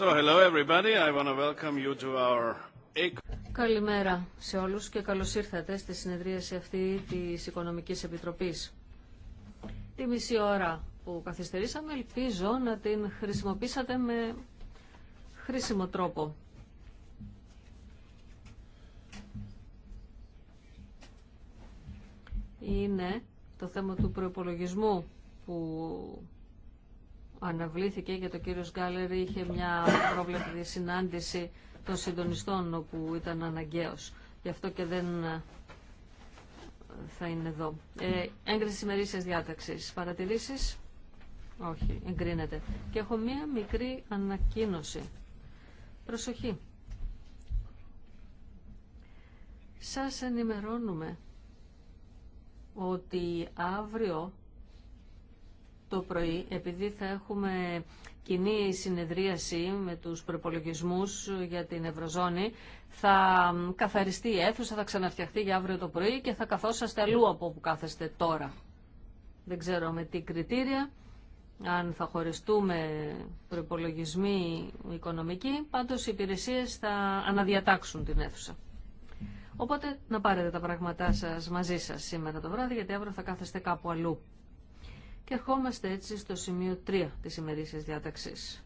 hello Καλημέρα σε όλους και καλώς ήρθατε στη συνεδρίαση αυτή της Οικονομικής Επιτροπής. Τη μισή ώρα που καθυστερήσαμε ελπίζω να την χρησιμοποίησατε με χρήσιμο τρόπο. Είναι το θέμα του προϋπολογισμού που αναβλήθηκε και το κύριο Γκάλερ είχε μια πρόβλεπτη συνάντηση των συντονιστών όπου ήταν αναγκαίος. Γι' αυτό και δεν ε, θα είναι εδώ. Ε, έγκριση ημερήσιας διάταξης. Παρατηρήσεις. Όχι, εγκρίνεται. Και έχω μία μικρή ανακοίνωση. Προσοχή. Σας ενημερώνουμε ότι αύριο το πρωί, επειδή θα έχουμε κοινή συνεδρίαση με τους προπολογισμού για την Ευρωζώνη, θα καθαριστεί η αίθουσα, θα ξαναφτιαχτεί για αύριο το πρωί και θα καθόσαστε αλλού από όπου κάθεστε τώρα. Δεν ξέρω με τι κριτήρια, αν θα χωριστούμε προπολογισμοί οικονομικοί, πάντως οι υπηρεσίες θα αναδιατάξουν την αίθουσα. Οπότε να πάρετε τα πράγματά σας μαζί σας σήμερα το βράδυ, γιατί αύριο θα κάθεστε κάπου αλλού. Και ερχόμαστε έτσι στο σημείο 3 της ημερήσιας διάταξης.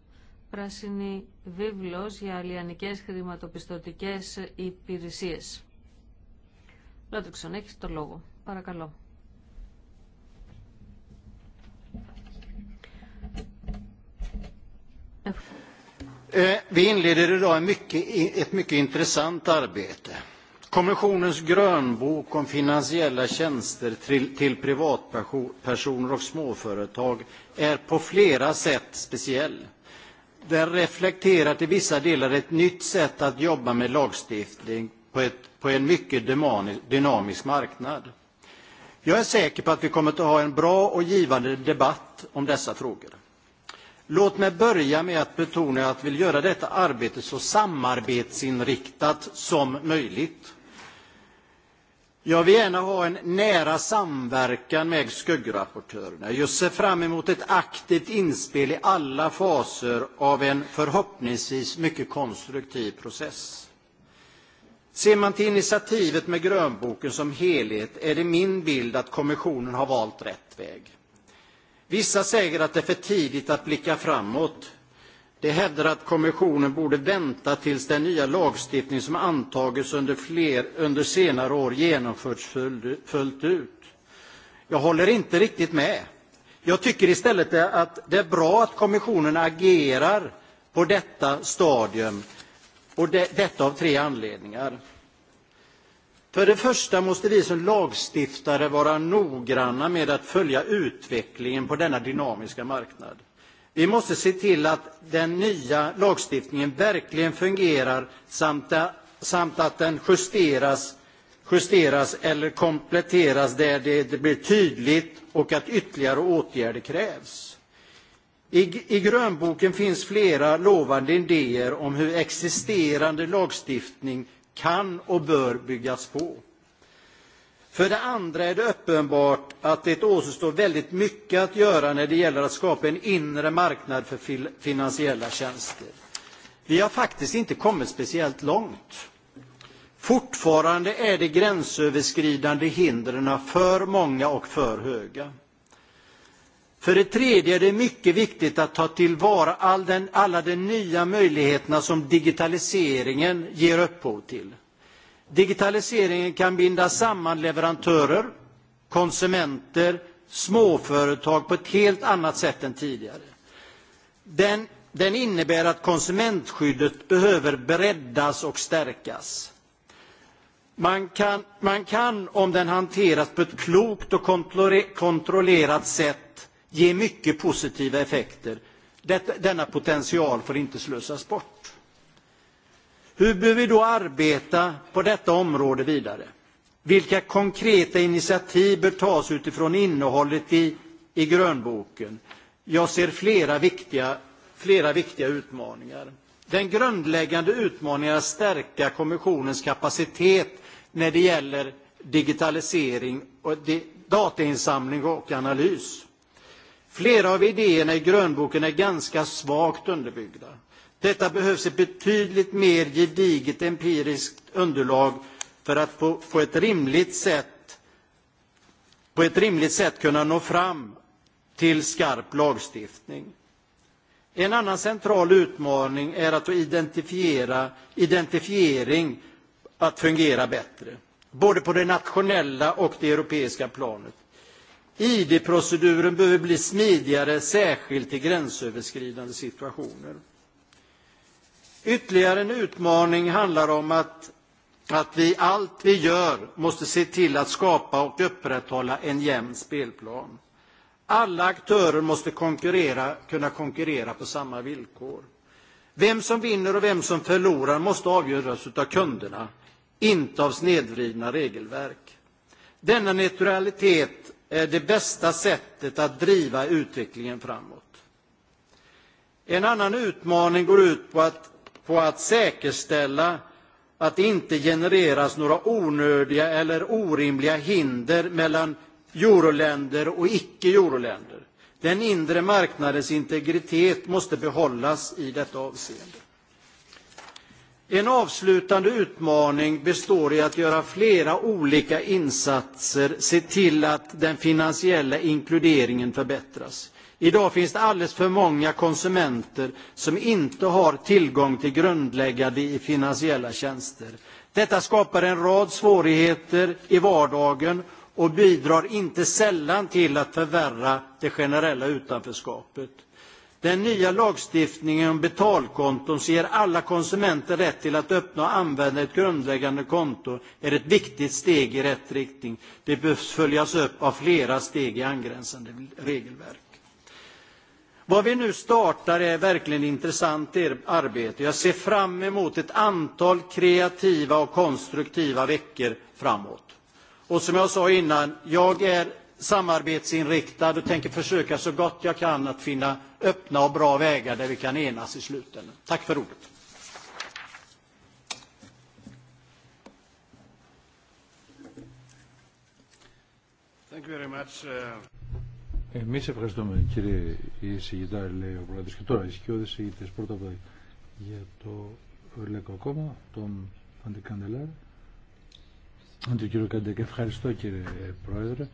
Πράσινη βίβλος για αλλιανικές χρηματοπιστωτικές υπηρεσίες. Λότριξον, έχεις το λόγο. Παρακαλώ. Ε, vi inleder idag ett mycket intressant arbete. Kommissionens grönbok om finansiella tjänster till privatpersoner och småföretag är på flera sätt speciell. Den reflekterar till vissa delar ett nytt sätt att jobba med lagstiftning på en mycket dynamisk marknad. Jag är säker på att vi kommer att ha en bra och givande debatt om dessa frågor. Låt mig börja med att betona att vi vill göra detta arbete så samarbetsinriktat som möjligt. Jag vill gärna ha en nära samverkan med skuggrapportörerna. Jag ser fram emot ett aktivt inspel i alla faser av en förhoppningsvis mycket konstruktiv process. Ser man till initiativet med grönboken som helhet är det min bild att kommissionen har valt rätt väg. Vissa säger att det är för tidigt att blicka framåt. De hävdar att kommissionen borde vänta tills den nya lagstiftning som antagits under senare år genomförts fullt ut. Jag håller inte riktigt med. Jag tycker istället att det är bra att kommissionen agerar på detta stadium, och detta av tre anledningar. För det första måste vi som lagstiftare vara noggranna med att följa utvecklingen på denna dynamiska marknad. Vi måste se till att den nya lagstiftningen verkligen fungerar samt att den justeras eller kompletteras där det blir tydligt och att ytterligare åtgärder krävs. I grönboken finns flera lovande idéer om hur existerande lagstiftning kan och bör byggas på. För det andra är det uppenbart att det återstår väldigt mycket att göra när det gäller att skapa en inre marknad för finansiella tjänster. Vi har faktiskt inte kommit speciellt långt. Fortfarande är de gränsöverskridande hindren för många och för höga. För det tredje är det mycket viktigt att ta tillvara alla de nya möjligheterna som digitaliseringen ger upphov till. Digitaliseringen kan binda samman leverantörer, konsumenter, småföretag på ett helt annat sätt än tidigare. Den innebär att konsumentskyddet behöver breddas och stärkas. Man kan, om den hanteras på ett klokt och kontrollerat sätt, ge mycket positiva effekter. Denna potential får inte slösas bort. Hur behöver vi då arbeta på detta område vidare? Vilka konkreta initiativ bör tas utifrån innehållet i grönboken? Jag ser flera viktiga utmaningar. Den grundläggande utmaningen är att stärka kommissionens kapacitet när det gäller digitalisering, och datainsamling och analys. Flera av idéerna i grönboken är ganska svagt underbyggda. Detta behövs ett betydligt mer gediget empiriskt underlag för att på ett rimligt sätt, på ett rimligt sätt kunna nå fram till skarp lagstiftning. En annan central utmaning är att identifiera identifiering att fungera bättre, både på det nationella och det europeiska planet. ID-proceduren behöver bli smidigare, särskilt i gränsöverskridande situationer. Ytterligare en utmaning handlar om att att vi allt vi gör måste se till att skapa och upprätthålla en jämn spelplan. Alla aktörer måste kunna konkurrera på samma villkor. Vem som vinner och vem som förlorar måste avgöras av kunderna, inte av snedvridna regelverk. Denna neutralitet är det bästa sättet att driva utvecklingen framåt. En annan utmaning går ut på att på att säkerställa att det inte genereras några onödiga eller orimliga hinder mellan euroländer och icke-euroländer. Den inre marknadens integritet måste behållas i detta avseende. En avslutande utmaning består i att göra flera olika insatser, se till att den finansiella inkluderingen förbättras. Idag finns det alldeles för många konsumenter som inte har tillgång till grundläggande finansiella tjänster. Detta skapar en rad svårigheter i vardagen och bidrar inte sällan till att förvärra det generella utanförskapet. Den nya lagstiftningen om betalkonton som ger alla konsumenter rätt till att öppna och använda ett grundläggande konto är ett viktigt steg i rätt riktning. Det behövs följas upp av flera steg i angränsande regelverk. Vad vi nu startar är verkligen intressant arbete. Jag ser fram emot ett antal kreativa och konstruktiva veckor framåt. Och som jag sa innan, jag är samarbetsinriktad och tänker försöka så gott jag kan att finna öppna och bra vägar där vi kan enas i slutändan. Tack för ordet. Thank you very much. Εμεί ευχαριστούμε κύριε Ισηγητά, λέει ο Πρόεδρο. και τώρα ισχυώδης εισηγητής πρώτα απ' για το Λεκό Κόμμα, τον Αντικαντελάρ. Τον κύριο Καντέκ, ευχαριστώ κύριε Πρόεδρε.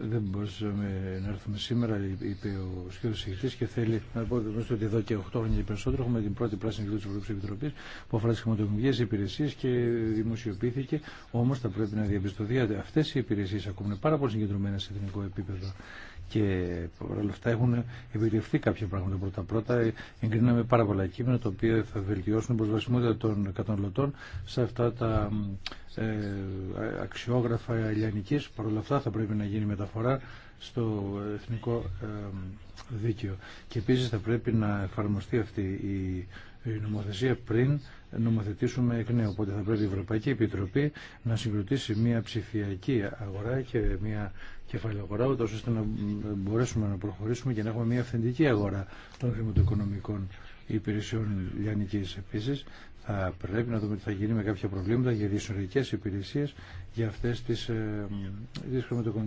Δεν μπορούσαμε να έρθουμε σήμερα, είπε ο σχεδόν συγχητή και θέλει να πω ότι εδώ και 8 χρόνια και περισσότερο έχουμε την πρώτη πράσινη εκδοχή τη Ευρωπαϊκή Επιτροπή που αφορά τι χρηματοδομικέ υπηρεσίε και δημοσιοποιήθηκε. Όμω θα πρέπει να διαπιστωθεί ότι αυτέ οι υπηρεσίε ακόμα είναι πάρα πολύ συγκεντρωμένε σε εθνικό επίπεδο και όλα αυτά έχουν επιτευχθεί κάποια πράγματα. Πρώτα-πρώτα εγκρίναμε πάρα πολλά κείμενα τα οποία θα βελτιώσουν την προσβασιμότητα των καταναλωτών σε αυτά τα ε, αξιόγραφα ελληνική. Παρ' όλα αυτά θα πρέπει να γίνει μεταφορά στο εθνικό ε, δίκαιο. Και επίση θα πρέπει να εφαρμοστεί αυτή η η νομοθεσία πριν νομοθετήσουμε εκ νέου. Οπότε θα πρέπει η Ευρωπαϊκή Επιτροπή να συγκροτήσει μια ψηφιακή αγορά και μια κεφάλαιο αγορά, ώστε να μπορέσουμε να προχωρήσουμε και να έχουμε μια αυθεντική αγορά των χρηματοοικονομικών υπηρεσιών λιανικής επίση, Θα πρέπει να δούμε τι θα γίνει με κάποια προβλήματα για τις υπηρεσίε για αυτές τις, ε,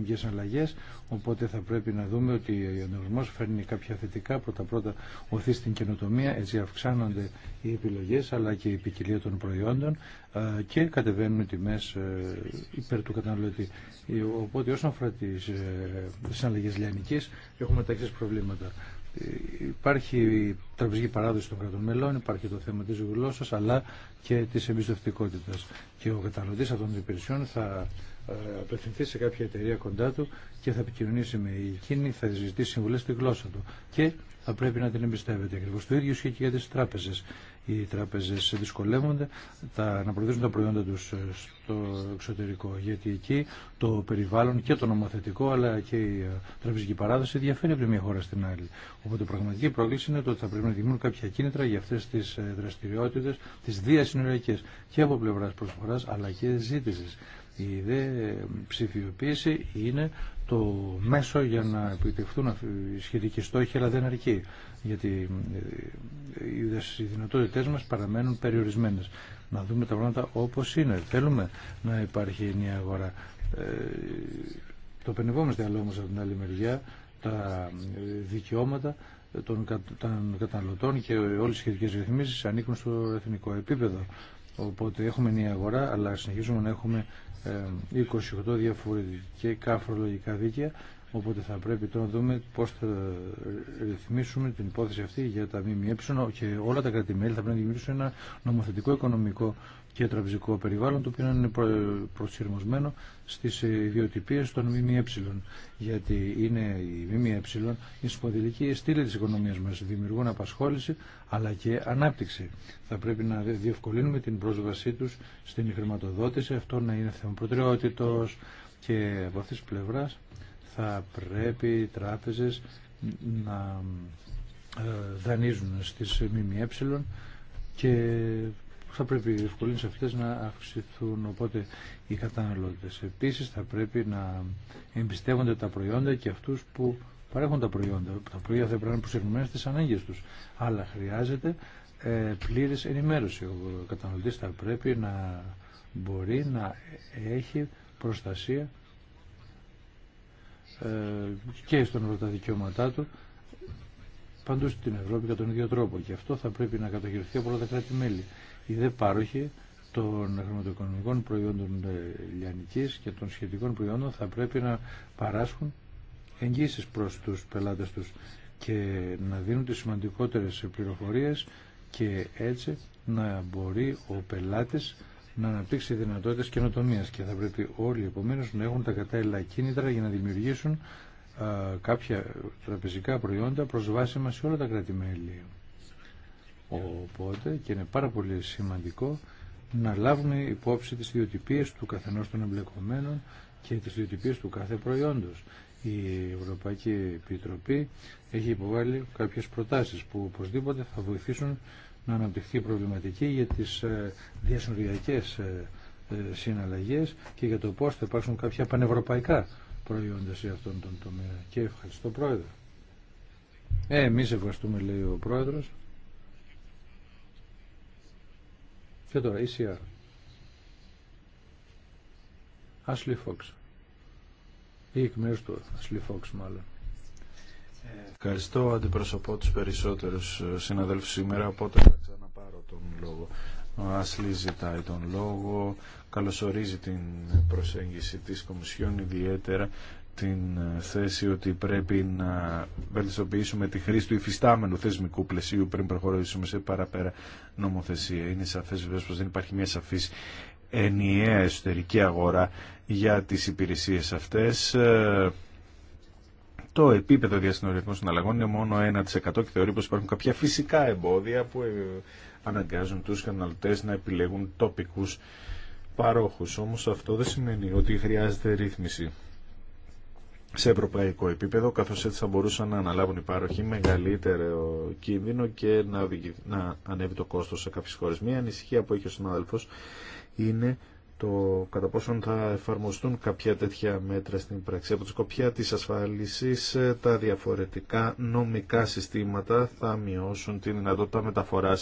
τις αλλαγές οπότε θα πρέπει να δούμε ότι ο ανταγωνισμός φέρνει κάποια θετικά πρώτα πρώτα οθεί στην καινοτομία έτσι αυξάνονται οι επιλογές αλλά και η ποικιλία των προϊόντων ε, και κατεβαίνουν οι τιμές ε, υπέρ του καταναλωτή ε, οπότε όσον αφορά τις αλλαγές λιανικής έχουμε τα προβλήματα Υπάρχει η τραπεζική παράδοση των κρατών μελών, υπάρχει το θέμα της γλώσσας αλλά και της εμπιστευτικότητα. Και ο καταναλωτή αυτών των υπηρεσιών θα ε, απευθυνθεί σε κάποια εταιρεία κοντά του και θα επικοινωνήσει με εκείνη, θα ζητήσει συμβουλές στη γλώσσα του. Και θα πρέπει να την εμπιστεύεται. Ακριβώ το ίδιο ισχύει και για τι τράπεζε. Οι τράπεζε δυσκολεύονται τα, να προωθήσουν τα προϊόντα του ε, στο εξωτερικό. Γιατί εκεί το περιβάλλον και το νομοθετικό αλλά και η ε, τραπεζική παράδοση διαφέρει από τη μία χώρα στην άλλη. Οπότε η πραγματική πρόκληση είναι ότι θα πρέπει να δημιουργούν κάποια κίνητρα για αυτέ τι ε, δραστηριότητε, τι διασυνοριακέ και από πλευρά προσφορά αλλά και ζήτηση. Η δε ψηφιοποίηση είναι το μέσο για να επιτευχθούν οι σχετικοί στόχοι, αλλά δεν αρκεί. Γιατί ε, οι δυνατότητές μας παραμένουν περιορισμένες. Να δούμε τα πράγματα όπως είναι. Θέλουμε να υπάρχει μια αγορά. Ε, το πενευόμαστε, αλλά όμως από την άλλη μεριά, τα ε, δικαιώματα των, καταναλωτών και όλες οι σχετικές ρυθμίσεις ανήκουν στο εθνικό επίπεδο. Οπότε έχουμε μια αγορά, αλλά συνεχίζουμε να έχουμε 28 ε, διαφορετικά καφρολογικά δίκαια οπότε θα πρέπει τώρα να δούμε πώς θα ρυθμίσουμε την υπόθεση αυτή για τα ΜΜΕ και όλα τα κρατημέλη θα πρέπει να δημιουργήσουν ένα νομοθετικό οικονομικό και τραπεζικό περιβάλλον το οποίο είναι προσυρμοσμένο στι ιδιοτυπίε των ΜΜΕ γιατί είναι η ΜΜΕ η σπονδυλική στήλη της οικονομίας μας δημιουργούν απασχόληση αλλά και ανάπτυξη θα πρέπει να διευκολύνουμε την πρόσβασή του στην χρηματοδότηση αυτό να είναι θέμα προτεραιότητο. και από αυτή τη πλευρά θα πρέπει οι τράπεζες να ε, δανείζουν στις ΜΜΕ και θα πρέπει οι ευκολίες αυτές να αυξηθούν. Οπότε οι καταναλώτες επίσης θα πρέπει να εμπιστεύονται τα προϊόντα και αυτούς που παρέχουν τα προϊόντα. Τα προϊόντα θα πρέπει να είναι στις ανάγκες τους. Αλλά χρειάζεται ε, πλήρης ενημέρωση. Ο καταναλωτής θα πρέπει να μπορεί να έχει προστασία ε, και στον δικαιώματά του παντού στην Ευρώπη κατά τον ίδιο τρόπο. Και αυτό θα πρέπει να κατοχυρωθεί από όλα τα κράτη-μέλη οι δε πάροχη των χρηματοοικονομικών προϊόντων ε, λιανικής και των σχετικών προϊόντων θα πρέπει να παράσχουν εγγύσεις προς τους πελάτες τους και να δίνουν τις σημαντικότερες πληροφορίες και έτσι να μπορεί ο πελάτης να αναπτύξει δυνατότητες καινοτομίας και θα πρέπει όλοι επομένω να έχουν τα κατάλληλα κίνητρα για να δημιουργήσουν κάποια τραπεζικά προϊόντα προσβάσιμα σε όλα τα κράτη-μέλη. Οπότε και είναι πάρα πολύ σημαντικό να λάβουμε υπόψη τις ιδιοτυπίες του καθενός των εμπλεκομένων και τις ιδιοτυπίες του κάθε προϊόντος. Η Ευρωπαϊκή Επιτροπή έχει υποβάλει κάποιες προτάσεις που οπωσδήποτε θα βοηθήσουν να αναπτυχθεί προβληματική για τις ε, διασυνοριακές ε, ε, συναλλαγές και για το πώς θα υπάρξουν κάποια πανευρωπαϊκά προϊόντα σε αυτόν τον τομέα. Και ευχαριστώ Πρόεδρε. Ε, εμείς ευχαριστούμε λέει ο Πρόεδρος. Και τώρα, ECR. Ashley Fox. Ή εκ μέρους του Ashley Fox μάλλον. Ευχαριστώ αντιπροσωπώ τους περισσότερους ε, συναδέλφους σήμερα, οπότε θα ξαναπάρω τον λόγο. Ο Ασλή ζητάει τον λόγο, καλωσορίζει την προσέγγιση της Κομισιόν ιδιαίτερα την ε, θέση ότι πρέπει να βελτιστοποιήσουμε τη χρήση του υφιστάμενου θεσμικού πλαισίου πριν προχωρήσουμε σε παραπέρα νομοθεσία. Είναι σαφέ βεβαίω πως δεν υπάρχει μια σαφή ενιαία εσωτερική αγορά για τι υπηρεσίε αυτέ. Ε, το επίπεδο διασυνοριακών συναλλαγών είναι μόνο 1% και θεωρεί πως υπάρχουν κάποια φυσικά εμπόδια που ε, αναγκάζουν του καταναλωτέ να επιλέγουν τοπικού παρόχους. Όμως αυτό δεν σημαίνει ότι χρειάζεται ρύθμιση σε ευρωπαϊκό επίπεδο, καθώς έτσι θα μπορούσαν να αναλάβουν οι πάροχοι μεγαλύτερο κίνδυνο και να, να ανέβει το κόστος σε κάποιε χώρε. Μία ανησυχία που έχει ο συνάδελφο είναι το κατά πόσον θα εφαρμοστούν κάποια τέτοια μέτρα στην πράξη. Από τη σκοπιά της ασφάλιση, ε, τα διαφορετικά νομικά συστήματα θα μειώσουν τη δυνατότητα μεταφορά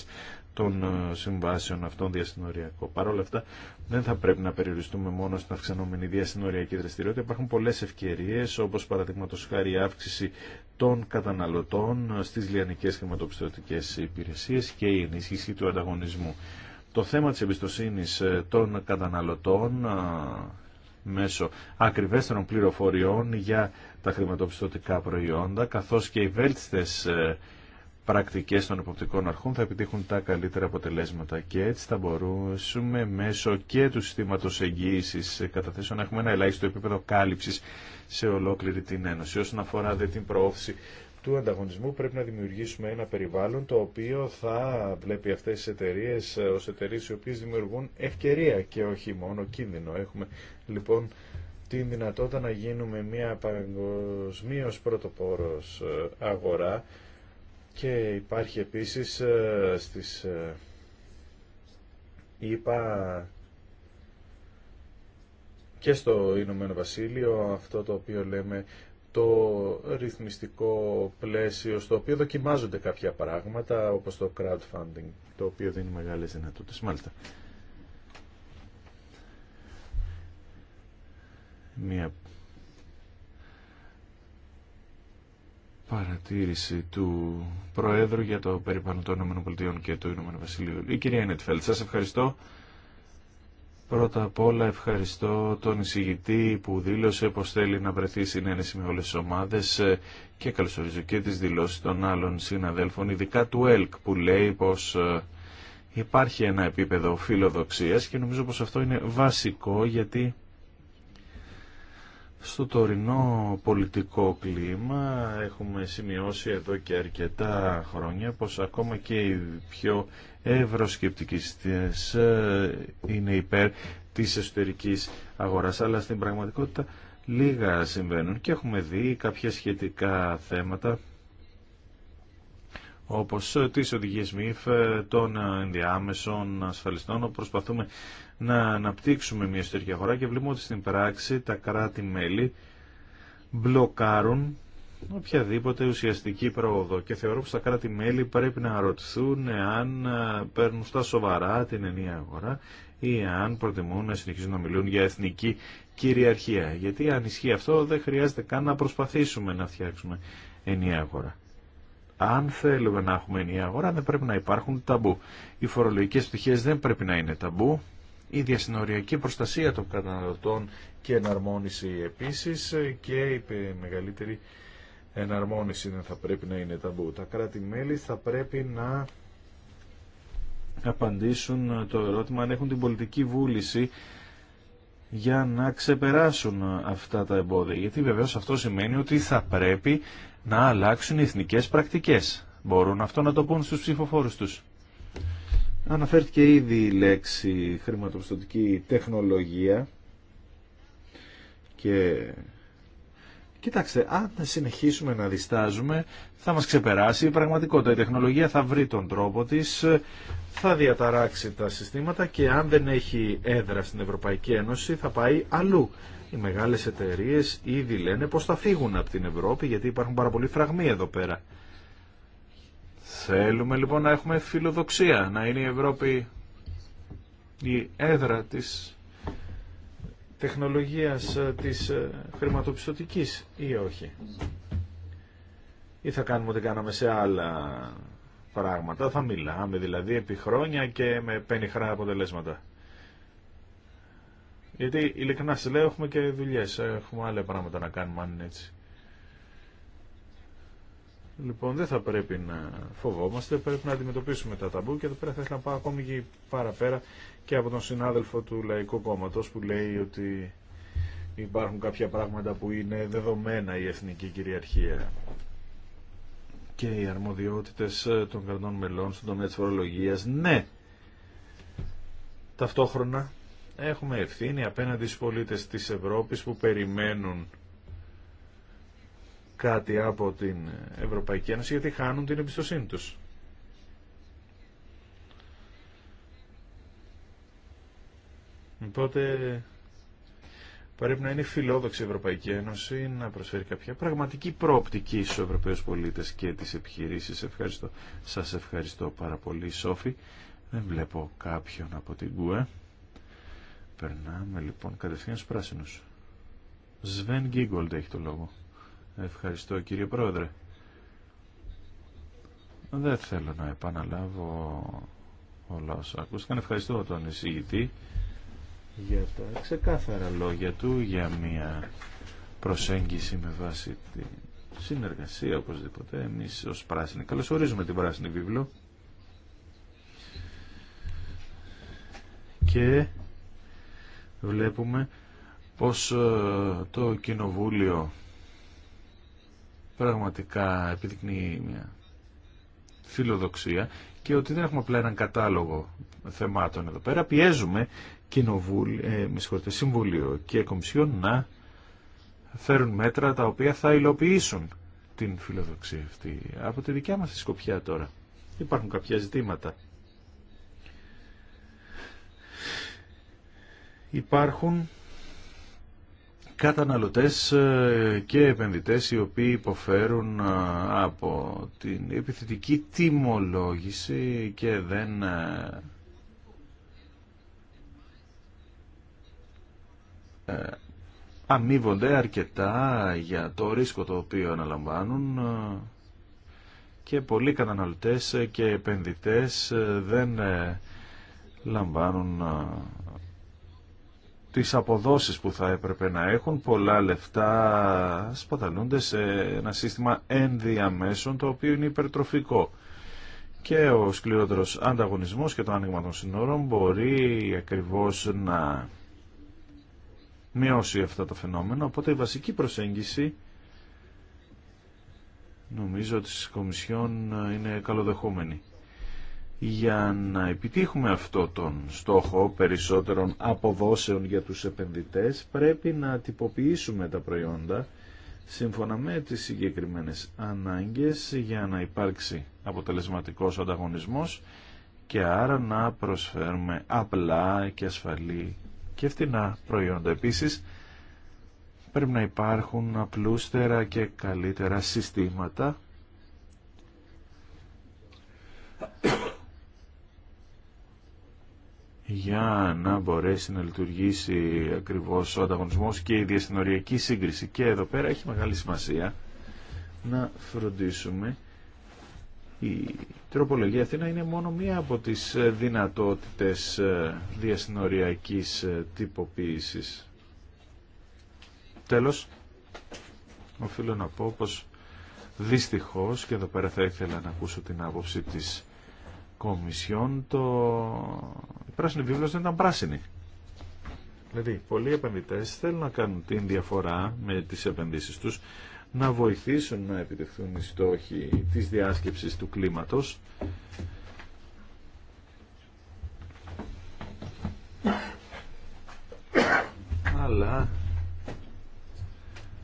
των ε, συμβάσεων αυτών διασυνοριακό. Παρ' όλα αυτά δεν θα πρέπει να περιοριστούμε μόνο στην αυξανόμενη διασυνοριακή δραστηριότητα. Υπάρχουν πολλέ ευκαιρίε, όπω παραδείγματο χάρη η αύξηση των καταναλωτών στι λιανικές χρηματοπιστωτικέ υπηρεσίε και η ενίσχυση του ανταγωνισμού. Το θέμα της εμπιστοσύνης ε, των καταναλωτών ε, μέσω ακριβέστερων πληροφοριών για τα χρηματοπιστωτικά προϊόντα, καθώς και οι βέλτιστες πρακτικές των υποπτικών αρχών θα επιτύχουν τα καλύτερα αποτελέσματα και έτσι θα μπορούσουμε μέσω και του συστήματος εγγύησης καταθέσεων να έχουμε ένα ελάχιστο επίπεδο κάλυψης σε ολόκληρη την Ένωση. Όσον αφορά την προώθηση του ανταγωνισμού πρέπει να δημιουργήσουμε ένα περιβάλλον το οποίο θα βλέπει αυτές τις εταιρείε ως εταιρείε οι οποίες δημιουργούν ευκαιρία και όχι μόνο κίνδυνο. Έχουμε λοιπόν την δυνατότητα να γίνουμε μια παγκοσμίω πρωτοπόρος ε, αγορά και υπάρχει επίσης ε, στις είπα και στο Ηνωμένο Βασίλειο αυτό το οποίο λέμε το ρυθμιστικό πλαίσιο στο οποίο δοκιμάζονται κάποια πράγματα όπως το crowdfunding το οποίο δίνει μεγάλες δυνατότητες μάλιστα μία παρατήρηση του Προέδρου για το Περιπάνω των ΗΠΑ και του Ηνωμένου Βασιλείου. Η κυρία Νετφέλτ, σας ευχαριστώ. Πρώτα απ' όλα ευχαριστώ τον εισηγητή που δήλωσε πως θέλει να βρεθεί συνένεση με όλες τις ομάδες και καλωσορίζω και τις δηλώσεις των άλλων συναδέλφων, ειδικά του ΕΛΚ που λέει πως ε, υπάρχει ένα επίπεδο φιλοδοξίας και νομίζω πως αυτό είναι βασικό γιατί στο τωρινό πολιτικό κλίμα έχουμε σημειώσει εδώ και αρκετά χρόνια πως ακόμα και οι πιο ευρωσκεπτικιστές ε, είναι υπέρ της εσωτερικής αγοράς, αλλά στην πραγματικότητα λίγα συμβαίνουν και έχουμε δει κάποια σχετικά θέματα όπως τις οδηγίες ΜΥΦ των ενδιάμεσων ασφαλιστών όπου προσπαθούμε να αναπτύξουμε μια εσωτερική αγορά και βλέπουμε ότι στην πράξη τα κράτη-μέλη μπλοκάρουν οποιαδήποτε ουσιαστική πρόοδο και θεωρώ πως τα κράτη-μέλη πρέπει να ρωτηθούν εάν ε, παίρνουν στα σοβαρά την ενιαία αγορά ή αν προτιμούν να συνεχίζουν να μιλούν για εθνική κυριαρχία. Γιατί αν ισχύει αυτό δεν χρειάζεται καν να προσπαθήσουμε να φτιάξουμε ενιαία αγορά. Αν θέλουμε να έχουμε ενιαία αγορά δεν πρέπει να υπάρχουν ταμπού. Οι φορολογικές πτυχές δεν πρέπει να είναι ταμπού. Η διασυνοριακή προστασία των καταναλωτών και εναρμόνιση επίσης και η μεγαλύτερη εναρμόνιση δεν θα πρέπει να είναι ταμπού. Τα κράτη-μέλη θα πρέπει να απαντήσουν το ερώτημα αν έχουν την πολιτική βούληση για να ξεπεράσουν αυτά τα εμπόδια. Γιατί βεβαίως αυτό σημαίνει ότι θα πρέπει να αλλάξουν οι εθνικές πρακτικές. Μπορούν αυτό να το πούν στους ψηφοφόρους τους. Αναφέρθηκε ήδη η λέξη χρηματοπιστωτική τεχνολογία και κοιτάξτε, αν συνεχίσουμε να διστάζουμε θα μας ξεπεράσει η πραγματικότητα. Η τεχνολογία θα βρει τον τρόπο της, θα διαταράξει τα συστήματα και αν δεν έχει έδρα στην Ευρωπαϊκή Ένωση θα πάει αλλού οι μεγάλες εταιρείες ήδη λένε πως θα φύγουν από την Ευρώπη γιατί υπάρχουν πάρα πολλοί φραγμοί εδώ πέρα. Θέλουμε λοιπόν να έχουμε φιλοδοξία, να είναι η Ευρώπη η έδρα της τεχνολογίας της ε, χρηματοπιστωτικής ή όχι. Ή θα κάνουμε ό,τι κάναμε σε άλλα πράγματα, θα μιλάμε δηλαδή επί χρόνια και με πενιχρά αποτελέσματα. Γιατί ειλικρινά σα λέω, έχουμε και δουλειέ. Έχουμε άλλα πράγματα να κάνουμε, αν είναι έτσι. Λοιπόν, δεν θα πρέπει να φοβόμαστε, πρέπει να αντιμετωπίσουμε τα ταμπού και εδώ πέρα θα ήθελα να πάω ακόμη και παραπέρα και από τον συνάδελφο του Λαϊκού Κόμματο που λέει ότι υπάρχουν κάποια πράγματα που είναι δεδομένα η εθνική κυριαρχία και οι αρμοδιότητες των κρατών μελών στον τομέα της φορολογίας. Ναι, ταυτόχρονα Έχουμε ευθύνη απέναντι στους πολίτες της Ευρώπης που περιμένουν κάτι από την Ευρωπαϊκή Ένωση γιατί χάνουν την εμπιστοσύνη τους. Οπότε πρέπει να είναι φιλόδοξη η Ευρωπαϊκή Ένωση να προσφέρει κάποια πραγματική προοπτική στους Ευρωπαίους πολίτες και τις επιχειρήσεις. Ευχαριστώ. Σας ευχαριστώ πάρα πολύ Σόφη. Δεν βλέπω κάποιον από την ΚΟΕ. Περνάμε λοιπόν κατευθείαν στους πράσινους. Σβέν Γκίγκολντ έχει το λόγο. Ευχαριστώ κύριε Πρόεδρε. Δεν θέλω να επαναλάβω όλα όσα ακούστηκαν. Ευχαριστώ τον εισηγητή για τα ξεκάθαρα λόγια του για μια προσέγγιση με βάση τη συνεργασία οπωσδήποτε. Εμείς ως πράσινοι καλωσορίζουμε την πράσινη βίβλο και βλέπουμε πως ε, το Κοινοβούλιο πραγματικά επιδεικνύει μια φιλοδοξία και ότι δεν έχουμε απλά έναν κατάλογο θεμάτων εδώ πέρα. Πιέζουμε κοινοβούλιο, ε, Συμβουλίο και Κομισιόν να φέρουν μέτρα τα οποία θα υλοποιήσουν την φιλοδοξία αυτή. Από τη δικιά μας σκοπιά τώρα υπάρχουν κάποια ζητήματα υπάρχουν καταναλωτές ε, και επενδυτές οι οποίοι υποφέρουν ε, από την επιθετική τιμολόγηση και δεν ε, αμείβονται αρκετά για το ρίσκο το οποίο αναλαμβάνουν και πολλοί καταναλωτές και επενδυτές δεν λαμβάνουν τις αποδόσεις που θα έπρεπε να έχουν. Πολλά λεφτά σπαταλούνται σε ένα σύστημα ενδιαμέσων το οποίο είναι υπερτροφικό. Και ο σκληρότερος ανταγωνισμός και το άνοιγμα των συνόρων μπορεί ακριβώς να μειώσει αυτά τα φαινόμενα. Οπότε η βασική προσέγγιση νομίζω ότι της Κομισιόν είναι καλοδεχόμενη για να επιτύχουμε αυτό τον στόχο περισσότερων αποδόσεων για τους επενδυτές πρέπει να τυποποιήσουμε τα προϊόντα σύμφωνα με τις συγκεκριμένες ανάγκες για να υπάρξει αποτελεσματικός ανταγωνισμός και άρα να προσφέρουμε απλά και ασφαλή και φτηνά προϊόντα. Επίσης, πρέπει να υπάρχουν απλούστερα και καλύτερα συστήματα για να μπορέσει να λειτουργήσει ακριβώς ο ανταγωνισμός και η διασυνοριακή σύγκριση. Και εδώ πέρα έχει μεγάλη σημασία να φροντίσουμε η τροπολογία αυτή να είναι μόνο μία από τις δυνατότητες διασυνοριακής τυποποίησης. Τέλος, οφείλω να πω πως δυστυχώς, και εδώ πέρα θα ήθελα να ακούσω την άποψη της Κομισιόν το η πράσινη βίβλος δεν ήταν πράσινη. Δηλαδή, πολλοί επενδυτές θέλουν να κάνουν την διαφορά με τις επενδύσεις τους, να βοηθήσουν να επιτευχθούν οι στόχοι της διάσκεψης του κλίματος. Αλλά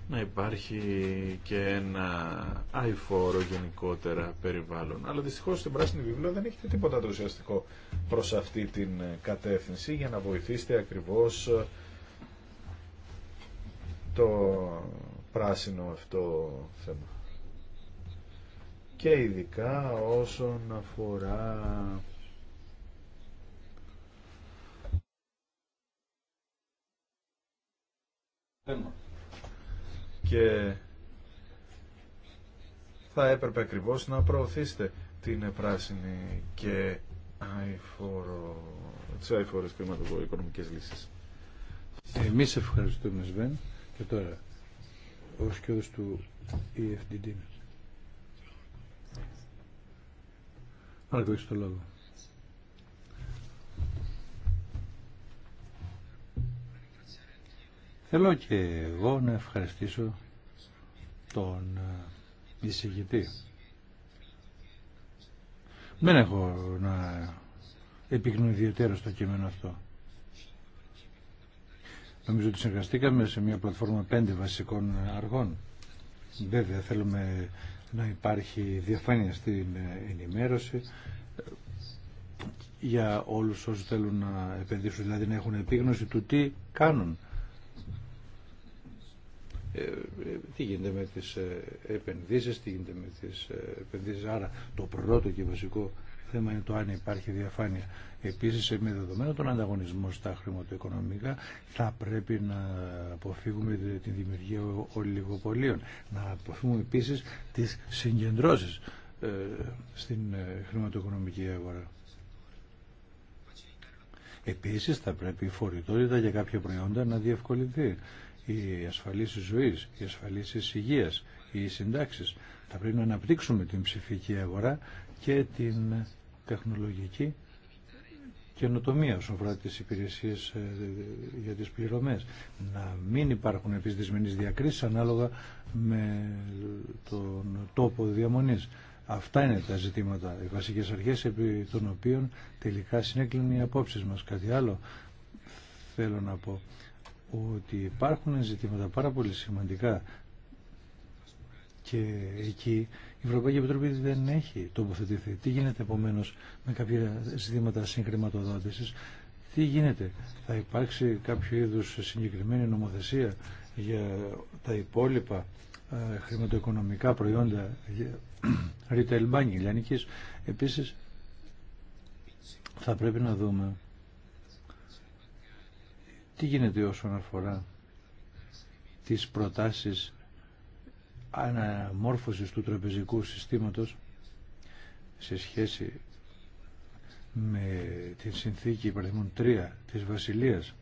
να υπάρχει και ένα αηφόρο γενικότερα περιβάλλον. Αλλά δυστυχώς στην Πράσινη Βιβλία δεν έχετε τίποτα το ουσιαστικό προς αυτή την ε, κατεύθυνση για να βοηθήσετε ακριβώς ε, το πράσινο αυτό θέμα. Και ειδικά όσον αφορά θέμα και θα έπρεπε ακριβώ να προωθήσετε την πράσινη και αηφόρο, τις αηφόρες κρηματοοικονομικές λύσεις. Εμείς ευχαριστούμε Σβέν και τώρα ο σκιώδος του EFDD. Παρακολουθείς το λόγο. Θέλω και εγώ να ευχαριστήσω τον ε, εισηγητή. Δεν έχω να επικνούν ιδιαίτερα στο κείμενο αυτό. Νομίζω ότι συνεργαστήκαμε σε μια πλατφόρμα πέντε βασικών αργών. Βέβαια θέλουμε να υπάρχει διαφάνεια στην ε, ενημέρωση ε, για όλους όσους θέλουν να επενδύσουν, δηλαδή να έχουν επίγνωση του τι κάνουν ε, ε, τι γίνεται με τις ε, επενδύσεις, τι γίνεται με τις επενδύσεις. Άρα το πρώτο και βασικό θέμα είναι το αν υπάρχει διαφάνεια. Επίσης, με δεδομένο τον ανταγωνισμό στα χρηματοοικονομικά, θα πρέπει να αποφύγουμε τη δημιουργία ολιγοπολίων. Να αποφύγουμε επίσης τις συγκεντρώσεις στην χρηματοοικονομική αγορά. Επίσης, θα πρέπει η φορητότητα για κάποια προϊόντα να διευκολυνθεί οι ασφαλίσει ζωής, οι ασφαλίσεις υγείας, οι συντάξεις. Θα πρέπει να αναπτύξουμε την ψηφική αγορά και την τεχνολογική καινοτομία όσον αφορά τις υπηρεσίες ε, για τις πληρωμές. Να μην υπάρχουν επίσης διακρίσεις ανάλογα με τον τόπο διαμονής. Αυτά είναι τα ζητήματα, οι βασικές αρχές επί των οποίων τελικά συνέκλυνε οι απόψεις μας. Κάτι άλλο θέλω να πω ότι υπάρχουν ζητήματα πάρα πολύ σημαντικά και εκεί η Ευρωπαϊκή Επιτροπή δεν έχει τοποθετηθεί. Τι γίνεται επομένω με κάποια ζητήματα συγχρηματοδότησης, τι γίνεται, θα υπάρξει κάποιο είδους συγκεκριμένη νομοθεσία για τα υπόλοιπα ε, χρηματοοικονομικά προϊόντα retail banking, λιανικής. Επίσης, θα πρέπει να δούμε τι γίνεται όσον αφορά τις προτάσεις αναμόρφωσης του τραπεζικού συστήματος σε σχέση με την συνθήκη υπαριθμών 3 της Βασιλείας.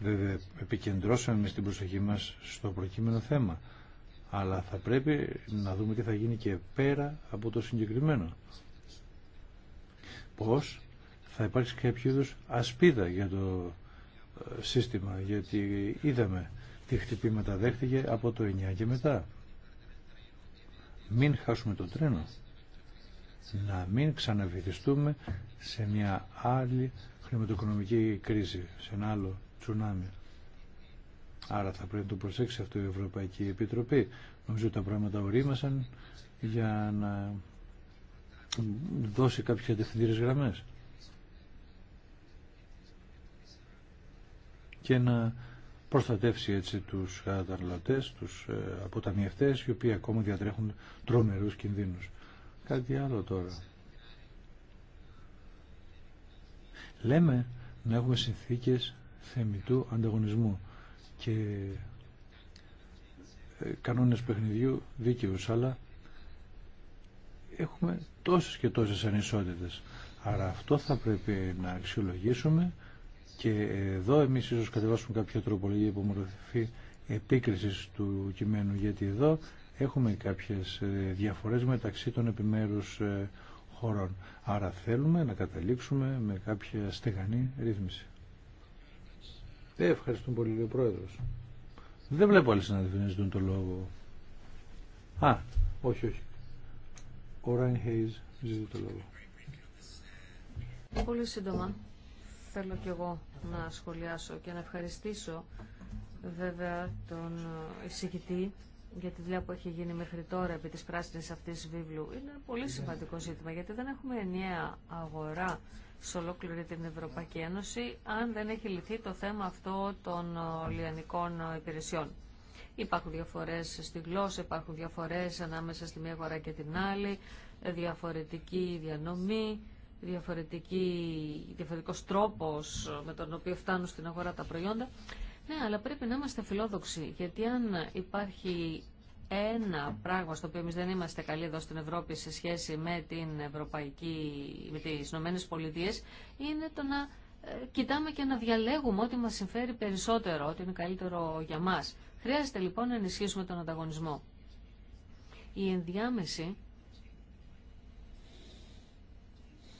Βέβαια, επικεντρώσαμε στην προσοχή μας στο προκείμενο θέμα, αλλά θα πρέπει να δούμε τι θα γίνει και πέρα από το συγκεκριμένο. Πώς θα υπάρξει κάποιο είδου ασπίδα για το ε, σύστημα, γιατί είδαμε τι χτυπήματα δέχτηκε από το 9 και μετά. Μην χάσουμε το τρένο. Να μην ξαναβυθιστούμε σε μια άλλη χρηματοοικονομική κρίση, σε ένα άλλο τσουνάμι. Άρα θα πρέπει να το προσέξει αυτό η Ευρωπαϊκή Επιτροπή. Νομίζω τα πράγματα ορίμασαν για να δώσει κάποιες αντιθυντήρες γραμμές. και να προστατεύσει έτσι τους καταναλωτές, τους ε, αποταμιευτές οι οποίοι ακόμα διατρέχουν τρομερούς κινδύνους. Κάτι άλλο τώρα. Λέμε να έχουμε συνθήκες θεμητού ανταγωνισμού και ε, κανόνες παιχνιδιού δίκαιους, αλλά έχουμε τόσες και τόσες ανισότητες. Άρα αυτό θα πρέπει να αξιολογήσουμε και εδώ εμείς ίσως κατεβάσουμε κάποια τροπολογία υπομορφή επίκριση του κειμένου, γιατί εδώ έχουμε κάποιες ε, διαφορές μεταξύ των επιμέρους ε, χωρών. Άρα θέλουμε να καταλήξουμε με κάποια στεγανή ρύθμιση. Ε, ευχαριστούμε πολύ, ο Πρόεδρος. Δεν βλέπω άλλες να ζητούν το λόγο. Α, όχι, όχι. Ο Ράιν Χέιζ ζητεί το λόγο. Πολύ σύντομα θέλω κι εγώ να σχολιάσω και να ευχαριστήσω βέβαια τον εισηγητή για τη δουλειά που έχει γίνει μέχρι τώρα επί της πράσινης αυτής βίβλου. Είναι πολύ σημαντικό ζήτημα γιατί δεν έχουμε ενιαία αγορά σε ολόκληρη την Ευρωπαϊκή Ένωση αν δεν έχει λυθεί το θέμα αυτό των λιανικών υπηρεσιών. Υπάρχουν διαφορές στη γλώσσα, υπάρχουν διαφορές ανάμεσα στη μία αγορά και την άλλη, διαφορετική διανομή, διαφορετική, διαφορετικός τρόπος με τον οποίο φτάνουν στην αγορά τα προϊόντα. Ναι, αλλά πρέπει να είμαστε φιλόδοξοι, γιατί αν υπάρχει ένα πράγμα στο οποίο εμεί δεν είμαστε καλοί εδώ στην Ευρώπη σε σχέση με την Ευρωπαϊκή, με τις Ηνωμένες Πολιτείες, είναι το να ε, κοιτάμε και να διαλέγουμε ό,τι μας συμφέρει περισσότερο, ό,τι είναι καλύτερο για μας. Χρειάζεται λοιπόν να ενισχύσουμε τον ανταγωνισμό. Η ενδιάμεση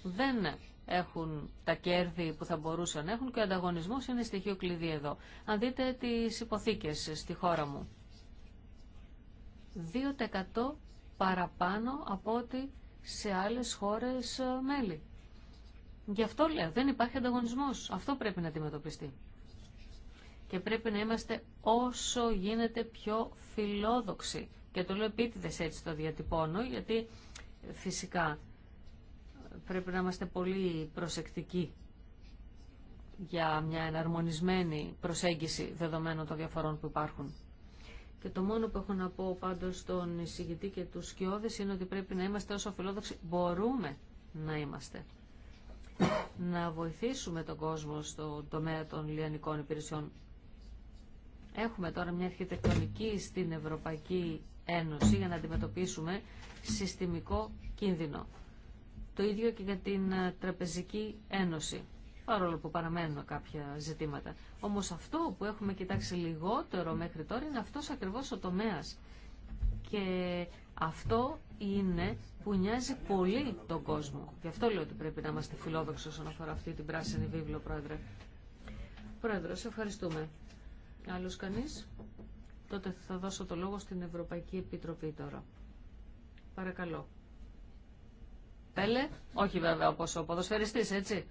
δεν έχουν τα κέρδη που θα μπορούσαν να έχουν και ο ανταγωνισμός είναι στοιχείο κλειδί εδώ. Αν δείτε τις υποθήκες στη χώρα μου. 2% παραπάνω από ό,τι σε άλλες χώρες ε, μέλη. Γι' αυτό λέω, δεν υπάρχει ανταγωνισμός. Αυτό πρέπει να αντιμετωπιστεί. Και πρέπει να είμαστε όσο γίνεται πιο φιλόδοξοι. Και το λέω επίτηδες έτσι το διατυπώνω, γιατί φυσικά πρέπει να είμαστε πολύ προσεκτικοί για μια εναρμονισμένη προσέγγιση δεδομένων των διαφορών που υπάρχουν. Και το μόνο που έχω να πω πάντως στον εισηγητή και τους σκιώδες είναι ότι πρέπει να είμαστε όσο φιλόδοξοι μπορούμε να είμαστε. Να βοηθήσουμε τον κόσμο στον τομέα των λιανικών υπηρεσιών. Έχουμε τώρα μια αρχιτεκτονική στην Ευρωπαϊκή Ένωση για να αντιμετωπίσουμε συστημικό κίνδυνο. Το ίδιο και για την ε, Τραπεζική Ένωση, παρόλο που παραμένουν κάποια ζητήματα. Όμως αυτό που έχουμε κοιτάξει λιγότερο μέχρι τώρα είναι αυτό ακριβώ ο τομέα. Και αυτό είναι που νοιάζει πολύ τον κόσμο. Γι' αυτό λέω ότι πρέπει να είμαστε φιλόδοξοι όσον αφορά αυτή την πράσινη βίβλο, Πρόεδρε. Πρόεδρο, σε ευχαριστούμε. Άλλο κανεί. Τότε θα δώσω το λόγο στην Ευρωπαϊκή Επιτροπή τώρα. Παρακαλώ. Πέλε, όχι βέβαια όπως ο ποδοσφαιριστής, έτσι.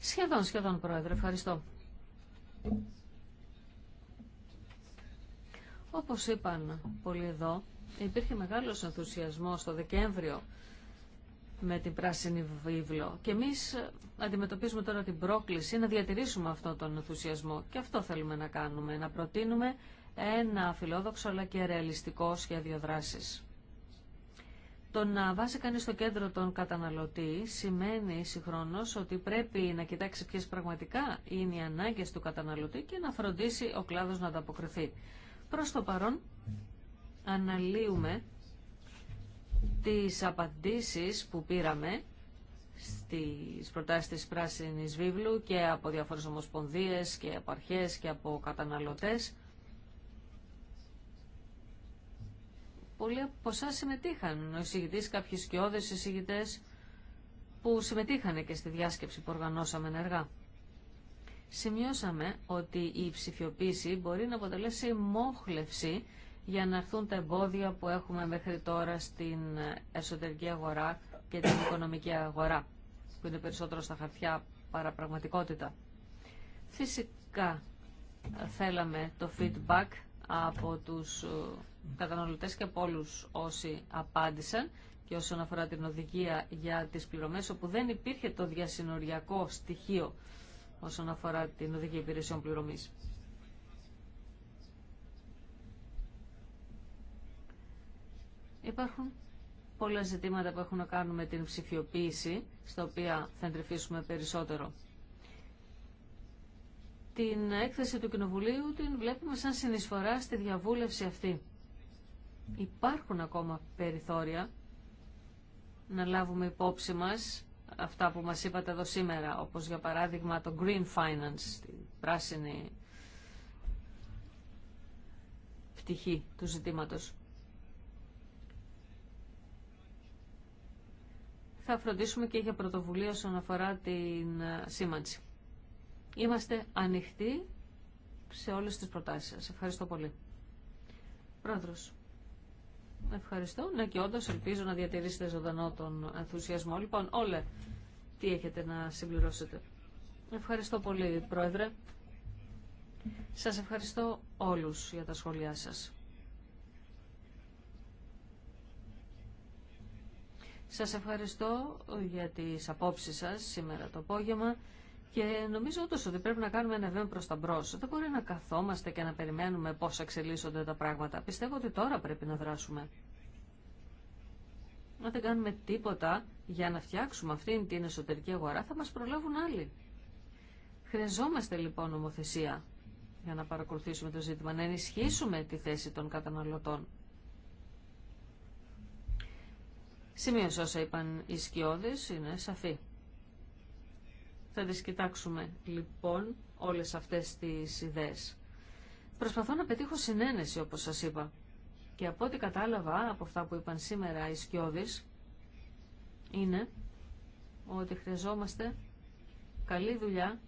Σχεδόν, σχεδόν, Πρόεδρε, ευχαριστώ. Όπως είπαν πολλοί εδώ, υπήρχε μεγάλος ενθουσιασμός το Δεκέμβριο με την πράσινη βίβλο. Και εμείς αντιμετωπίζουμε τώρα την πρόκληση να διατηρήσουμε αυτόν τον ενθουσιασμό. Και αυτό θέλουμε να κάνουμε, να προτείνουμε ένα φιλόδοξο αλλά και ρεαλιστικό σχέδιο δράσης. Το να βάσει κανείς στο κέντρο τον καταναλωτή σημαίνει συγχρόνως ότι πρέπει να κοιτάξει ποιες πραγματικά είναι οι ανάγκες του καταναλωτή και να φροντίσει ο κλάδος να ανταποκριθεί. Προς το παρόν αναλύουμε τις απαντήσεις που πήραμε στις προτάσεις της Πράσινης Βίβλου και από διάφορες ομοσπονδίες και από αρχές και από καταναλωτές πολλοί από εσά συμμετείχαν. Ο εισηγητή, κάποιοι σκιώδε εισηγητέ που συμμετείχαν και στη διάσκεψη που οργανώσαμε ενεργά. Σημειώσαμε ότι η ψηφιοποίηση μπορεί να αποτελέσει μόχλευση για να έρθουν τα εμπόδια που έχουμε μέχρι τώρα στην εσωτερική αγορά και την οικονομική αγορά, που είναι περισσότερο στα χαρτιά παρά πραγματικότητα. Φυσικά θέλαμε το feedback από τους καταναλωτές και από όλους όσοι απάντησαν και όσον αφορά την οδηγία για τις πληρωμές όπου δεν υπήρχε το διασυνοριακό στοιχείο όσον αφορά την οδηγία υπηρεσιών πληρωμής. Υπάρχουν πολλά ζητήματα που έχουν να κάνουν με την ψηφιοποίηση, στα οποία θα εντρυφήσουμε περισσότερο. Την έκθεση του Κοινοβουλίου την βλέπουμε σαν συνεισφορά στη διαβούλευση αυτή υπάρχουν ακόμα περιθώρια να λάβουμε υπόψη μας αυτά που μας είπατε εδώ σήμερα, όπως για παράδειγμα το Green Finance, την πράσινη πτυχή του ζητήματος. Θα φροντίσουμε και για πρωτοβουλία όσον αφορά την ε, σήμανση. Είμαστε ανοιχτοί σε όλες τις προτάσεις σας. Ευχαριστώ πολύ. Πρόεδρος. Ευχαριστώ. Ναι και όντω ελπίζω να διατηρήσετε ζωντανό τον ενθουσιασμό. Λοιπόν, όλε τι έχετε να συμπληρώσετε. Ευχαριστώ πολύ, Πρόεδρε. Σας ευχαριστώ όλους για τα σχόλιά σας. Σας ευχαριστώ για τις απόψεις σας σήμερα το απόγευμα. Και νομίζω ότως ότι πρέπει να κάνουμε ένα βήμα προς τα μπρος. Δεν μπορεί να καθόμαστε και να περιμένουμε πώς εξελίσσονται τα πράγματα. Πιστεύω ότι τώρα πρέπει να δράσουμε. Αν δεν κάνουμε τίποτα για να φτιάξουμε αυτή την εσωτερική αγορά, θα μας προλάβουν άλλοι. Χρειαζόμαστε λοιπόν νομοθεσία για να παρακολουθήσουμε το ζήτημα, να ενισχύσουμε τη θέση των καταναλωτών. Σημείωσα όσα είπαν οι σκιώδες, είναι σαφή. Θα τις κοιτάξουμε λοιπόν όλες αυτές τις ιδέες. Προσπαθώ να πετύχω συνένεση όπως σας είπα. Και από ό,τι κατάλαβα από αυτά που είπαν σήμερα οι Σκιώδης είναι ότι χρειαζόμαστε καλή δουλειά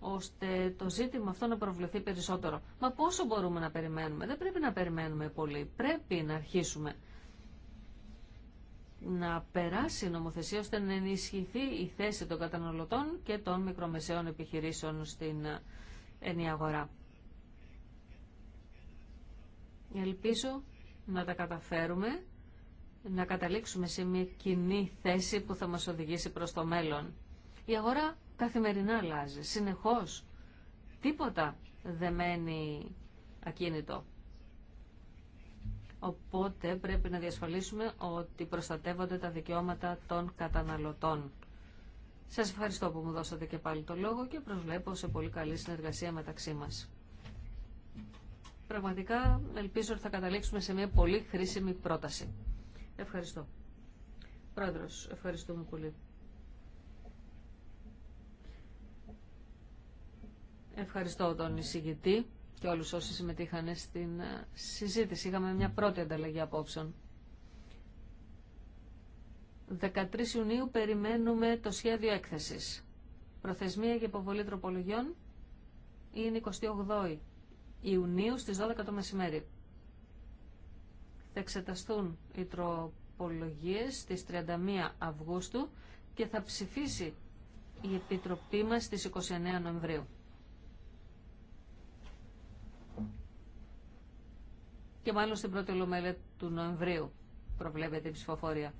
ώστε το ζήτημα αυτό να προβλεφθεί περισσότερο. Μα πόσο μπορούμε να περιμένουμε. Δεν πρέπει να περιμένουμε πολύ. Πρέπει να αρχίσουμε να περάσει η νομοθεσία ώστε να ενισχυθεί η θέση των καταναλωτών και των μικρομεσαίων επιχειρήσεων στην ε, ενιαία αγορά. Ελπίζω να τα καταφέρουμε, να καταλήξουμε σε μια κοινή θέση που θα μας οδηγήσει προς το μέλλον. Η αγορά καθημερινά αλλάζει, συνεχώς. Τίποτα δεν μένει ακίνητο. Οπότε πρέπει να διασφαλίσουμε ότι προστατεύονται τα δικαιώματα των καταναλωτών. Σας ευχαριστώ που μου δώσατε και πάλι το λόγο και προσβλέπω σε πολύ καλή συνεργασία μεταξύ μας. Πραγματικά ελπίζω ότι θα καταλήξουμε σε μια πολύ χρήσιμη πρόταση. Ευχαριστώ. Πρόεδρος, ευχαριστούμε πολύ. Ευχαριστώ τον εισηγητή και όλους όσοι συμμετείχαν στην ε, συζήτηση. Είχαμε μια πρώτη ανταλλαγή απόψεων. 13 Ιουνίου περιμένουμε το σχέδιο έκθεσης. Προθεσμία για υποβολή τροπολογιών είναι 28 Ιουνίου στις 12 το μεσημέρι. Θα εξεταστούν οι τροπολογίες στις 31 Αυγούστου και θα ψηφίσει η Επιτροπή μας στις 29 Νοεμβρίου. και μάλλον στην πρώτη ολομέλεια του Νοεμβρίου προβλέπεται η ψηφοφορία.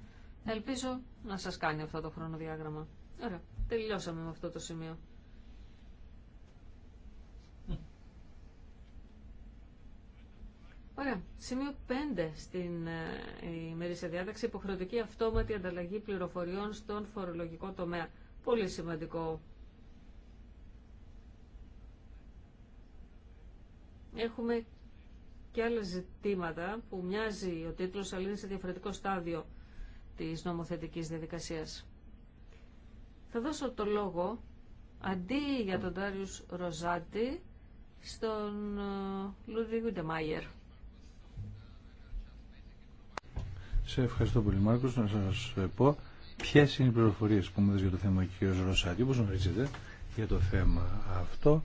Ελπίζω να σας κάνει αυτό το χρονοδιάγραμμα. Ωραία, τελειώσαμε με αυτό το σημείο. Ωραία. Σημείο 5 στην ε, ημερήσια διάταξη, υποχρεωτική αυτόματη ανταλλαγή πληροφοριών στον φορολογικό τομέα. Πολύ σημαντικό. Έχουμε και άλλα ζητήματα που μοιάζει ο τίτλος αλλά είναι σε διαφορετικό στάδιο της νομοθετικής διαδικασίας. Θα δώσω το λόγο αντί για τον Τάριους Ροζάτη στον ε, Λούδι Γουντεμάγερ. Σε ευχαριστώ πολύ Μάρκος να σας πω Ποιε είναι οι πληροφορίες που μου για το θέμα ο κ. Ροζάτη όπως γνωρίζετε για το θέμα αυτό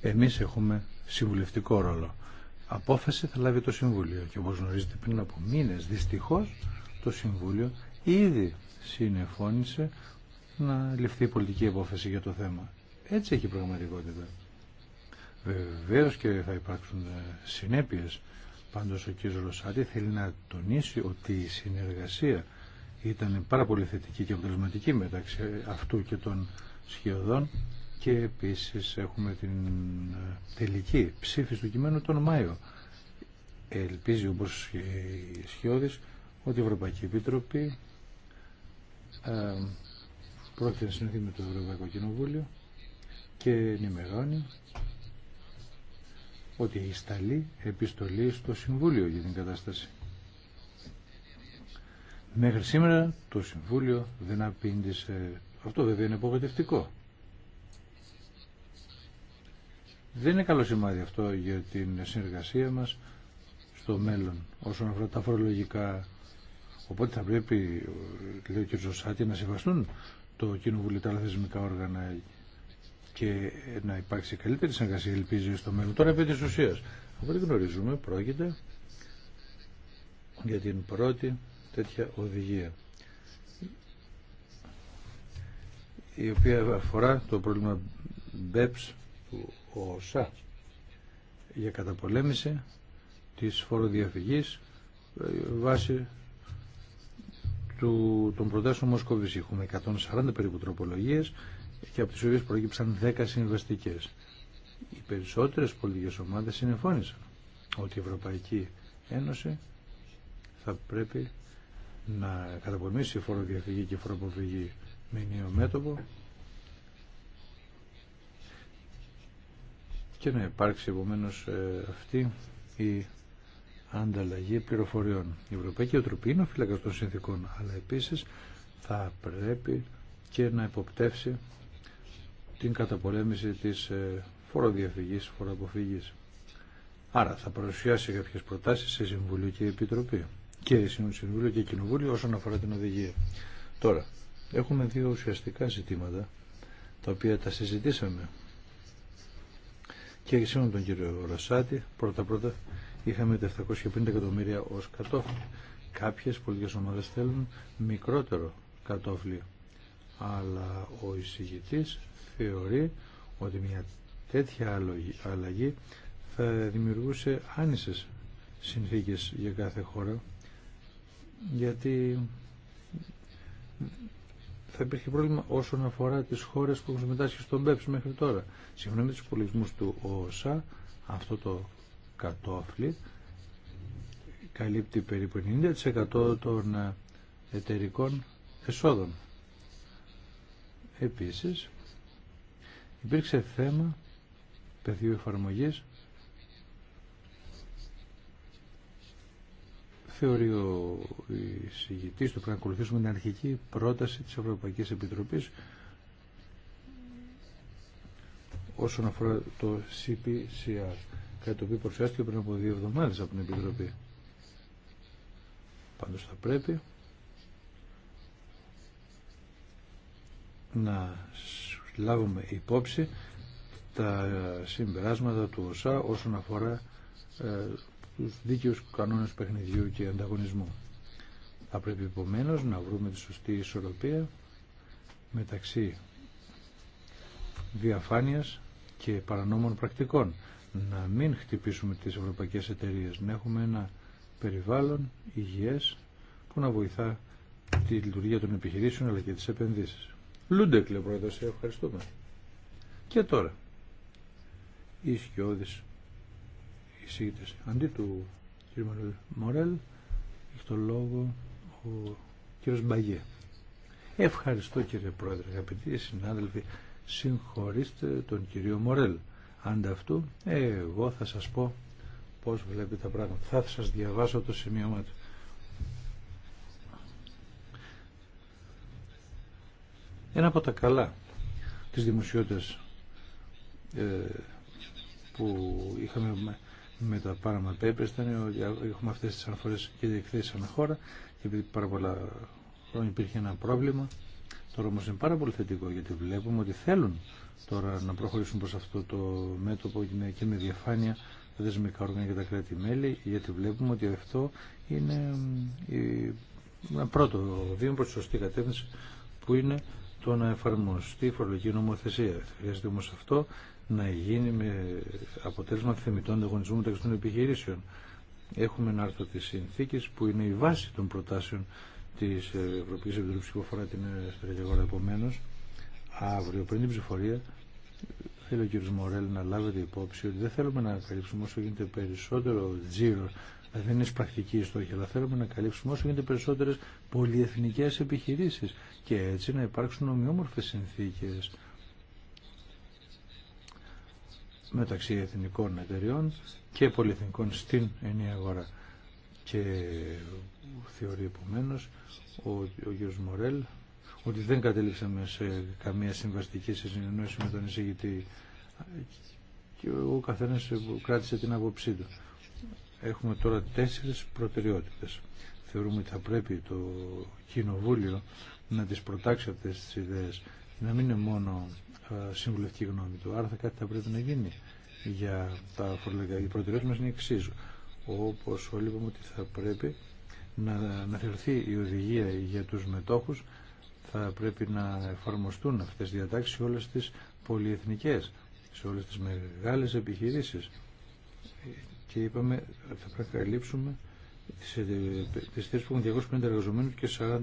εμείς έχουμε συμβουλευτικό ρόλο απόφαση θα λάβει το Συμβούλιο. Και όπως γνωρίζετε πριν από μήνες, δυστυχώς, το Συμβούλιο ήδη συνεφώνησε να ληφθεί η πολιτική απόφαση για το θέμα. Έτσι έχει η πραγματικότητα. Βεβαίως και θα υπάρξουν ε, συνέπειες. Πάντως ο κ. Ρωσάτη θέλει να τονίσει ότι η συνεργασία ήταν πάρα πολύ θετική και αποτελεσματική μεταξύ αυτού και των σχεδόν και επίσης έχουμε την ε, τελική ψήφιση του κειμένου τον Μάιο. Ελπίζει όπως η ότι η Ευρωπαϊκή Επιτροπή ε, πρόκειται να συνεχίσει με το Ευρωπαϊκό Κοινοβούλιο και ενημερώνει ότι η σταλή επιστολή στο Συμβούλιο για την κατάσταση. Μέχρι σήμερα το Συμβούλιο δεν απήντησε. Αυτό βέβαια είναι απογοητευτικό. Δεν είναι καλό σημάδι αυτό για την συνεργασία μας στο μέλλον όσον αφορά τα φορολογικά. Οπότε θα πρέπει, λέει ο κ. Ζωσάτη, να συμβαστούν το Κοινοβούλιο τα θεσμικά όργανα και να υπάρξει καλύτερη συνεργασία, ελπίζει, στο μέλλον. Τώρα επί της ουσίας. Από ό,τι γνωρίζουμε, πρόκειται για την πρώτη τέτοια οδηγία η οποία αφορά το πρόβλημα BEPS ΩΣΑ για καταπολέμηση της φοροδιαφυγής ε, βάσει του, των προτάσεων Μοσκοβής. Έχουμε 140 περίπου τροπολογίες και από τις οποίες προέκυψαν 10 συμβαστικές. Οι περισσότερες πολιτικές ομάδες συνεφώνησαν ότι η Ευρωπαϊκή Ένωση θα πρέπει να καταπολεμήσει φόρο φοροδιαφυγή και φοροποφυγή με νέο μέτωπο και να υπάρξει επομένω ε, αυτή η ανταλλαγή πληροφοριών. Η Ευρωπαϊκή Οτροπή είναι ο φύλακα των συνθήκων, αλλά επίση θα πρέπει και να υποπτεύσει την καταπολέμηση της ε, φοροδιαφυγής, φοροαποφυγής. Άρα θα παρουσιάσει κάποιε προτάσεις σε Συμβουλίο και Επιτροπή και Συμβουλίο και Κοινοβούλιο όσον αφορά την οδηγία. Τώρα, έχουμε δύο ουσιαστικά ζητήματα τα οποία τα συζητήσαμε και σύμφωνα τον κυριο ρασατη Ρωσάτη πρώτα-πρώτα είχαμε τα 750 εκατομμύρια ως κατόφλι. Κάποιες πολιτικές ομάδες θέλουν μικρότερο κατόφλι. Αλλά ο εισηγητής θεωρεί ότι μια τέτοια αλλαγή θα δημιουργούσε άνισες συνθήκες για κάθε χώρα γιατί θα υπήρχε πρόβλημα όσον αφορά τις χώρες που έχουν συμμετάσχει στον ΠΕΠΣ μέχρι τώρα. Σύμφωνα με του υπολογισμού του ΟΣΑ, αυτό το κατόφλι καλύπτει περίπου 90% των εταιρικών εσόδων. Επίσης, υπήρξε θέμα πεδίου εφαρμογής θεωρεί ο εισηγητής του πρέπει να ακολουθήσουμε την αρχική πρόταση της Ευρωπαϊκής Επιτροπής όσον αφορά το CPCR κάτι το οποίο προσφυλάστηκε πριν από δύο εβδομάδες από την Επιτροπή πάντως θα πρέπει να λάβουμε υπόψη τα συμπεράσματα του ΩΣΑ όσον αφορά ε, τους δίκαιους κανόνες παιχνιδιού και ανταγωνισμού. Θα πρέπει επομένω να βρούμε τη σωστή ισορροπία μεταξύ διαφάνειας και παρανόμων πρακτικών. Να μην χτυπήσουμε τις ευρωπαϊκές εταιρείες, να έχουμε ένα περιβάλλον υγιές που να βοηθά τη λειτουργία των επιχειρήσεων αλλά και τις επενδύσεις. Λούντεκλε πρόεδρε, ευχαριστούμε. Και τώρα, οι Αντί του κ. Μορέλ, έχει το λόγο ο κ. Μπαγιέ. Ευχαριστώ κύριε Πρόεδρε, αγαπητοί συνάδελφοι, συγχωρήστε τον κύριο Μορέλ. Ανταυτού, εγώ θα σας πω πώς βλέπει τα πράγματα. Θα σας διαβάσω το σημείωμα του. Ένα από τα καλά της δημοσιότητας ε, που είχαμε με τα Panama Papers ήταν ότι έχουμε αυτές τις αναφορές και διεκθέσεις ανά χώρα και επειδή πάρα πολλά χρόνια υπήρχε ένα πρόβλημα τώρα όμως είναι πάρα πολύ θετικό γιατί βλέπουμε ότι θέλουν τώρα να προχωρήσουν προς αυτό το μέτωπο και με διαφάνεια τα δεσμικά όργανα και τα κράτη-μέλη γιατί βλέπουμε ότι αυτό είναι ένα πρώτο βήμα προς τη σωστή κατεύθυνση που είναι το να εφαρμοστεί η φορολογική νομοθεσία. Χρειάζεται όμως αυτό να γίνει με αποτέλεσμα θεμητών ανταγωνισμού μεταξύ των επιχειρήσεων. Έχουμε ένα άρθρο τη συνθήκη, που είναι η βάση των προτάσεων τη Ευρωπαϊκή Επιτροπή που αφορά την εσωτερική αγορά. Επομένω, αύριο πριν την ψηφορία θέλει ο κ. Μορέλ να λάβετε υπόψη ότι δεν θέλουμε να καλύψουμε όσο γίνεται περισσότερο τζίρο, δηλαδή, δεν είναι σπρακτική η στόχη, αλλά θέλουμε να καλύψουμε όσο γίνεται περισσότερε πολιεθνικέ επιχειρήσει και έτσι να υπάρξουν ομοιόμορφε συνθήκε μεταξύ εθνικών εταιριών και πολυεθνικών στην ενιαία αγορά. Και θεωρεί επομένω ο, ο Μορέλ ότι δεν κατέληξαμε σε καμία συμβαστική συνεννόηση με τον εισηγητή και ο καθένας κράτησε την άποψή του. Έχουμε τώρα τέσσερι προτεραιότητε. Θεωρούμε ότι θα πρέπει το Κοινοβούλιο να τις προτάξει αυτές τις ιδέες να μην είναι μόνο ε, συμβουλευτική γνώμη του. Άρα θα κάτι θα πρέπει να γίνει για τα φορολογικά. Οι προτεραιότητα μας είναι εξίσου. Όπως όλοι είπαμε ότι θα πρέπει να, να θεωρηθεί η οδηγία για τους μετόχους θα πρέπει να εφαρμοστούν αυτές οι διατάξεις σε όλες τις πολυεθνικές, σε όλες τις μεγάλες επιχειρήσεις. Και είπαμε θα πρέπει να καλύψουμε τις ε, θέσει που έχουν 250 εργαζομένους και 40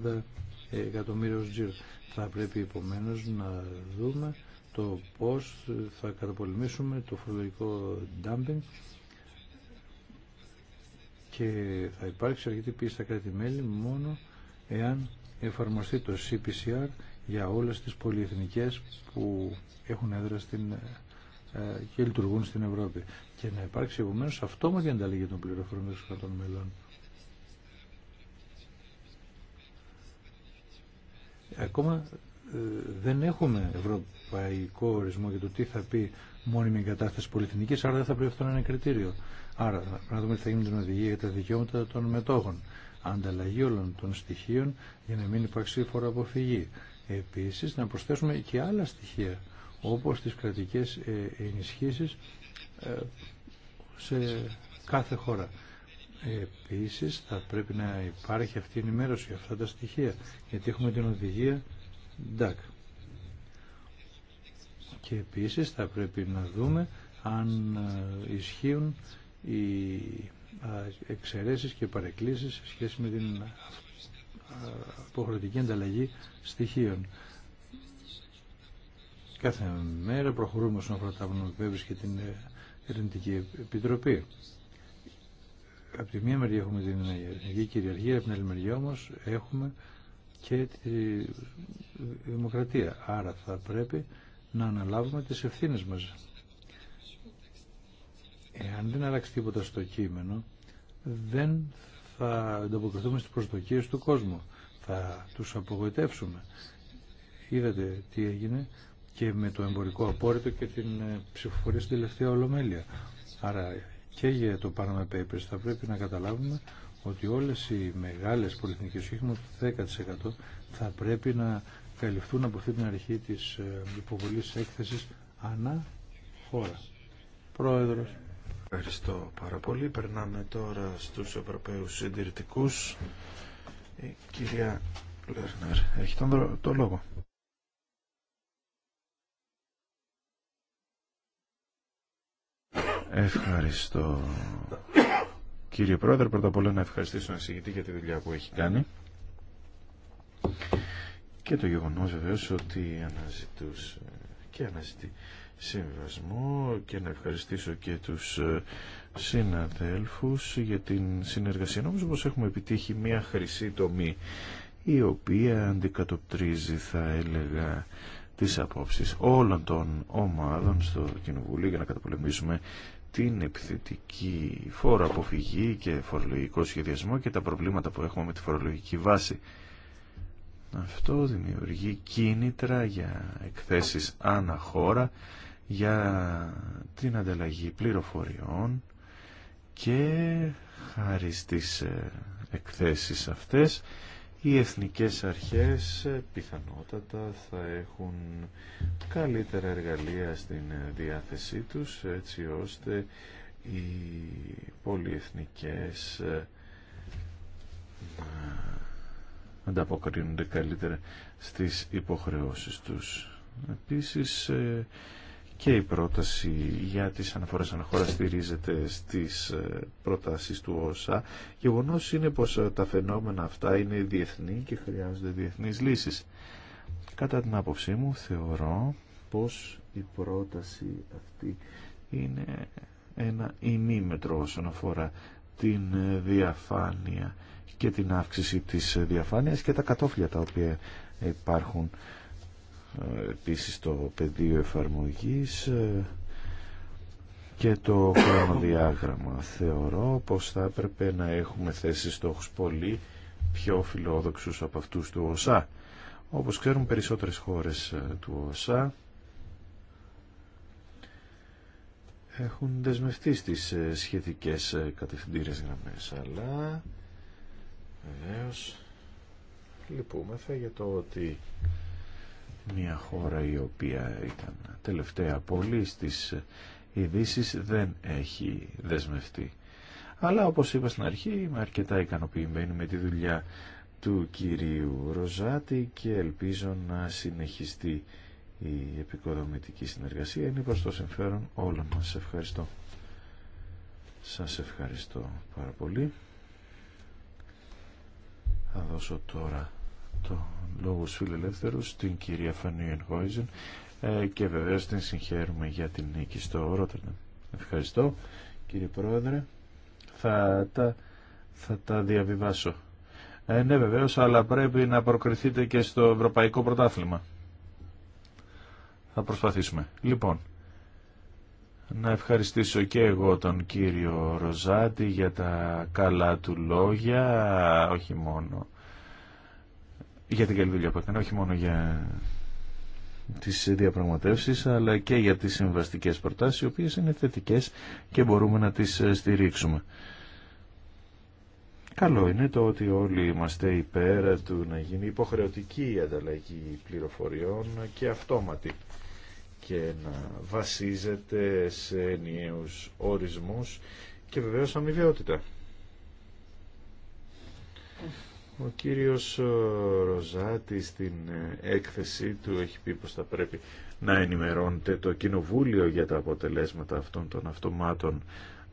Εκατομμύριο τζίρο. Θα πρέπει επομένω να δούμε το πώς θα καταπολεμήσουμε το φορολογικό dumping και θα υπάρξει αρκετή πίεση στα κράτη-μέλη μόνο εάν εφαρμοστεί το CPCR για όλες τις πολυεθνικές που έχουν έδρα στην, ε, και λειτουργούν στην Ευρώπη. Και να υπάρξει επομένω αυτόματη ανταλλαγή των πληροφοριών των κρατών μελών. Ακόμα ε, δεν έχουμε ευρωπαϊκό ορισμό για το τι θα πει μόνιμη εγκατάσταση πολυεθνική, άρα δεν θα πρέπει αυτό να είναι κριτήριο. Άρα, να δούμε τι θα γίνει την οδηγία για τα δικαιώματα των μετόχων. Ανταλλαγή όλων των στοιχείων για να μην υπάρξει φοροαποφυγή. Επίσης, να προσθέσουμε και άλλα στοιχεία, όπως τις κρατικές ε, ενισχύσεις ε, σε κάθε χώρα. Επίσης θα πρέπει να υπάρχει αυτή η ενημέρωση για αυτά τα στοιχεία γιατί έχουμε την οδηγία DAC. Και επίσης θα πρέπει να δούμε αν ε, ισχύουν οι εξαιρέσεις και παρεκκλήσεις σε σχέση με την αποχρεωτική ανταλλαγή στοιχείων. Κάθε μέρα προχωρούμε στον αφορά τα και την Ερευνητική Επιτροπή από τη μία μεριά έχουμε την εθνική κυριαρχία, από την άλλη μεριά έχουμε και τη δημοκρατία. Άρα θα πρέπει να αναλάβουμε τις ευθύνες μας. Εάν δεν αλλάξει τίποτα στο κείμενο, δεν θα ανταποκριθούμε στις προσδοκίες του κόσμου. Θα τους απογοητεύσουμε. Είδατε τι έγινε και με το εμπορικό απόρριτο και την ψηφοφορία στην τελευταία ολομέλεια. Άρα και για το Panama Papers θα πρέπει να καταλάβουμε ότι όλες οι μεγάλες πολυεθνικές όχι μόνο το 10% θα πρέπει να καλυφθούν από αυτή την αρχή της ε, υποβολής έκθεσης ανά χώρα. Πρόεδρος. Ευχαριστώ πάρα πολύ. Περνάμε τώρα στους Ευρωπαίους Συντηρητικούς. Η κυρία Λέρνερ έχει τον, το λόγο. Ευχαριστώ. Κύριε Πρόεδρε, πρώτα απ' όλα να ευχαριστήσω τον εισηγητή για τη δουλειά που έχει κάνει και το γεγονό βεβαίω ότι αναζητούσε και αναζητεί συμβασμό και να ευχαριστήσω και τους ε, συναδέλφου για την συνεργασία. Νομίζω πω έχουμε επιτύχει μια χρυσή τομή η οποία αντικατοπτρίζει θα έλεγα τις απόψεις όλων των ομάδων στο Κοινοβούλιο για να καταπολεμήσουμε την επιθετική φόρο αποφυγή και φορολογικό σχεδιασμό και τα προβλήματα που έχουμε με τη φορολογική βάση. Αυτό δημιουργεί κίνητρα για εκθέσεις αναχώρα, για την ανταλλαγή πληροφοριών και χάρη στις ε, εκθέσεις αυτές οι εθνικές αρχές πιθανότατα θα έχουν καλύτερα εργαλεία στην διάθεσή τους έτσι ώστε οι πολυεθνικές να ανταποκρίνονται καλύτερα στις υποχρεώσεις τους. Επίσης ε, και η πρόταση για τις αναφορές αναχώρα στηρίζεται στις ε, προτάσεις του ΩΣΑ. Γεγονό είναι πως ε, τα φαινόμενα αυτά είναι διεθνή και χρειάζονται διεθνείς λύσεις. Κατά την άποψή μου θεωρώ πως η πρόταση αυτή είναι ένα ημίμετρο όσον αφορά την ε, διαφάνεια και την αύξηση της διαφάνειας και τα κατόφλια τα οποία υπάρχουν επίσης το πεδίο εφαρμογής ε, και το χρονοδιάγραμμα. Θεωρώ πως θα έπρεπε να έχουμε θέσει στόχους πολύ πιο φιλόδοξους από αυτούς του ΩΣΑ. Όπως ξέρουν περισσότερες χώρες ε, του ΩΣΑ έχουν δεσμευτεί στις ε, σχετικές κατευθυντήρες γραμμές, αλλά βεβαίω λυπούμεθα για το ότι μια χώρα η οποία ήταν τελευταία πολύ στις ειδήσει δεν έχει δεσμευτεί. Αλλά όπως είπα στην αρχή είμαι αρκετά ικανοποιημένη με τη δουλειά του κυρίου Ροζάτη και ελπίζω να συνεχιστεί η επικοδομητική συνεργασία. Είναι προς το συμφέρον όλων μας. Ευχαριστώ. Σας ευχαριστώ πάρα πολύ. Θα δώσω τώρα το λόγο φιλελεύθερους, την κυρία Φανίεν Γόιζεν ε, και βεβαίως την συγχαίρουμε για την νίκη στο Ρότερνταμ. Ευχαριστώ κύριε Πρόεδρε. Θα τα, θα τα διαβιβάσω. Ε, ναι βεβαίως, αλλά πρέπει να προκριθείτε και στο Ευρωπαϊκό Πρωτάθλημα. Θα προσπαθήσουμε. Λοιπόν, να ευχαριστήσω και εγώ τον κύριο Ροζάτη για τα καλά του λόγια, όχι μόνο για την καλή δουλειά που έκανε, όχι μόνο για τις διαπραγματεύσεις αλλά και για τις συμβαστικές προτάσεις οι οποίες είναι θετικές και μπορούμε να τις ε, στηρίξουμε. Καλό είναι το ότι όλοι είμαστε υπέρ του να γίνει υποχρεωτική η ανταλλαγή πληροφοριών και αυτόματη και να βασίζεται σε ενιαίους ορισμούς και βεβαίως αμοιβαιότητα. Ο κύριος ε, Ροζάτη στην ε, έκθεσή του έχει πει πως θα πρέπει να ενημερώνεται το Κοινοβούλιο για τα αποτελέσματα αυτών των αυτομάτων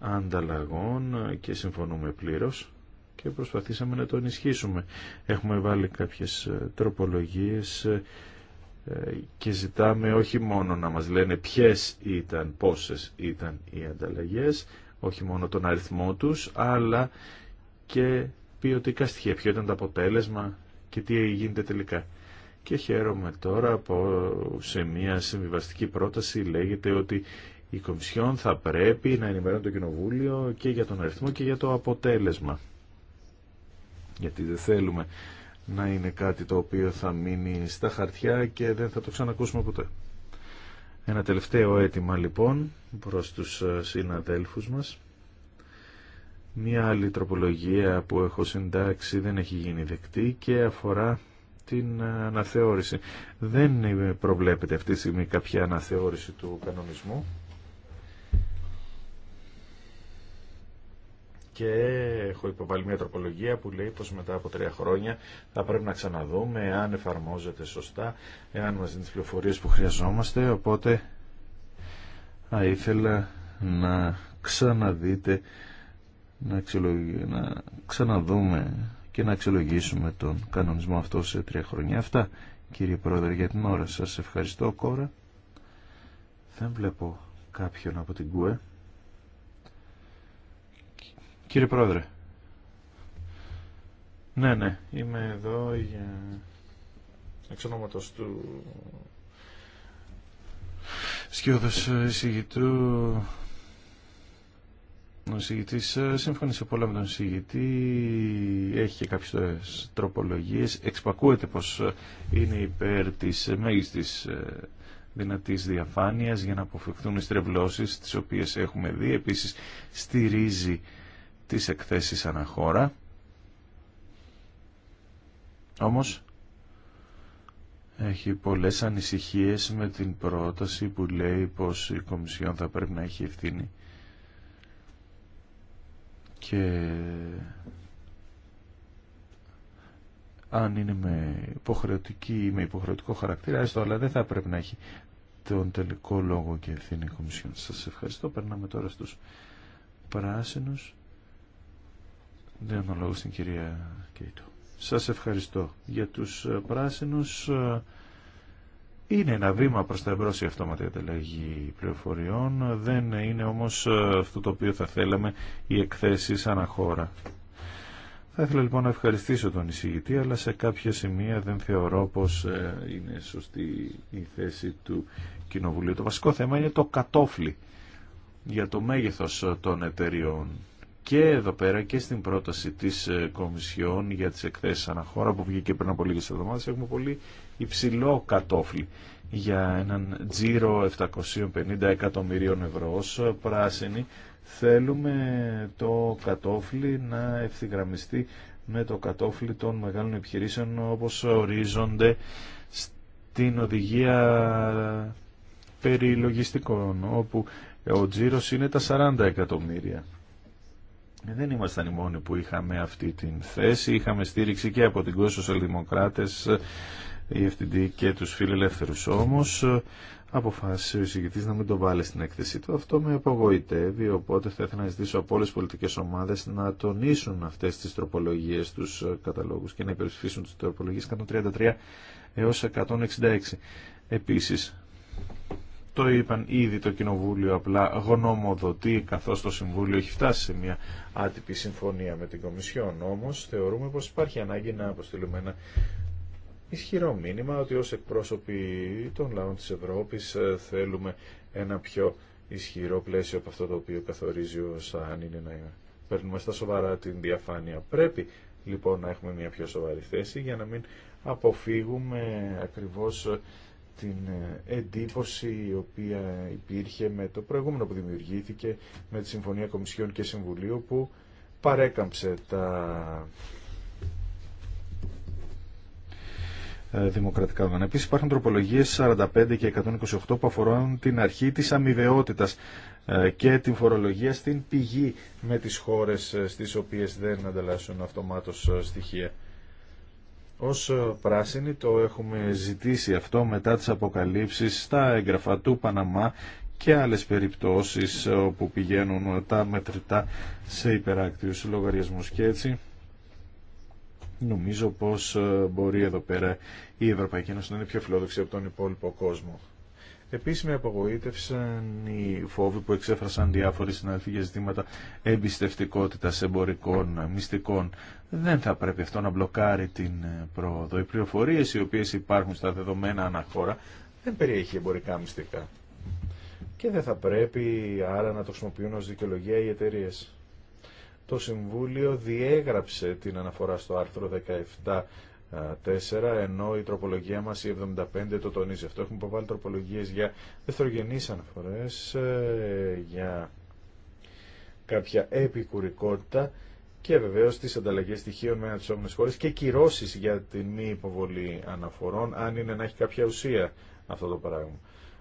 ανταλλαγών ε, και συμφωνούμε πλήρως και προσπαθήσαμε να το ενισχύσουμε. Έχουμε βάλει κάποιες τροπολογίες και ζητάμε όχι μόνο να μας λένε ποιες ήταν, πόσες ήταν οι ανταλλαγές, όχι μόνο τον αριθμό τους, αλλά και ποιοτικά στοιχεία, ποιο ήταν το αποτέλεσμα και τι γίνεται τελικά. Και χαίρομαι τώρα που σε μια συμβιβαστική πρόταση λέγεται ότι η Κομισιόν θα πρέπει να ενημερώνει το Κοινοβούλιο και για τον αριθμό και για το αποτέλεσμα. Γιατί δεν θέλουμε να είναι κάτι το οποίο θα μείνει στα χαρτιά και δεν θα το ξανακούσουμε ποτέ. Ένα τελευταίο αίτημα λοιπόν προς τους συναδέλφους μας. Μία άλλη τροπολογία που έχω συντάξει δεν έχει γίνει δεκτή και αφορά την αναθεώρηση. Δεν προβλέπεται αυτή τη στιγμή κάποια αναθεώρηση του κανονισμού. και έχω υποβάλει μια τροπολογία που λέει πως μετά από τρία χρόνια θα πρέπει να ξαναδούμε αν εφαρμόζεται σωστά, εάν μας δίνει τις πληροφορίες που χρειαζόμαστε, οπότε θα ήθελα να ξαναδείτε να, να ξαναδούμε και να αξιολογήσουμε τον κανονισμό αυτό σε τρία χρόνια. Αυτά κύριε Πρόεδρε για την ώρα. Σας ευχαριστώ κόρα. Δεν βλέπω κάποιον από την ΚΟΕ. Κύριε Πρόεδρε. Ναι, ναι, είμαι εδώ για εξ ονόματος του σκιώδος ε, εισηγητού ο ε, σε σε πολλά με τον συγητή έχει και κάποιες τροπολογίες, εξπακούεται πως ε, είναι υπέρ της ε, μέγιστης δυνατής διαφάνειας για να αποφευχθούν οι στρεβλώσεις τις οποίες έχουμε δει. επίση στηρίζει τις εκθέσεις αναχώρα. Όμως έχει πολλές ανησυχίες με την πρόταση που λέει πως η Κομισιόν θα πρέπει να έχει ευθύνη και αν είναι με, υποχρεωτική, ή με υποχρεωτικό χαρακτήρα, έστω, αλλά δεν θα πρέπει να έχει τον τελικό λόγο και ευθύνη κομισιόν. Σας ευχαριστώ. Περνάμε τώρα στους πράσινους. Δίνω λόγο στην κυρία Κέιτο. Σας ευχαριστώ για τους πράσινους. Είναι ένα βήμα προς τα εμπρό η αυτόματη ανταλλαγή πληροφοριών, δεν είναι όμως ε, αυτό το οποίο θα θέλαμε οι εκθέσεις αναχώρα. Θα ήθελα λοιπόν να ευχαριστήσω τον εισηγητή, αλλά σε κάποια σημεία δεν θεωρώ πώ ε, είναι σωστή η θέση του Κοινοβουλίου. Το βασικό θέμα είναι το κατόφλι για το μέγεθος των εταιριών. Και εδώ πέρα και στην πρόταση της ε, Κομισιόν για τις εκθέσεις αναχώρα που βγήκε πριν από λίγες εβδομάδες έχουμε πολύ υψηλό κατόφλι για έναν τζίρο 750 εκατομμυρίων ευρώ. Ως πράσινοι θέλουμε το κατόφλι να ευθυγραμμιστεί με το κατόφλι των μεγάλων επιχειρήσεων όπως ορίζονται στην οδηγία περί λογιστικών, όπου ο τζίρος είναι τα 40 εκατομμύρια. Δεν ήμασταν οι μόνοι που είχαμε αυτή την θέση. Είχαμε στήριξη και από την Κόσο Σελδημοκράτες η FTD και του φιλελεύθερου όμω, ε, αποφάσισε ο εισηγητή να μην το βάλει στην έκθεσή του. Αυτό με απογοητεύει, οπότε θα ήθελα να ζητήσω από όλε τι πολιτικές ομάδες να τονίσουν αυτέ τι τροπολογίε τους ε, καταλόγους και να υπερψηφίσουν τι τροπολογίε 133 έω 166. Επίση, το είπαν ήδη το Κοινοβούλιο απλά γνωμοδοτεί καθώς το Συμβούλιο έχει φτάσει σε μια άτυπη συμφωνία με την Κομισιόν. Όμως θεωρούμε πως υπάρχει ανάγκη να αποστείλουμε ένα ισχυρό μήνυμα ότι ως εκπρόσωποι των λαών της Ευρώπης ε, θέλουμε ένα πιο ισχυρό πλαίσιο από αυτό το οποίο καθορίζει ο ΣΑΝ είναι να παίρνουμε στα σοβαρά την διαφάνεια. Πρέπει λοιπόν να έχουμε μια πιο σοβαρή θέση για να μην αποφύγουμε ακριβώς ε, την ε, εντύπωση η οποία υπήρχε με το προηγούμενο που δημιουργήθηκε με τη Συμφωνία Κομισιών και Συμβουλίου που παρέκαμψε τα Ε, δημοκρατικά όργανα. Επίσης υπάρχουν τροπολογίες 45 και 128 που αφορούν την αρχή της αμοιβαιότητα ε, και την φορολογία στην πηγή με τις χώρες ε, στις οποίες δεν ανταλλάσσουν αυτομάτως στοιχεία. Ως πράσινοι το έχουμε ζητήσει αυτό μετά τις αποκαλύψεις στα έγγραφα του Παναμά και άλλες περιπτώσεις όπου πηγαίνουν τα μετρητά σε υπεράκτιους λογαριασμούς και έτσι Νομίζω πως ε, μπορεί εδώ πέρα η Ευρωπαϊκή Ένωση να είναι πιο φιλόδοξη από τον υπόλοιπο κόσμο. Επίσης με απογοήτευσαν οι φόβοι που εξέφρασαν διάφοροι συναδελφοί για ζητήματα εμπιστευτικότητας εμπορικών μυστικών. Δεν θα πρέπει αυτό να μπλοκάρει την ε, πρόοδο. Οι πληροφορίες οι οποίες υπάρχουν στα δεδομένα αναχώρα δεν περιέχει εμπορικά μυστικά. Και δεν θα πρέπει άρα να το χρησιμοποιούν ως δικαιολογία οι εταιρείε το Συμβούλιο διέγραψε την αναφορά στο άρθρο 17.4, ενώ η τροπολογία μας η 75 το τονίζει αυτό. Έχουμε υποβάλει τροπολογίες για δευτερογενείς αναφορές, ε, για κάποια επικουρικότητα και βεβαίως τις ανταλλαγές στοιχείων με αναπτυσσόμενες χώρες και κυρώσεις για την μη υποβολή αναφορών, αν είναι να έχει κάποια ουσία αυτό το πράγμα.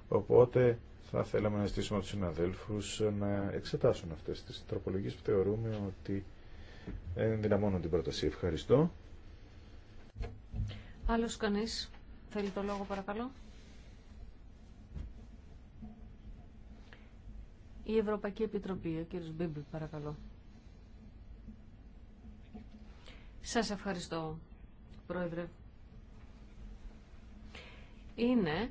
Οπότε θα θέλαμε να ζητήσουμε από τους συναδέλφους να εξετάσουν αυτές τις τροπολογίες που θεωρούμε ότι ενδυναμώνουν την πρόταση. Ευχαριστώ. Άλλος κανείς θέλει το λόγο παρακαλώ. Η Ευρωπαϊκή Επιτροπή, ο κύριος Μπίμπλ, παρακαλώ. Σας ευχαριστώ, Πρόεδρε. Είναι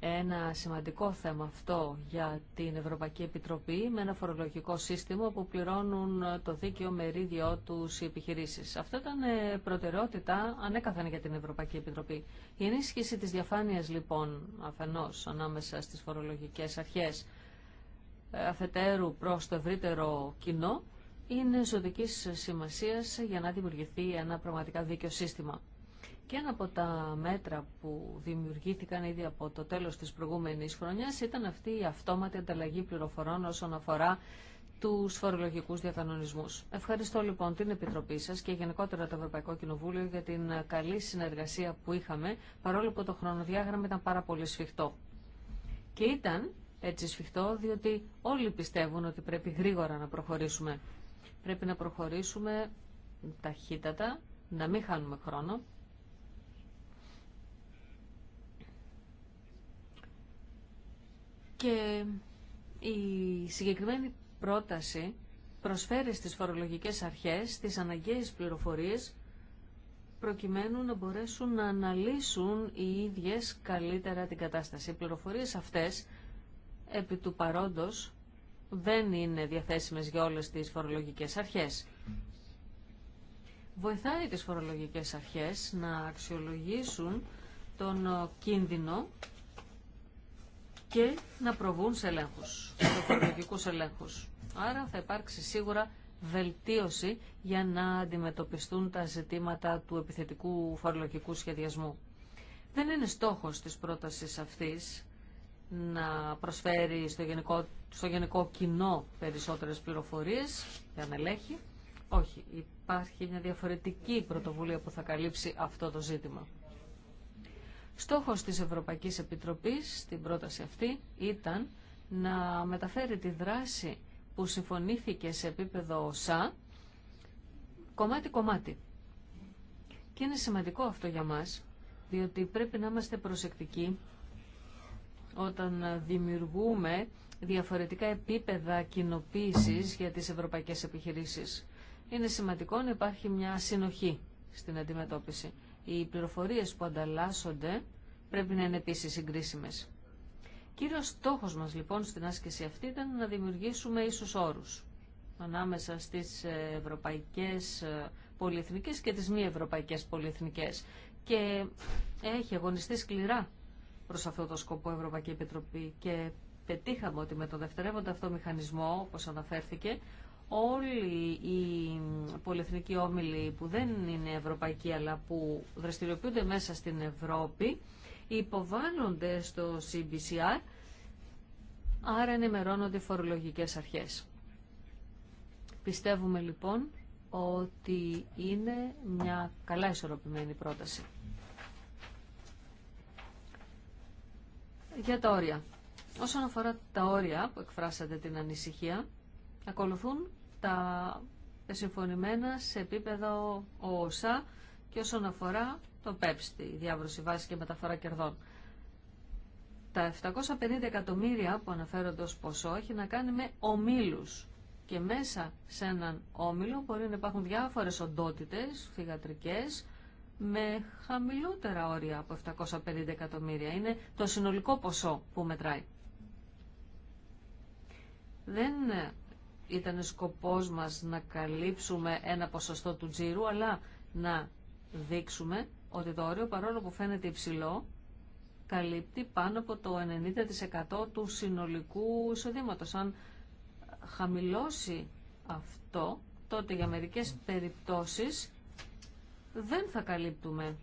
ένα σημαντικό θέμα αυτό για την Ευρωπαϊκή Επιτροπή με ένα φορολογικό σύστημα που πληρώνουν το δίκαιο μερίδιό του οι επιχειρήσει. Αυτό ήταν ε, προτεραιότητα ανέκαθεν για την Ευρωπαϊκή Επιτροπή. Η ενίσχυση τη διαφάνεια λοιπόν αφενό ανάμεσα στι φορολογικέ αρχέ ε, αφετέρου προ το ευρύτερο κοινό είναι ζωτική σημασία για να δημιουργηθεί ένα πραγματικά δίκαιο σύστημα. Και ένα από τα μέτρα που δημιουργήθηκαν ήδη από το τέλος της προηγούμενης χρονιάς ήταν αυτή η αυτόματη ανταλλαγή πληροφορών όσον αφορά του φορολογικού διακανονισμού. Ευχαριστώ λοιπόν την Επιτροπή σα και γενικότερα το Ευρωπαϊκό Κοινοβούλιο για την καλή συνεργασία που είχαμε, παρόλο που το χρονοδιάγραμμα ήταν πάρα πολύ σφιχτό. Και ήταν έτσι σφιχτό, διότι όλοι πιστεύουν ότι πρέπει γρήγορα να προχωρήσουμε. Πρέπει να προχωρήσουμε ταχύτατα, να μην χάνουμε χρόνο Και η συγκεκριμένη πρόταση προσφέρει στις φορολογικές αρχές τις αναγκαίες πληροφορίες προκειμένου να μπορέσουν να αναλύσουν οι ίδιες καλύτερα την κατάσταση. Οι πληροφορίες αυτές, επί του παρόντος, δεν είναι διαθέσιμες για όλες τις φορολογικές αρχές. Βοηθάει τις φορολογικές αρχές να αξιολογήσουν τον κίνδυνο και να προβούν σε ελέγχους, φορολογικού ελέγχους. Άρα θα υπάρξει σίγουρα βελτίωση για να αντιμετωπιστούν τα ζητήματα του επιθετικού φορολογικού σχεδιασμού. Δεν είναι στόχος της πρότασης αυτής να προσφέρει στο γενικό, στο γενικό κοινό περισσότερες πληροφορίες για να ελέγχει. Όχι, υπάρχει μια διαφορετική πρωτοβουλία που θα καλύψει αυτό το ζήτημα. Στόχος της Ευρωπαϊκής Επιτροπής στην πρόταση αυτή ήταν να μεταφέρει τη δράση που συμφωνήθηκε σε επίπεδο ΩΣΑ κομμάτι-κομμάτι. Και είναι σημαντικό αυτό για μας, διότι πρέπει να είμαστε προσεκτικοί όταν δημιουργούμε διαφορετικά επίπεδα κοινοποίηση για τις ευρωπαϊκές επιχειρήσεις. Είναι σημαντικό να υπάρχει μια συνοχή στην αντιμετώπιση οι πληροφορίες που ανταλλάσσονται πρέπει να είναι επίσης συγκρίσιμες. Κύριος στόχος μας λοιπόν στην άσκηση αυτή ήταν να δημιουργήσουμε ίσους όρους ανάμεσα στις ε, ευρωπαϊκές ε, πολυεθνικές και τις μη ευρωπαϊκές πολυεθνικές. Και έχει αγωνιστεί σκληρά προς αυτό το σκοπό η Ευρωπαϊκή Επιτροπή και πετύχαμε ότι με τον δευτερεύοντα αυτό μηχανισμό, όπως αναφέρθηκε, όλοι οι πολυεθνικοί όμιλοι που δεν είναι ευρωπαϊκοί αλλά που δραστηριοποιούνται μέσα στην Ευρώπη υποβάλλονται στο CBCR, άρα ενημερώνονται φορολογικές αρχές. Πιστεύουμε λοιπόν ότι είναι μια καλά ισορροπημένη πρόταση. Για τα όρια. Όσον αφορά τα όρια που εκφράσατε την ανησυχία, ακολουθούν τα συμφωνημένα σε επίπεδο ΟΟΣΑ και όσον αφορά το ΠΕΠΣΤΗ Η διάβρωση βάση και μεταφορά κερδών. Τα 750 εκατομμύρια που αναφέρονται ως ποσό έχει να κάνει με ομίλους και μέσα σε έναν όμιλο μπορεί να υπάρχουν διάφορες οντότητες θυγατρικές με χαμηλότερα όρια από 750 εκατομμύρια. Είναι το συνολικό ποσό που μετράει. Δεν ήταν σκοπός μας να καλύψουμε ένα ποσοστό του τζίρου, αλλά να δείξουμε ότι το όριο, παρόλο που φαίνεται υψηλό, καλύπτει πάνω από το 90% του συνολικού εισοδήματος. Αν χαμηλώσει αυτό, τότε για μερικές περιπτώσεις δεν θα καλύπτουμε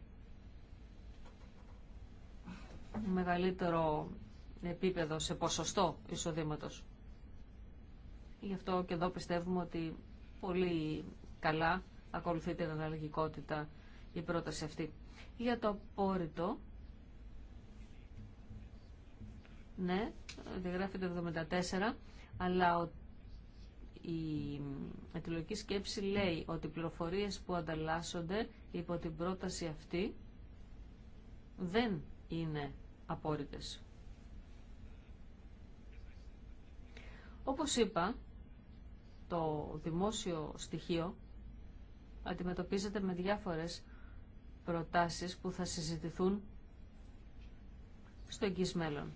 μεγαλύτερο επίπεδο σε ποσοστό εισοδήματος. Γι' αυτό και εδώ πιστεύουμε ότι πολύ καλά ακολουθεί την αναλογικότητα η πρόταση αυτή. Για το απόρριτο, ναι, διαγράφει το 74, αλλά η αιτιολογική σκέψη λέει ότι οι πληροφορίες που ανταλλάσσονται υπό την πρόταση αυτή δεν είναι απόρριτες. Όπως είπα, το δημόσιο στοιχείο αντιμετωπίζεται με διάφορες προτάσεις που θα συζητηθούν στο εγγύς μέλλον.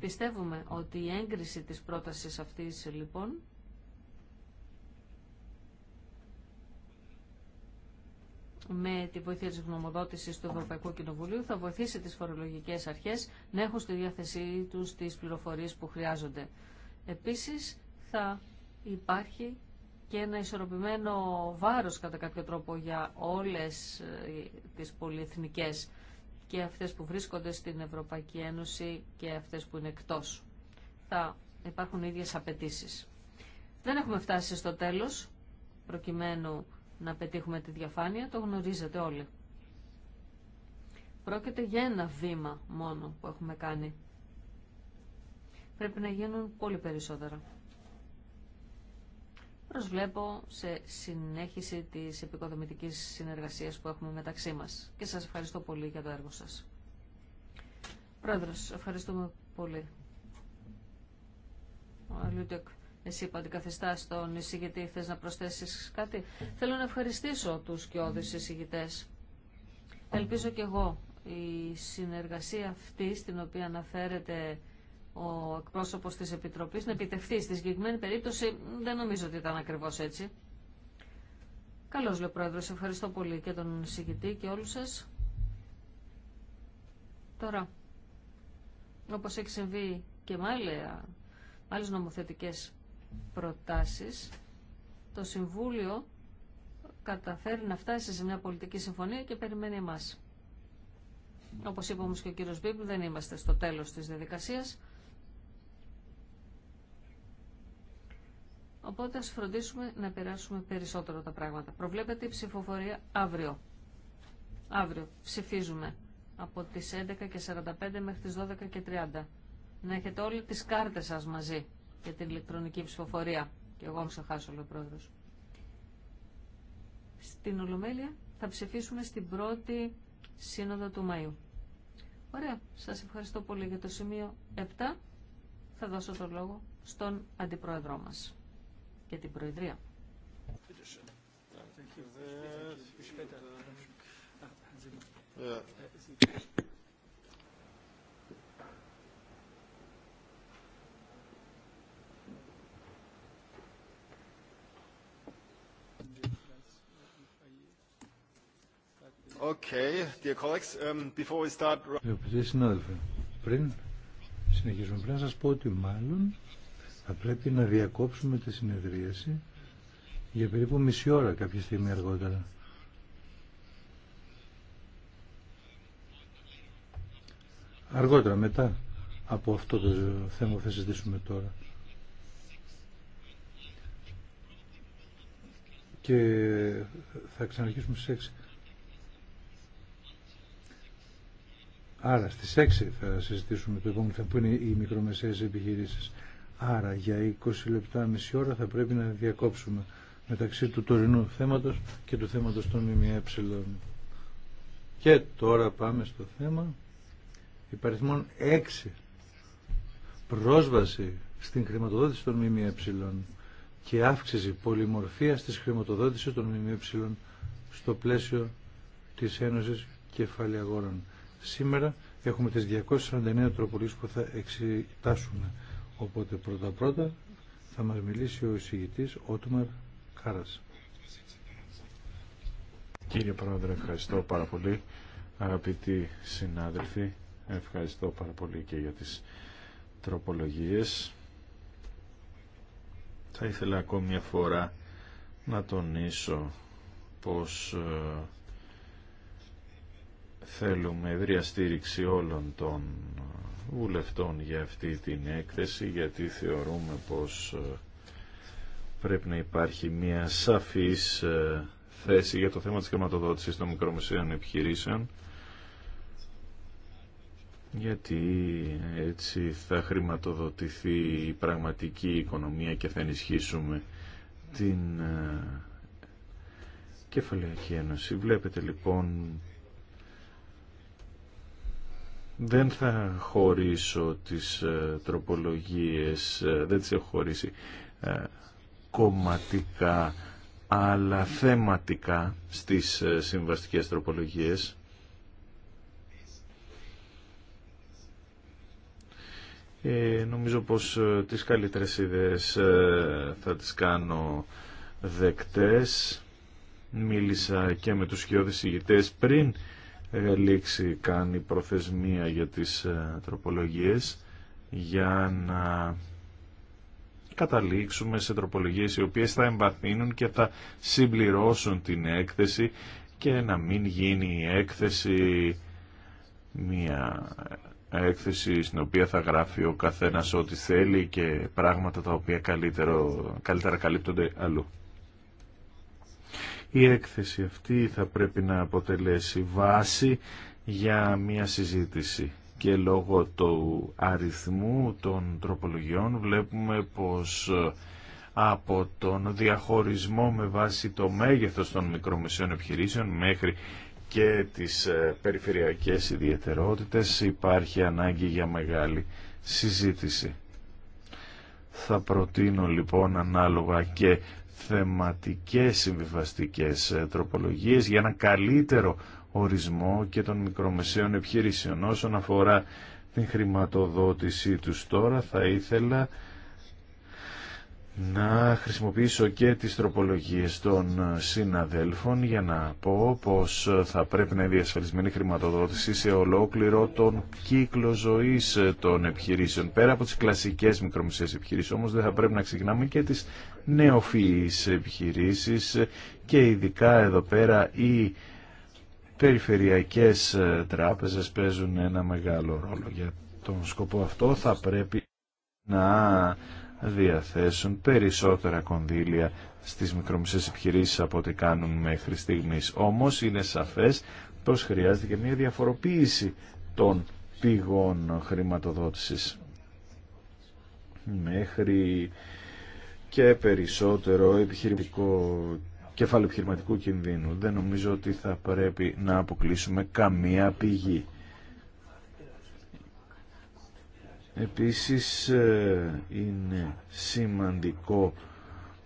Πιστεύουμε ότι η έγκριση της πρότασης αυτής λοιπόν με τη βοήθεια της γνωμοδότησης του Ευρωπαϊκού Κοινοβουλίου θα βοηθήσει τις φορολογικές αρχές να έχουν στη διάθεσή τους τις πληροφορίες που χρειάζονται. Επίσης θα υπάρχει και ένα ισορροπημένο βάρος κατά κάποιο τρόπο για όλες ε, τις πολυεθνικές και αυτές που βρίσκονται στην Ευρωπαϊκή Ένωση και αυτές που είναι εκτός. Θα υπάρχουν ίδιες απαιτήσει. Δεν έχουμε φτάσει στο τέλος, προκειμένου να πετύχουμε τη διαφάνεια, το γνωρίζετε όλοι. Πρόκειται για ένα βήμα μόνο που έχουμε κάνει. Πρέπει να γίνουν πολύ περισσότερα προσβλέπω σε συνέχιση της επικοδομητικής συνεργασίας που έχουμε μεταξύ μας. Και σας ευχαριστώ πολύ για το έργο σας. Πρόεδρος, ευχαριστούμε πολύ. Λιούτεκ, εσύ που αντικαθιστά τον εισηγητή, θες να προσθέσεις κάτι. Θέλω να ευχαριστήσω τους κοιόδης εισηγητές. Ελπίζω και εγώ η συνεργασία αυτή στην οποία αναφέρεται ο εκπρόσωπο τη Επιτροπής να επιτευχθεί. Στη συγκεκριμένη περίπτωση δεν νομίζω ότι ήταν ακριβώ έτσι. Καλώς, λέει Ευχαριστώ πολύ και τον συγκητή και όλους σας. Τώρα, όπω έχει συμβεί και με άλλε νομοθετικές προτάσεις, το Συμβούλιο καταφέρει να φτάσει σε μια πολιτική συμφωνία και περιμένει εμά. Όπως είπε όμως και ο κύριος Μπίπ, δεν είμαστε στο τέλος της διαδικασίας. Οπότε ας φροντίσουμε να περάσουμε περισσότερο τα πράγματα. Προβλέπετε η ψηφοφορία αύριο. Αύριο ψηφίζουμε από τις 11 και 45 μέχρι τις 12 και 30. Να έχετε όλοι τις κάρτες σας μαζί για την ηλεκτρονική ψηφοφορία. Και εγώ ξεχάσω, λέει ο πρόεδρος. Στην Ολομέλεια θα ψηφίσουμε στην πρώτη σύνοδο του Μαΐου. Ωραία. Σας ευχαριστώ πολύ για το σημείο 7. Θα δώσω το λόγο στον αντιπρόεδρό μας για την Προεδρία. Okay, dear colleagues, um, before we start... Συνάδελφοι, πριν συνεχίσουμε, πρέπει να σας πω ότι μάλλον θα πρέπει να διακόψουμε τη συνεδρίαση για περίπου μισή ώρα κάποια στιγμή αργότερα. Αργότερα, μετά από αυτό το θέμα που θα συζητήσουμε τώρα. Και θα ξαναρχίσουμε στις 6. Άρα στις 6 θα συζητήσουμε το επόμενο θέμα που είναι οι μικρομεσαίες επιχειρήσεις. Άρα για 20 λεπτά μισή ώρα θα πρέπει να διακόψουμε μεταξύ του τωρινού θέματος και του θέματος των ΜΜΕ. Και τώρα πάμε στο θέμα υπαριθμών 6. Πρόσβαση στην χρηματοδότηση των ΜΜΕ και αύξηση πολυμορφίας της χρηματοδότησης των ΜΜΕ στο πλαίσιο της Ένωσης Κεφαλαιαγόρων. Σήμερα έχουμε τις 249 τροπολίες που θα εξετάσουμε. Οπότε πρώτα πρώτα θα μας μιλήσει ο εισηγητής Ότμαρ Κάρας. Κύριε Πρόεδρε, ευχαριστώ πάρα πολύ. Αγαπητοί συνάδελφοι, ευχαριστώ πάρα πολύ και για τις τροπολογίες. Θα ήθελα ακόμη μια φορά να τονίσω πως ε, θέλουμε ευρία στήριξη όλων των βουλευτών για αυτή την έκθεση γιατί θεωρούμε πως ε, πρέπει να υπάρχει μια σαφής ε, θέση για το θέμα της χρηματοδότησης των μικρομεσαίων επιχειρήσεων γιατί έτσι θα χρηματοδοτηθεί η πραγματική οικονομία και θα ενισχύσουμε την ε, Κεφαλαιακή Ένωση. Βλέπετε λοιπόν δεν θα χωρίσω τις ε, τροπολογίες, ε, δεν τις έχω χωρίσει ε, κομματικά αλλά θεματικά στις συμβαστικές τροπολογίες. Ε, νομίζω πως τις καλύτερες ιδέες θα τις κάνω δεκτές. Μίλησα και με τους χειώδεις ηγητές πριν λήξει κάνει προθεσμία για τις ε, τροπολογίες για να καταλήξουμε σε τροπολογίες οι οποίες θα εμβαθύνουν και θα συμπληρώσουν την έκθεση και να μην γίνει η έκθεση μια έκθεση στην οποία θα γράφει ο καθένας ό,τι θέλει και πράγματα τα οποία καλύτερο, καλύτερα καλύπτονται αλλού. Η έκθεση αυτή θα πρέπει να αποτελέσει βάση για μια συζήτηση και λόγω του αριθμού των τροπολογιών βλέπουμε πως ε, από τον διαχωρισμό με βάση το μέγεθος των μικρομεσαίων επιχειρήσεων μέχρι και τις ε, περιφερειακές ιδιαιτερότητες υπάρχει ανάγκη για μεγάλη συζήτηση. Θα προτείνω λοιπόν ανάλογα και θεματικές συμβιβαστικές ε, τροπολογίες για ένα καλύτερο ορισμό και των μικρομεσαίων επιχειρήσεων. Όσον αφορά την χρηματοδότησή τους τώρα θα ήθελα να χρησιμοποιήσω και τις τροπολογίες των ε, συναδέλφων για να πω πως ε, θα πρέπει να είναι διασφαλισμένη χρηματοδότηση σε ολόκληρο τον κύκλο ζωής των επιχειρήσεων. Πέρα από τις κλασικές μικρομεσαίες επιχειρήσεις όμως δεν θα πρέπει να ξεκινάμε και τις νεοφυείς επιχειρήσεις και ειδικά εδώ πέρα οι περιφερειακές τράπεζες παίζουν ένα μεγάλο ρόλο. Για τον σκοπό αυτό θα πρέπει να διαθέσουν περισσότερα κονδύλια στις μικρομισές επιχειρήσεις από ό,τι κάνουν μέχρι στιγμής. Όμως είναι σαφές πως χρειάζεται και μια διαφοροποίηση των πηγών χρηματοδότησης. Μέχρι και περισσότερο επιχειρηματικό κεφάλαιο επιχειρηματικού κινδύνου. Δεν νομίζω ότι θα πρέπει να αποκλείσουμε καμία πηγή. Επίσης ε, είναι σημαντικό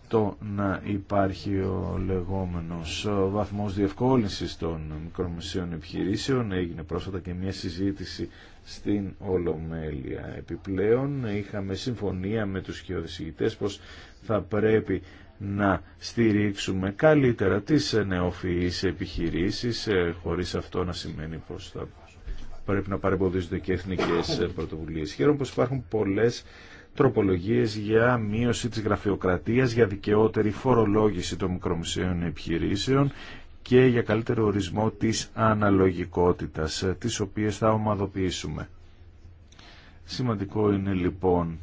το να υπάρχει ο λεγόμενος βαθμός διευκόλυνσης των μικρομεσαίων επιχειρήσεων. Έγινε πρόσφατα και μια συζήτηση στην Ολομέλεια. Επιπλέον είχαμε συμφωνία με τους χειοδησηγητές πως θα πρέπει να στηρίξουμε καλύτερα τις νεοφυείς επιχειρήσεις ε, χωρίς αυτό να σημαίνει πως θα πρέπει να παρεμποδίζονται και εθνικές ε, πρωτοβουλίες. Χαίρομαι πως υπάρχουν πολλές τροπολογίες για μείωση της γραφειοκρατίας, για δικαιότερη φορολόγηση των μικρομεσαίων επιχειρήσεων και για καλύτερο ορισμό της αναλογικότητας, ε, τις οποίες θα ομαδοποιήσουμε. Σημαντικό είναι λοιπόν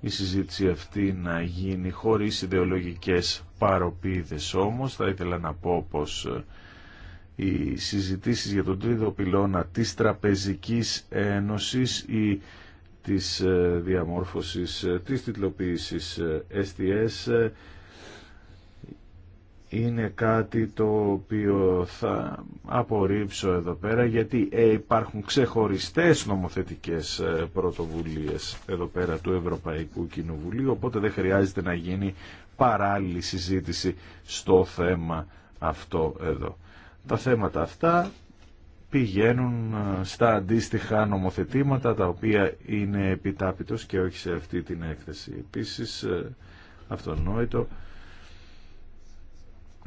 η συζήτηση αυτή να γίνει χωρίς ιδεολογικές παροπίδες όμως. Θα ήθελα να πω πως ε, οι συζητήσεις για τον τρίτο πυλώνα της Τραπεζικής Ένωσης ή της ε, διαμόρφωσης ε, της τιτλοποίησης STS είναι κάτι το οποίο θα απορρίψω εδώ πέρα γιατί ε, υπάρχουν ξεχωριστές νομοθετικές ε, πρωτοβουλίες εδώ πέρα του Ευρωπαϊκού Κοινοβουλίου οπότε δεν χρειάζεται να γίνει παράλληλη συζήτηση στο θέμα αυτό εδώ. Τα θέματα αυτά πηγαίνουν ε, στα αντίστοιχα νομοθετήματα τα οποία είναι επιτάπητος και όχι σε αυτή την έκθεση. Επίσης αυτονόητο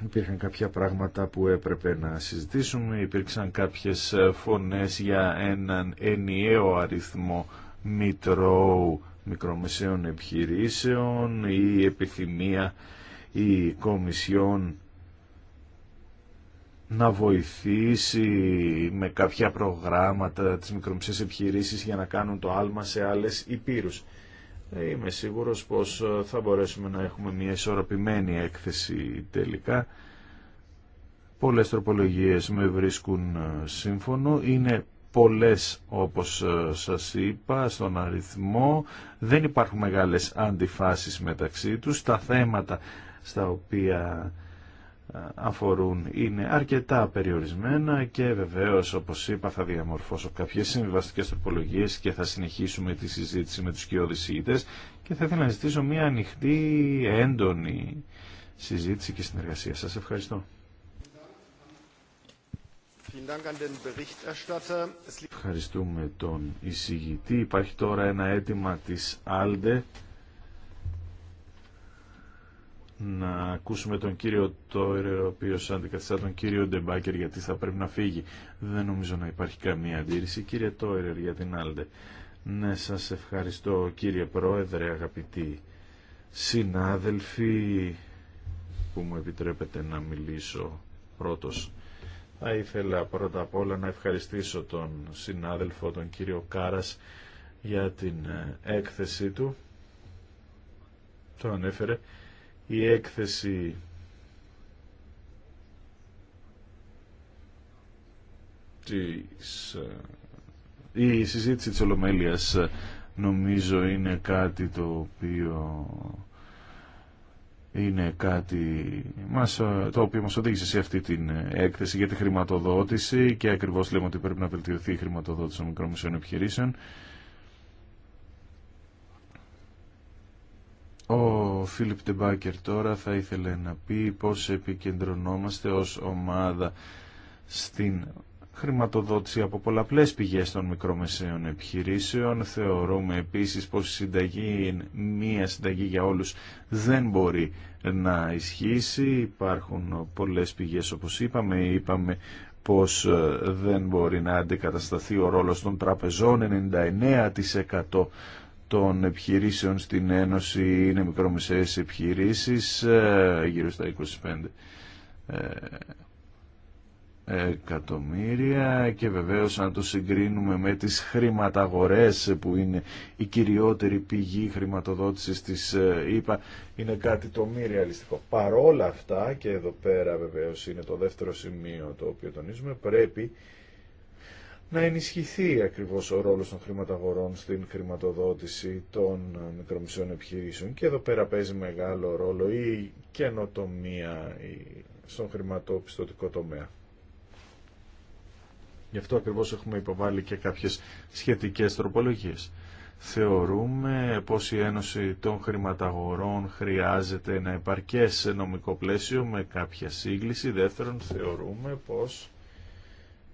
Υπήρχαν κάποια πράγματα που έπρεπε να συζητήσουμε, υπήρξαν κάποιες φωνές για έναν ενιαίο αριθμό μητρώου μικρομεσαίων επιχειρήσεων ή επιθυμία η Κομισιόν να βοηθήσει με κάποια προγράμματα τις μικρομεσαίες επιχειρήσεις για να κάνουν το άλμα σε άλλες υπήρους. Είμαι σίγουρος πως ε, θα μπορέσουμε να έχουμε μια ισορροπημένη έκθεση τελικά. Πολλές τροπολογίες με βρίσκουν ε, σύμφωνο. Είναι πολλές όπως ε, σας είπα στον αριθμό. Δεν υπάρχουν μεγάλες αντιφάσεις μεταξύ τους. Τα θέματα στα οποία αφορούν είναι αρκετά περιορισμένα και βεβαίως όπως είπα θα διαμορφώσω κάποιες συμβιβαστικές τροπολογίες και θα συνεχίσουμε τη συζήτηση με τους κοιόδησίτες και θα ήθελα να ζητήσω μια ανοιχτή έντονη συζήτηση και συνεργασία. Σας ευχαριστώ. Ευχαριστούμε τον εισηγητή. Υπάρχει τώρα ένα αίτημα της Άλντε να ακούσουμε τον κύριο Τόρε ο οποίο αντικαθιστά τον κύριο Ντεμπάκερ, γιατί θα πρέπει να φύγει. Δεν νομίζω να υπάρχει καμία αντίρρηση. Κύριε Τόιρερ, για την Άλντε. Ναι, σα ευχαριστώ κύριε Πρόεδρε, αγαπητοί συνάδελφοι, που μου επιτρέπετε να μιλήσω πρώτο. Θα ήθελα πρώτα απ' όλα να ευχαριστήσω τον συνάδελφο, τον κύριο Κάρας, για την ε, έκθεση του. Το ανέφερε η έκθεση της... Ε, η συζήτηση της Ολομέλειας ε, νομίζω είναι κάτι το οποίο είναι κάτι μας, ε, το οποίο μας οδήγησε σε αυτή την έκθεση για τη χρηματοδότηση και ακριβώς λέμε ότι πρέπει να βελτιωθεί η χρηματοδότηση των μικρομεσαίων επιχειρήσεων Ο Φίλιπ Τεμπάκερ τώρα θα ήθελε να πει πώς επικεντρωνόμαστε ως ομάδα στην χρηματοδότηση από πολλαπλές πηγές των μικρομεσαίων επιχειρήσεων. Θεωρούμε επίσης πως η συνταγή, μία συνταγή για όλους δεν μπορεί να ισχύσει. Υπάρχουν πολλές πηγές όπως είπαμε. Είπαμε πως ε, δεν μπορεί να αντικατασταθεί ο ρόλος των τραπεζών 99% των επιχειρήσεων στην Ένωση είναι μικρομεσαίες επιχειρήσεις, ε, γύρω στα 25 ε, εκατομμύρια και βεβαίως να το συγκρίνουμε με τις χρηματαγορές που είναι η κυριότερη πηγή χρηματοδότησης της ε, ΕΠΑ είναι κάτι το μη ρεαλιστικό. Παρόλα αυτά και εδώ πέρα βεβαίως είναι το δεύτερο σημείο το οποίο τονίζουμε πρέπει να ενισχυθεί ακριβώς ο ρόλος των χρηματαγορών στην χρηματοδότηση των μικρομισών επιχειρήσεων και εδώ πέρα παίζει μεγάλο ρόλο η καινοτομία στον χρηματοπιστωτικό τομέα. Γι' αυτό ακριβώς έχουμε υποβάλει και κάποιες σχετικές τροπολογίες. Θεωρούμε πως η Ένωση των Χρηματαγορών χρειάζεται ένα σε νομικό πλαίσιο με κάποια σύγκληση. Δεύτερον, θεωρούμε πως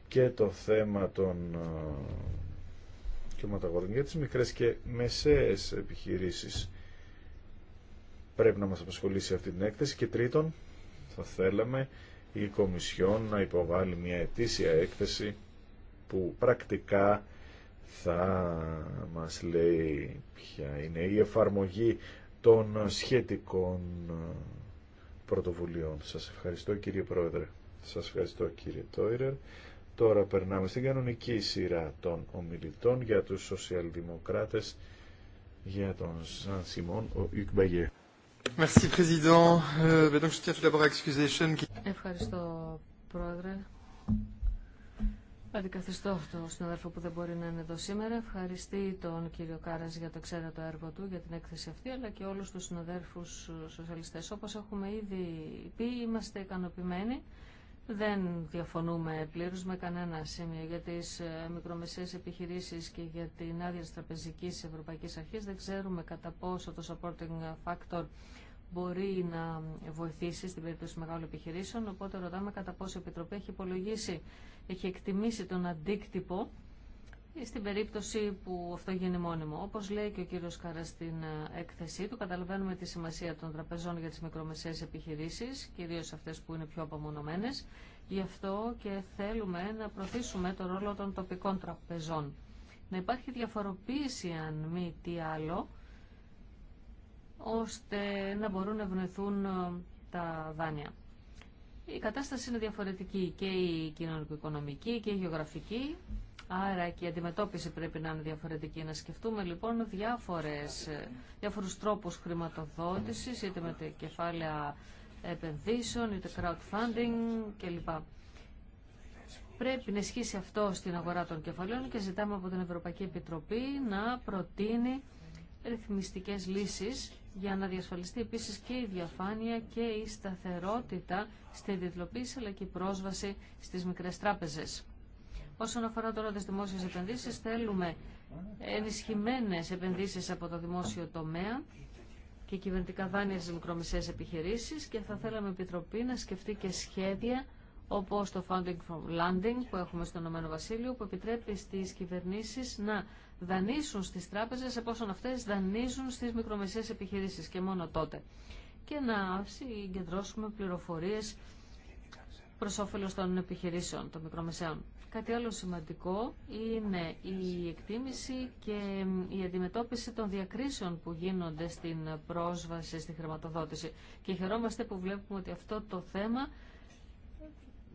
και το θέμα των ε, κοιματαγορών. για τις μικρές και μεσαίες επιχειρήσεις πρέπει να μας απασχολήσει αυτή την έκθεση και τρίτον θα θέλαμε η Κομισιόν να υποβάλει μια ετήσια έκθεση που πρακτικά θα μας λέει ποια είναι η εφαρμογή των σχετικών ε, πρωτοβουλειών. Σας ευχαριστώ κύριε Πρόεδρε. Σας ευχαριστώ κύριε Τόιρερ. Τώρα περνάμε στην κανονική σειρά των ομιλητών για τους σοσιαλδημοκράτες για τον Σαν Σιμών, ο Ιουκ Μπαγιέ. Ευχαριστώ, Πρόεδρε. Αντικαθιστώ τον αδερφό που δεν μπορεί να είναι εδώ σήμερα. Ευχαριστώ τον κύριο Κάρας για το ξέρετο έργο του, για την έκθεση αυτή, αλλά και όλους τους συναδέλφους σοσιαλιστές. Όπως έχουμε ήδη πει, είμαστε ικανοποιημένοι δεν διαφωνούμε πλήρω με κανένα σημείο για τι ε, μικρομεσαίες επιχειρήσεις και για την άδεια της τραπεζικής Ευρωπαϊκή αρχής. Δεν ξέρουμε κατά πόσο το supporting factor μπορεί να βοηθήσει στην περίπτωση μεγάλων επιχειρήσεων. Οπότε ρωτάμε κατά πόσο η Επιτροπή έχει υπολογίσει, έχει εκτιμήσει τον αντίκτυπο ε, στην περίπτωση που αυτό γίνει μόνιμο. Όπως λέει και ο κύριος Καρά στην ε, έκθεσή του, καταλαβαίνουμε τη σημασία των τραπεζών για τις μικρομεσαίες επιχειρήσεις, κυρίως αυτές που είναι πιο απομονωμένες. Γι' αυτό και θέλουμε να προωθήσουμε το ρόλο των τοπικών τραπεζών. Να υπάρχει διαφοροποίηση, αν μη τι άλλο, ώστε να μπορούν να ευνεθούν ε, τα δάνεια. Η κατάσταση είναι διαφορετική και η κοινωνικο-οικονομική και η γεωγραφική, άρα και η αντιμετώπιση πρέπει να είναι διαφορετική. Να σκεφτούμε λοιπόν διάφορες, διάφορους τρόπους χρηματοδότησης, είτε με κεφάλαια επενδύσεων, είτε crowdfunding κλπ. Πρέπει να ισχύσει αυτό στην αγορά των κεφαλαίων και ζητάμε από την Ευρωπαϊκή Επιτροπή να προτείνει ρυθμιστικές λύσεις για να διασφαλιστεί επίσης και η διαφάνεια και η σταθερότητα στη διδλοποίηση αλλά και η πρόσβαση στις μικρές τράπεζες. Όσον αφορά τώρα τις δημόσιες επενδύσεις, θέλουμε ενισχυμένες επενδύσεις από το δημόσιο τομέα και κυβερνητικά δάνεια στις μικρομεσαίες επιχειρήσεις και θα θέλαμε η Επιτροπή να σκεφτεί και σχέδια όπως το Funding for Landing που έχουμε στο Ηνωμένο Βασίλειο που επιτρέπει στις κυβερνήσεις να δανείσουν στις τράπεζες, εφόσον αυτές δανείζουν στις μικρομεσαίες επιχειρήσεις και μόνο τότε. Και να συγκεντρώσουμε πληροφορίες προς όφελος των επιχειρήσεων, των μικρομεσαίων. Κάτι άλλο σημαντικό είναι η εκτίμηση και η αντιμετώπιση των διακρίσεων που γίνονται στην πρόσβαση, στη χρηματοδότηση. Και χαιρόμαστε που βλέπουμε ότι αυτό το θέμα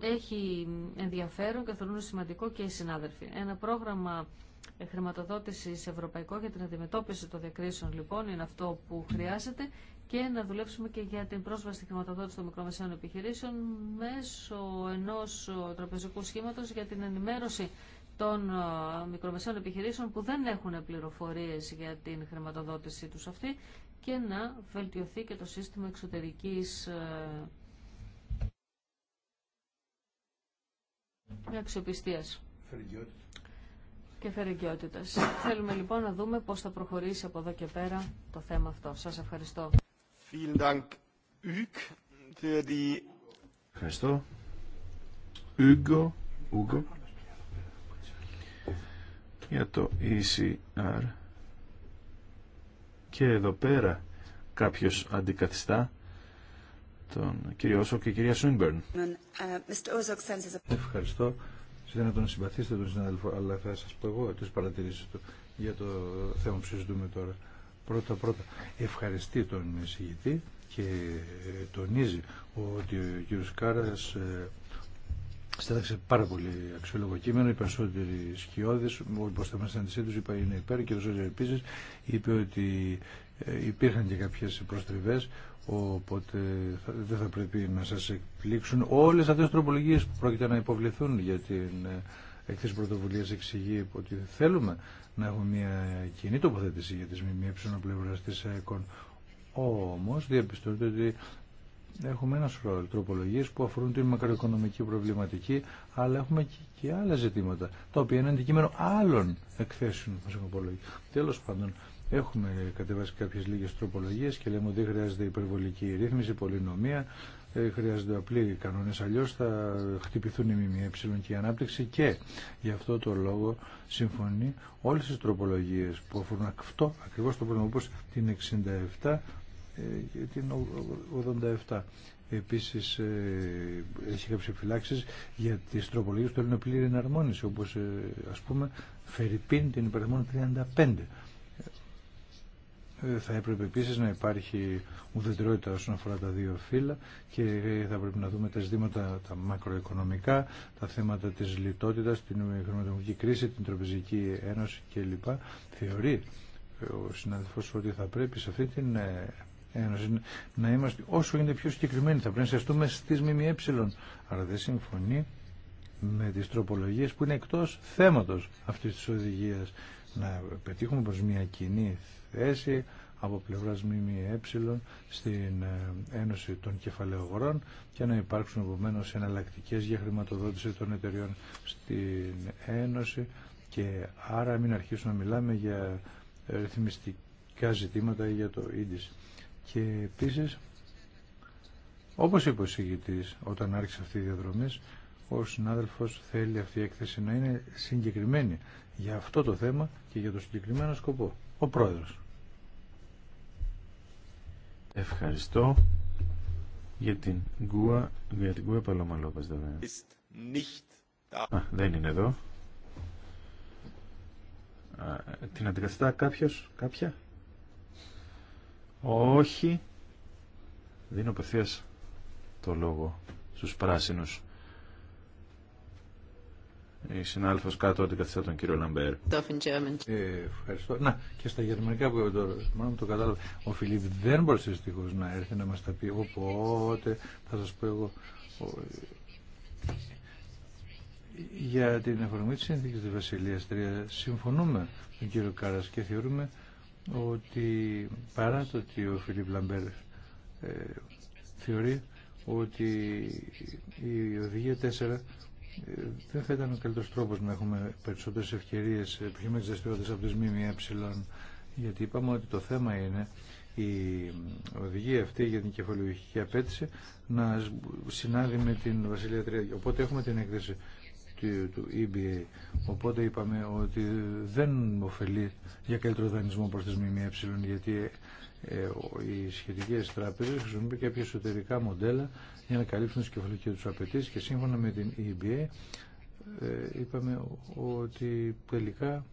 έχει ενδιαφέρον και θεωρούν σημαντικό και οι συνάδελφοι. Ένα πρόγραμμα ε, χρηματοδότηση σε ευρωπαϊκό για την αντιμετώπιση των διακρίσεων λοιπόν είναι αυτό που χρειάζεται και να δουλέψουμε και για την πρόσβαση στη χρηματοδότηση των μικρομεσαίων επιχειρήσεων μέσω ενός ε, τραπεζικού σχήματος για την ενημέρωση των ε, μικρομεσαίων επιχειρήσεων που δεν έχουν πληροφορίες για την χρηματοδότησή τους αυτή και να βελτιωθεί και το σύστημα εξωτερικής αξιοπιστίας και φερικιότητας. Θέλουμε λοιπόν να δούμε πώς θα προχωρήσει από εδώ και πέρα το θέμα αυτό. Σας ευχαριστώ. Ευχαριστώ. Ούγκο, Ούγκο, για το ECR. Και εδώ πέρα κάποιος αντικαθιστά τον κύριο Όσοκ και κυρία Σούνμπερν. Ευχαριστώ δεν να τον συμπαθήσετε τον συνάδελφο, αλλά θα σα πω εγώ τι παρατηρήσει του για το θέμα που συζητούμε τώρα. Πρώτα πρώτα ευχαριστεί τον εισηγητή και ε, τονίζει ότι ο κ. Κάρας ε, Στέταξε πάρα πολύ αξιόλογο κείμενο. Οι περισσότεροι σκιώδε, Όπω θα μα συνάντησή του, είπα είναι υπέρ. Και ο Ζωζέ επίση είπε ότι ε, υπήρχαν και κάποιε προστριβέ Οπότε δεν θα πρέπει να σας εκπλήξουν. Όλες αυτές οι τροπολογίες που πρόκειται να υποβληθούν για την εκθέση πρωτοβουλίας εξηγεί ότι θέλουμε να έχουμε μια κοινή τοποθέτηση για τις ΜΜΕ πλευράς της ΕΚΟΝ. Όμως διαπιστώνεται ότι έχουμε ένα σωρό τροπολογίες που αφορούν την μακροοικονομική προβληματική, αλλά έχουμε και, άλλα ζητήματα, τα οποία είναι αντικείμενο άλλων εκθέσεων μας Τέλος πάντων, Έχουμε κατεβάσει κάποιε λίγε τροπολογίε και λέμε ότι δεν χρειάζεται υπερβολική ρύθμιση, πολυνομία, ε, χρειάζονται απλοί κανόνε. Αλλιώ θα χτυπηθούν οι ΜΜΕ και η ανάπτυξη και γι' αυτό το λόγο συμφωνεί όλε τι τροπολογίε που αφορούν αυτό ακριβώ το πρόβλημα όπω την 67 ε, και την 87. Επίσης ε, έχει κάποιες επιφυλάξεις για τις τροπολογίες που θέλουν πλήρη εναρμόνιση όπως ας πούμε Φερρυπίν την υπερθυμόν 35 θα έπρεπε επίση να υπάρχει ουδετερότητα όσον αφορά τα δύο φύλλα και θα πρέπει να δούμε τα ζητήματα τα μακροοικονομικά, τα θέματα τη λιτότητα, την χρηματοδοτική κρίση, την τροπεζική ένωση κλπ. Θεωρεί ο συναδελφό ότι θα πρέπει σε αυτή την ε, ένωση να είμαστε όσο είναι πιο συγκεκριμένοι. Θα πρέπει να σεβαστούμε στι ΜΜΕ. Άρα δεν συμφωνεί με τι τροπολογίε που είναι εκτό θέματο αυτή τη οδηγία να πετύχουμε προ μια κοινή θέση από πλευράς ΜΜΕ στην ε, Ένωση των Κεφαλαιογορών και να υπάρξουν επομένω εναλλακτικέ για χρηματοδότηση των εταιριών στην Ένωση και άρα μην αρχίσουμε να μιλάμε για ε, ρυθμιστικά ζητήματα Ή για το Ίντις Και επίσης, όπως είπε ο συγητής, όταν άρχισε αυτή η διαδρομή, ο συνάδελφος θέλει αυτή η έκθεση να είναι συγκεκριμένη για αυτό το θέμα και για το συγκεκριμένο σκοπό. Ο πρόεδρος. Ευχαριστώ για την Γκουα, για την Γκουα δεν είναι εδώ. Α, την αντικαθιστά κάποιος, κάποια. Όχι. Δίνω απευθείας το λόγο στους πράσινους η συνάδελφος κάτω αντικαθιστά τον κύριο Λαμπέρ. Ε, ευχαριστώ. Να, και στα γερμανικά που τώρα, μάλλον το κατάλαβα. Ο Φιλίπ δεν μπορούσε δυστυχώ να έρθει να μα τα πει. Οπότε θα σα πω εγώ για την εφαρμογή τη συνθήκη τη Βασιλεία 3 συμφωνούμε με τον κύριο Κάρα και θεωρούμε ότι παρά το ότι ο Φιλίπ Λαμπέρ ε, θεωρεί ότι η οδηγία 4 ε, δεν θα ήταν ο καλύτερο τρόπο να έχουμε περισσότερες ευκαιρίες τι ε, δραστηριότητε από τι ΜΜΕ γιατί είπαμε ότι το θέμα είναι η οδηγία αυτή για την κεφαλογική απέτηση να συνάδει με την Βασιλεία 3. Οπότε έχουμε την έκθεση του EBA. Οπότε είπαμε ότι δεν ωφελεί για καλύτερο δανεισμό προ τι ΜΜΕ γιατί ε, οι σχετικέ τραπεζε χρησιμοποιούν κάποια εσωτερικά μοντέλα για να καλύψουν τι κεφαλικέ του απαιτήσει και σύμφωνα με την EBA ε, είπαμε ότι τελικά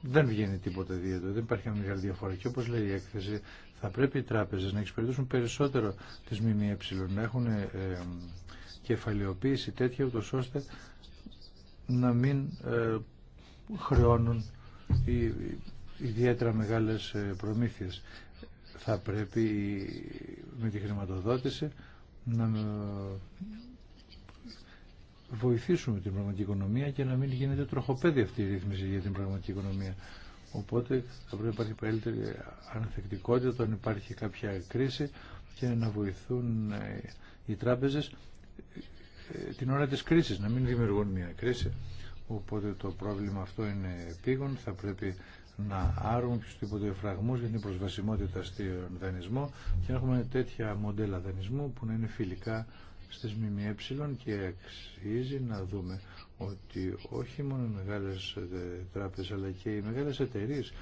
δεν βγαίνει τίποτα ιδιαίτερο, δεν υπάρχει μια μεγάλη διαφορά. Και όπω λέει η έκθεση, θα πρέπει οι τράπεζε να εξυπηρετήσουν περισσότερο τι ΜΜΕ, να έχουν ε, κεφαλαιοποίηση τέτοια, ούτω ώστε να μην ε, χρεώνουν οι, ιδιαίτερα μεγάλες ε, προμήθειες. Θα πρέπει με τη χρηματοδότηση να βοηθήσουμε την πραγματική οικονομία και να μην γίνεται τροχοπέδι αυτή η ρύθμιση για την πραγματική οικονομία. Οπότε θα πρέπει να υπάρχει καλύτερη ανθεκτικότητα όταν υπάρχει κάποια κρίση και να βοηθούν ε, οι τράπεζες ε, την ώρα της κρίσης, να μην δημιουργούν μια κρίση. Οπότε το πρόβλημα αυτό είναι επίγον, θα πρέπει να άρουν οποιουσδήποτε φραγμούς για την προσβασιμότητα στον δανεισμό και να έχουμε τέτοια μοντέλα δανεισμού που να είναι φιλικά στις ΜΜΕ και αξίζει να δούμε ότι όχι μόνο οι μεγάλες ε, τράπεζες αλλά και οι μεγάλες εταιρείες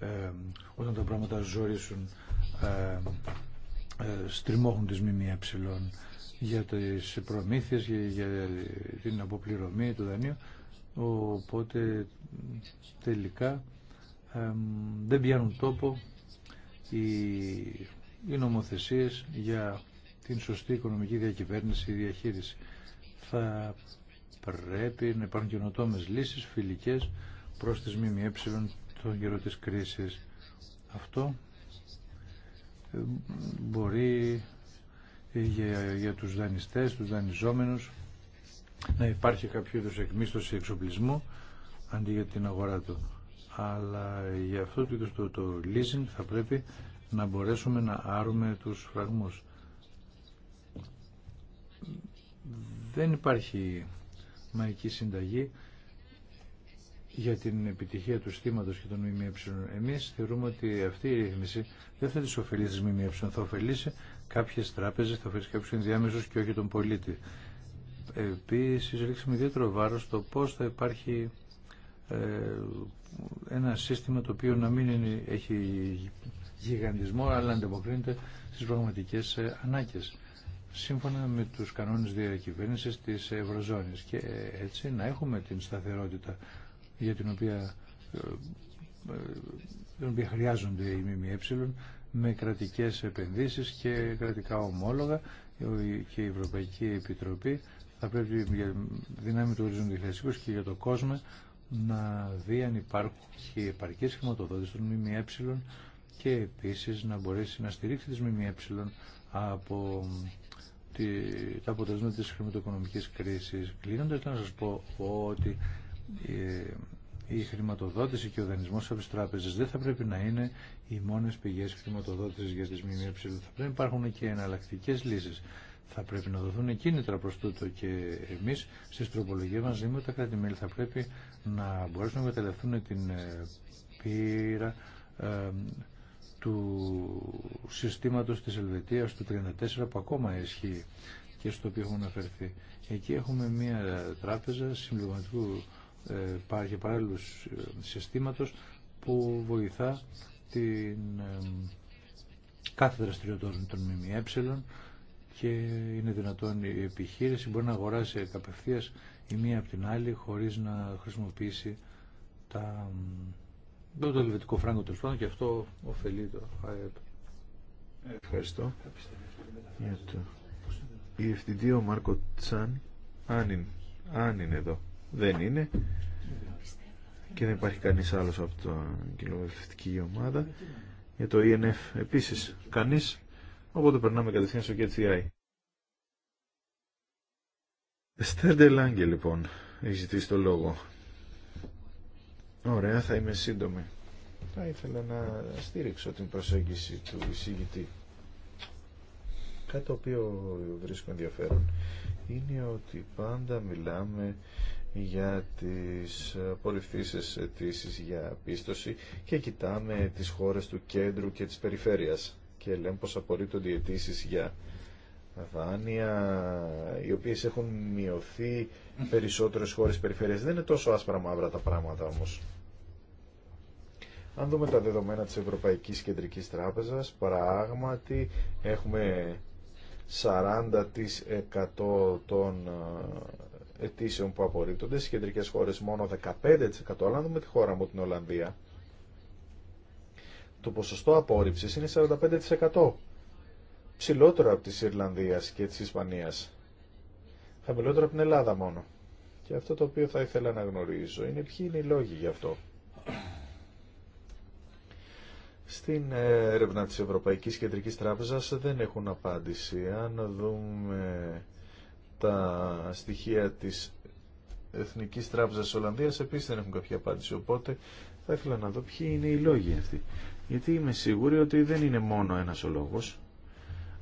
ε, όταν τα πράγματα ζορίσουν ε, ε, στριμώχουν τις ΜΜΕ για τις προμήθειες, για, για την αποπληρωμή του δανείου οπότε τελικά δεν πιάνουν τόπο οι, οι νομοθεσίες για την σωστή οικονομική διακυβέρνηση, ή διαχείριση. Θα πρέπει να υπάρχουν καινοτόμες λύσεις φιλικές προς τις ΜΜΕ τον καιρό της κρίσης. Αυτό μπορεί για, για τους δανειστές, τους δανειζόμενους να υπάρχει κάποιο είδους εκμίσθωση εξοπλισμού αντί για την αγορά του αλλά για αυτό το είδος το, το leasing θα πρέπει να μπορέσουμε να άρουμε τους φραγμούς. Δεν υπάρχει μαϊκή συνταγή για την επιτυχία του στήματος και των ΜΜΕ. Εμείς θεωρούμε ότι αυτή η ρύθμιση δεν θα τις ωφελήσει τις ΜΜΕ, θα ωφελήσει κάποιες τράπεζες, θα ωφελήσει κάποιους ενδιάμεσους και όχι τον πολίτη. Επίσης, ρίξαμε ιδιαίτερο βάρος στο πώς θα υπάρχει ε, ένα σύστημα το οποίο να μην είναι, έχει γιγαντισμό αλλά ανταποκρίνεται στις πραγματικές ε, ανάγκες σύμφωνα με τους κανόνες διακυβέρνησης της Ευρωζώνης και ε, έτσι να έχουμε την σταθερότητα για την οποία, την οποία χρειάζονται οι ΜΜΕ με κρατικές επενδύσεις και κρατικά ομόλογα και η Ευρωπαϊκή Επιτροπή θα πρέπει για δυνάμει του ορίζοντου και για το κόσμο να δει αν υπάρχει επαρκή χρηματοδότηση των ΜΜΕ και επίσης να μπορέσει να στηρίξει τις ΜΜΕ από τη, τα αποτελέσματα της χρηματοοικονομικής κρίσης. Κλείνοντας, να σας πω ότι ε, η χρηματοδότηση και ο δανεισμός από τις τράπεζες δεν θα πρέπει να είναι οι μόνες πηγές χρηματοδότησης για τις ΜΜΕ. Θα πρέπει να υπάρχουν και εναλλακτικέ λύσεις θα πρέπει να δοθούν κίνητρα προς τούτο και εμείς στις τροπολογίες μας με τα κράτη-μέλη θα πρέπει να μπορέσουν να καταλευθούν την ε, πύρα ε, του συστήματος της Ελβετίας του 34 που ακόμα ισχύει και στο οποίο έχουμε αναφερθεί. Εκεί έχουμε μια τράπεζα συμπληρωματικού ε, παράλληλου ε, συστήματος που βοηθά την κάθε δραστηριότητα των ΜΜΕ και είναι δυνατόν η επιχείρηση μπορεί να αγοράσει απευθείας η μία από την άλλη χωρίς να χρησιμοποιήσει τα... το ελβετικό φράγκο του πάντων και αυτό ωφελεί το ΑΕΠ. Ευχαριστώ. Για το... Η ευθυντή ο Μάρκο Τσάν αν είναι, εδώ. Δεν είναι και δεν υπάρχει κανείς άλλος από την κοινοβουλευτική ομάδα. Για το ΕΝΕΦ e επίσης κανείς. Οπότε περνάμε κατευθείαν στο KTI. Στέρντε Λάγκε λοιπόν, έχει ζητήσει το λόγο. Ωραία, θα είμαι σύντομη. Θα ήθελα να στήριξω την προσέγγιση του εισηγητή. Κάτι το οποίο βρίσκω ενδιαφέρον είναι ότι πάντα μιλάμε για τις απορριφθήσεις αιτήσει για πίστοση και κοιτάμε τις χώρες του κέντρου και της περιφέρειας και λέμε πως οι αιτήσει για δάνεια, οι οποίες έχουν μειωθεί περισσότερες χώρες περιφέρειας. Δεν είναι τόσο άσπρα μαύρα τα πράγματα όμως. Αν δούμε τα δεδομένα της Ευρωπαϊκής Κεντρικής Τράπεζας, πράγματι έχουμε 40% των ε, αιτήσεων που απορρίπτονται, στις κεντρικές χώρες μόνο 15%, αλλά αν δούμε τη χώρα μου την Ολλανδία, το ποσοστό απόρριψης είναι 45%. Ψηλότερο από της Ιρλανδίας και της Ισπανίας. Χαμηλότερο από την Ελλάδα μόνο. Και αυτό το οποίο θα ήθελα να γνωρίζω είναι ποιοι είναι οι λόγοι γι' αυτό. Στην ε, έρευνα της Ευρωπαϊκής Κεντρικής Τράπεζας δεν έχουν απάντηση. Αν δούμε τα στοιχεία της Εθνικής Τράπεζας Ολλανδίας επίσης δεν έχουν κάποια απάντηση. Οπότε θα ήθελα να δω ποιοι είναι οι λόγοι αυτοί. Γιατί είμαι σίγουρη ότι δεν είναι μόνο ένας ο λόγος.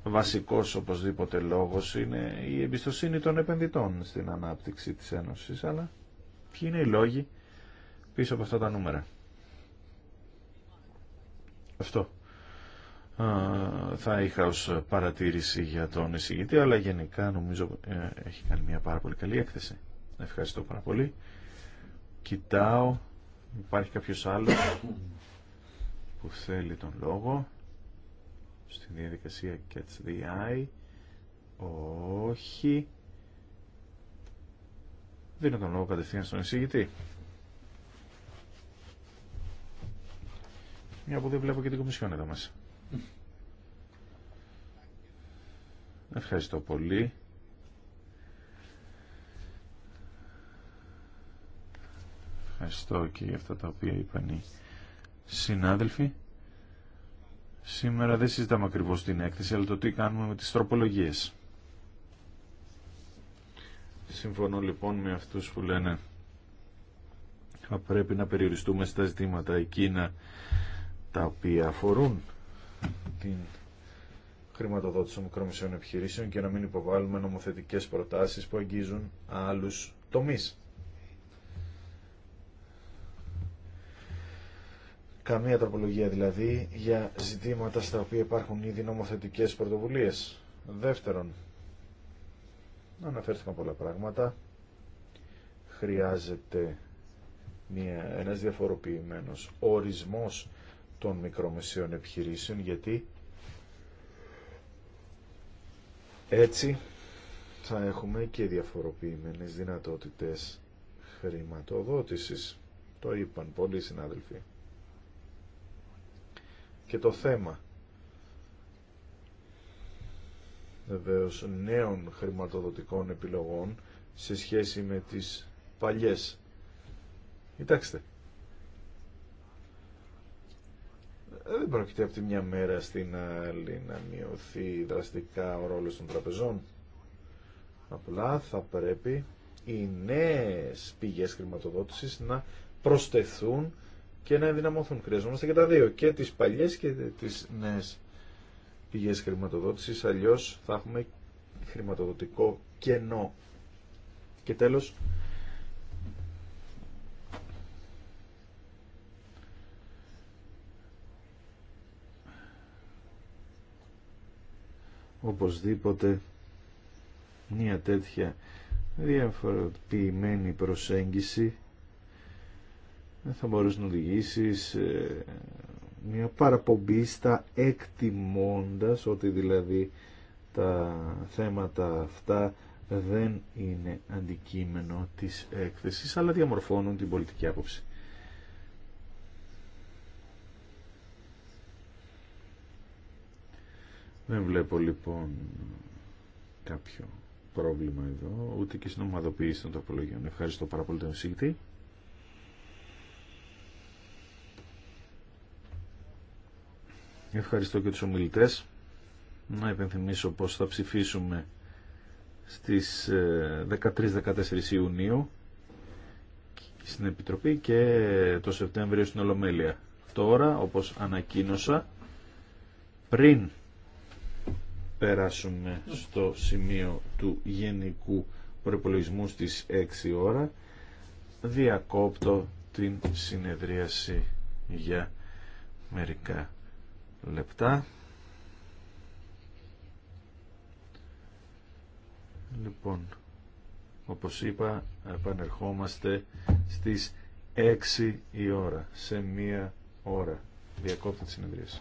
Βασικός οπωσδήποτε λόγος είναι η εμπιστοσύνη των επενδυτών στην ανάπτυξη της Ένωσης, αλλά ποιοι είναι οι λόγοι πίσω από αυτά τα νούμερα. Αυτό θα είχα ως παρατήρηση για τον εισηγητή, αλλά γενικά νομίζω ε, έχει κάνει μια πάρα πολύ καλή έκθεση. Ευχαριστώ πάρα πολύ. Κοιτάω Υπάρχει κάποιος άλλος που θέλει τον λόγο στη διαδικασία Catch the Eye. Όχι. Δίνω τον λόγο κατευθείαν στον εισηγητή. Μια που δεν βλέπω και την Κομισιόν εδώ μέσα. Ευχαριστώ πολύ. ευχαριστώ και για αυτά τα οποία είπαν οι συνάδελφοι. Σήμερα δεν συζητάμε ακριβώ την έκθεση, αλλά το τι κάνουμε με τις τροπολογίες. Συμφωνώ λοιπόν με αυτούς που λένε θα πρέπει να περιοριστούμε στα ζητήματα εκείνα τα οποία αφορούν την χρηματοδότηση των μικρομεσαίων επιχειρήσεων και να μην υποβάλουμε νομοθετικές προτάσεις που αγγίζουν άλλους τομείς. καμία τροπολογία δηλαδή για ζητήματα στα οποία υπάρχουν ήδη νομοθετικές πρωτοβουλίες. Δεύτερον, αναφέρθηκαν πολλά πράγματα. Χρειάζεται μια, ένας διαφοροποιημένος ορισμός των μικρομεσαίων επιχειρήσεων γιατί έτσι θα έχουμε και διαφοροποιημένες δυνατότητες χρηματοδότησης. Το είπαν πολλοί συνάδελφοι και το θέμα βεβαίω νέων χρηματοδοτικών επιλογών σε σχέση με τις παλιές. Κοιτάξτε, δεν πρόκειται από τη μια μέρα στην άλλη να μειωθεί δραστικά ο ρόλος των τραπεζών. Απλά θα πρέπει οι νέες πηγές χρηματοδότησης να προσθεθούν και να ενδυναμωθούν. Χρειαζόμαστε και τα δύο, και τις παλιές και τις νέες πηγές χρηματοδότησης, αλλιώς θα έχουμε χρηματοδοτικό κενό. Και τέλος, οπωσδήποτε μια τέτοια διαφοροποιημένη προσέγγιση ε, θα μπορούσε να οδηγήσει ε, μια παραπομπή στα εκτιμώντας ότι δηλαδή τα θέματα αυτά δεν είναι αντικείμενο της έκθεσης αλλά διαμορφώνουν την πολιτική άποψη. Δεν βλέπω λοιπόν κάποιο πρόβλημα εδώ, ούτε και στην ομαδοποίηση των τροπολογιών. Ευχαριστώ πάρα πολύ τον εισηγητή. Ευχαριστώ και τους ομιλητές. Να υπενθυμίσω πως θα ψηφίσουμε στις 13-14 ε, Ιουνίου στην Επιτροπή και το Σεπτέμβριο στην Ολομέλεια. Τώρα, όπως ανακοίνωσα, πριν περάσουμε στο σημείο του Γενικού Προπολογισμού στις 6 ώρα, διακόπτω την συνεδρίαση για μερικά λεπτά. Λοιπόν, όπως είπα, επανερχόμαστε στις 6 η ώρα, σε μία ώρα. Διακόπτω τη συνεδρίαση.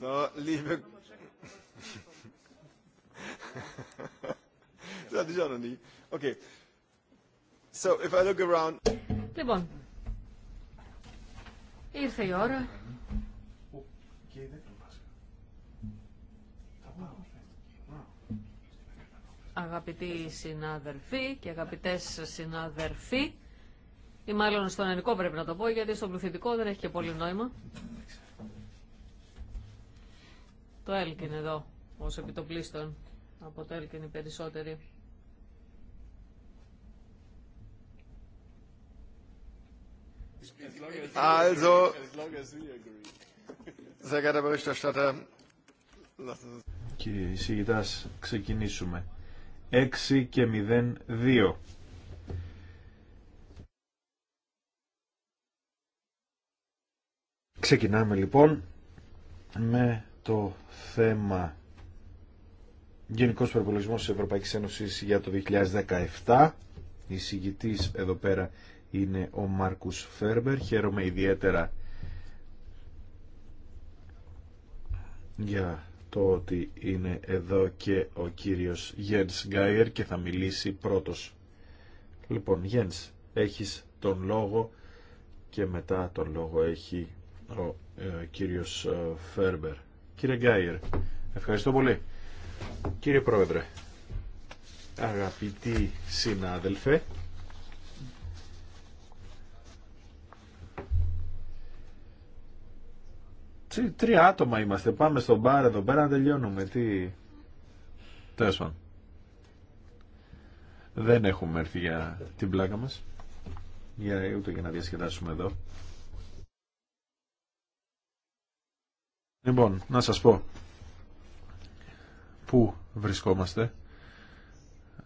So, liebe. Das hatte ich auch noch nie. Okay. So, if I look around. Λοιπόν, ήρθε η ώρα. Αγαπητοί συνάδελφοι και αγαπητέ συνάδελφοι, ή μάλλον στον ελληνικό πρέπει να το πω, γιατί στον πληθυντικό δεν έχει και πολύ νόημα. Το Έλκιν εδώ, ως επιτοπλίστων. Από το Έλκιν οι περισσότεροι. Also, sehr geehrter Berichterstatter, Κύριε Ισηγητάς, ξεκινήσουμε. 6 και 0, 2. Ξεκινάμε λοιπόν με το θέμα Γενικός Προπολογισμός τη Ευρωπαϊκή Ένωση για το 2017. Η συγητή εδώ πέρα είναι ο Μάρκους Φέρμπερ. Χαίρομαι ιδιαίτερα για το ότι είναι εδώ και ο κύριος Γιένς Γκάιερ και θα μιλήσει πρώτος. Λοιπόν, Γιένς, έχεις τον λόγο και μετά τον λόγο έχει ο ε, κύριος ε, Φέρμπερ. Κύριε Γκάιερ, ευχαριστώ πολύ. Κύριε Πρόεδρε, αγαπητοί συνάδελφε, τρία άτομα είμαστε. Πάμε στο μπαρ εδώ πέρα να τελειώνουμε. Τι... Τέσσερα. Δεν έχουμε έρθει για την πλάκα μας. Για ούτε για να διασκεδάσουμε εδώ. Λοιπόν, να σας πω πού βρισκόμαστε.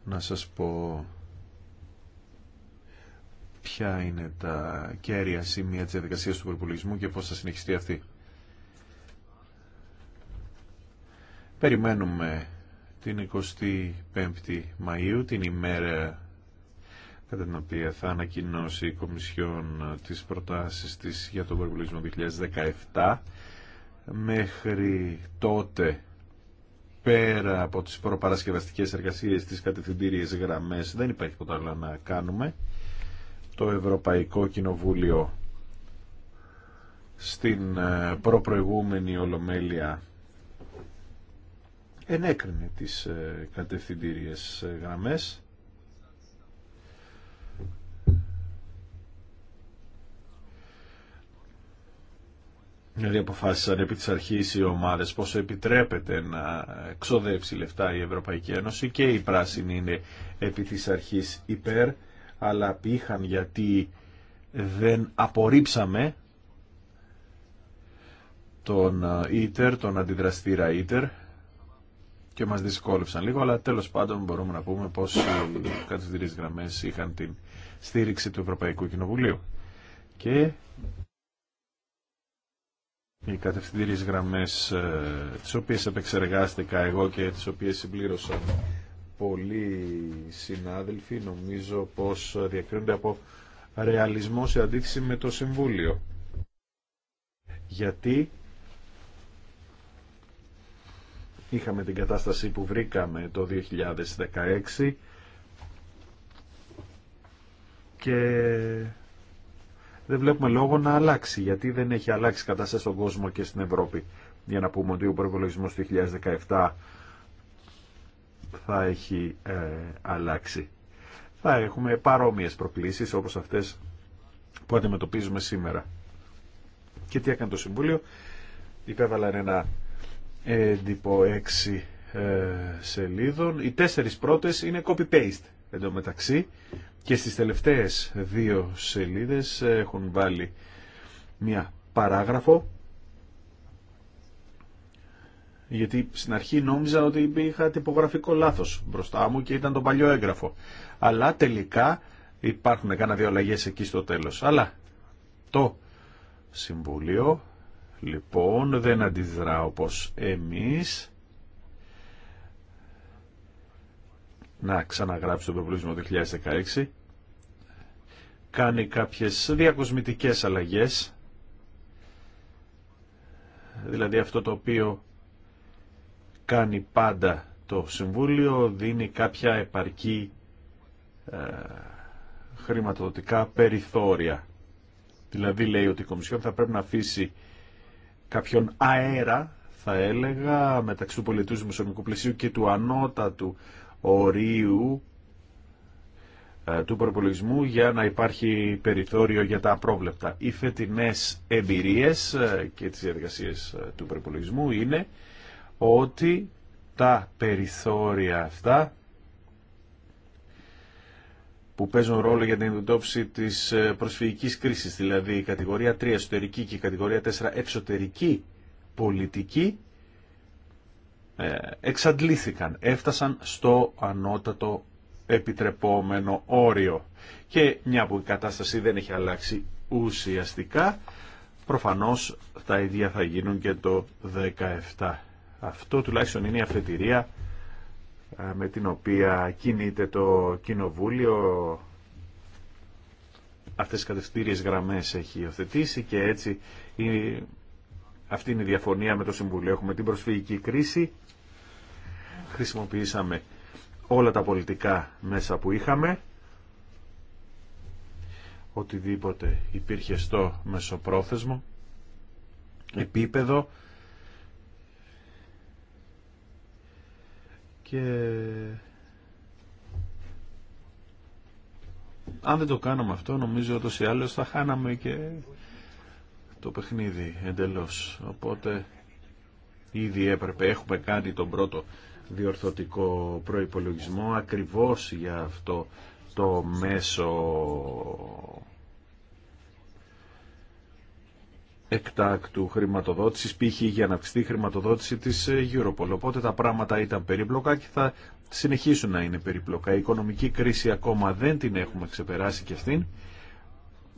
Να σας πω ποια είναι τα κέρια σημεία της διαδικασίας του προπολογισμού και πώς θα συνεχιστεί αυτή. Περιμένουμε την 25η Μαΐου, την ημέρα κατά την οποία θα ανακοινώσει η Κομισιόν τις προτάσεις της για τον προπολογισμό 2017 μέχρι τότε πέρα από τις προπαρασκευαστικές εργασίες τις κατευθυντήριες γραμμές δεν υπάρχει ποτέ άλλο να κάνουμε το Ευρωπαϊκό Κοινοβούλιο στην ε, προπροηγούμενη Ολομέλεια ενέκρινε τις ε, κατευθυντήριες γραμμές Δηλαδή αποφάσισαν επί της αρχής οι ομάδες πόσο επιτρέπεται να ξοδέψει λεφτά η Ευρωπαϊκή Ένωση και οι πράσινοι είναι επί της αρχής υπέρ, αλλά πήχαν γιατί δεν απορρίψαμε τον ε, ίτερ, τον αντιδραστήρα ίτερ και μας δυσκόλεψαν λίγο, αλλά τέλος πάντων μπορούμε να πούμε πως οι κατευθυντήριες γραμμές είχαν την στήριξη του Ευρωπαϊκού Κοινοβουλίου οι κατευθυντήριες γραμμές ε, τις οποίες επεξεργάστηκα εγώ και τις οποίες συμπλήρωσαν πολλοί συνάδελφοι νομίζω πως διακρίνονται από ρεαλισμό σε αντίθεση με το Συμβούλιο. Γιατί είχαμε την κατάσταση που βρήκαμε το 2016 και δεν βλέπουμε λόγο να αλλάξει, γιατί δεν έχει αλλάξει κατάσταση στον κόσμο και στην Ευρώπη. Για να πούμε ότι ο προπολογισμό του 2017 θα έχει ε, αλλάξει. Θα έχουμε παρόμοιε προκλήσει όπως αυτές που αντιμετωπίζουμε σήμερα. Και τι έκανε το Συμβούλιο. Υπέβαλαν ένα έντυπο έξι ε, σελίδων. Οι τέσσερις πρώτες είναι copy-paste. Εν μεταξύ και στις τελευταίες δύο σελίδες έχουν βάλει μία παράγραφο γιατί στην αρχή νόμιζα ότι είχα τυπογραφικό λάθος μπροστά μου και ήταν το παλιό έγγραφο. Αλλά τελικά υπάρχουν κάνα δύο αλλαγές εκεί στο τέλος. Αλλά το Συμβούλιο λοιπόν δεν αντιδρά όπως εμείς να ξαναγράψει τον του 2016 κάνει κάποιες διακοσμητικές αλλαγές δηλαδή αυτό το οποίο κάνει πάντα το Συμβούλιο δίνει κάποια επαρκή ε, χρηματοδοτικά περιθώρια δηλαδή λέει ότι η Κομισιόν θα πρέπει να αφήσει κάποιον αέρα θα έλεγα μεταξύ του πολιτού δημοσιονομικού πλαισίου και του ανώτατου ορίου ε, του προπολογισμού για να υπάρχει περιθώριο για τα απρόβλεπτα. Οι φετινές εμπειρίες ε, και τις διαδικασίες ε, του προπολογισμού είναι ότι τα περιθώρια αυτά που παίζουν ρόλο για την εντοπίση της προσφυγικής κρίσης, δηλαδή η κατηγορία 3 εσωτερική και η κατηγορία 4 εξωτερική πολιτική, ε, εξαντλήθηκαν, έφτασαν στο ανώτατο επιτρεπόμενο όριο. Και μια που η κατάσταση δεν έχει αλλάξει ουσιαστικά, προφανώς τα ίδια θα γίνουν και το 17. Αυτό τουλάχιστον είναι η αφετηρία ε, με την οποία κινείται το Κοινοβούλιο. Αυτές τις κατευθύντριες γραμμές έχει υιοθετήσει και έτσι η... αυτή είναι η διαφωνία με το Συμβουλίο. Έχουμε την προσφυγική κρίση χρησιμοποιήσαμε όλα τα πολιτικά μέσα που είχαμε οτιδήποτε υπήρχε στο μεσοπρόθεσμο επίπεδο και αν δεν το κάναμε αυτό νομίζω ότι ή άλλως θα χάναμε και το παιχνίδι εντελώς οπότε ήδη έπρεπε έχουμε κάνει τον πρώτο διορθωτικό προϋπολογισμό ακριβώς για αυτό το μέσο εκτάκτου χρηματοδότησης, π.χ. για να αυξηθεί η χρηματοδότηση της Europol. Οπότε τα πράγματα ήταν περίπλοκα και θα συνεχίσουν να είναι περίπλοκα. Η οικονομική κρίση ακόμα δεν την έχουμε ξεπεράσει και αυτήν.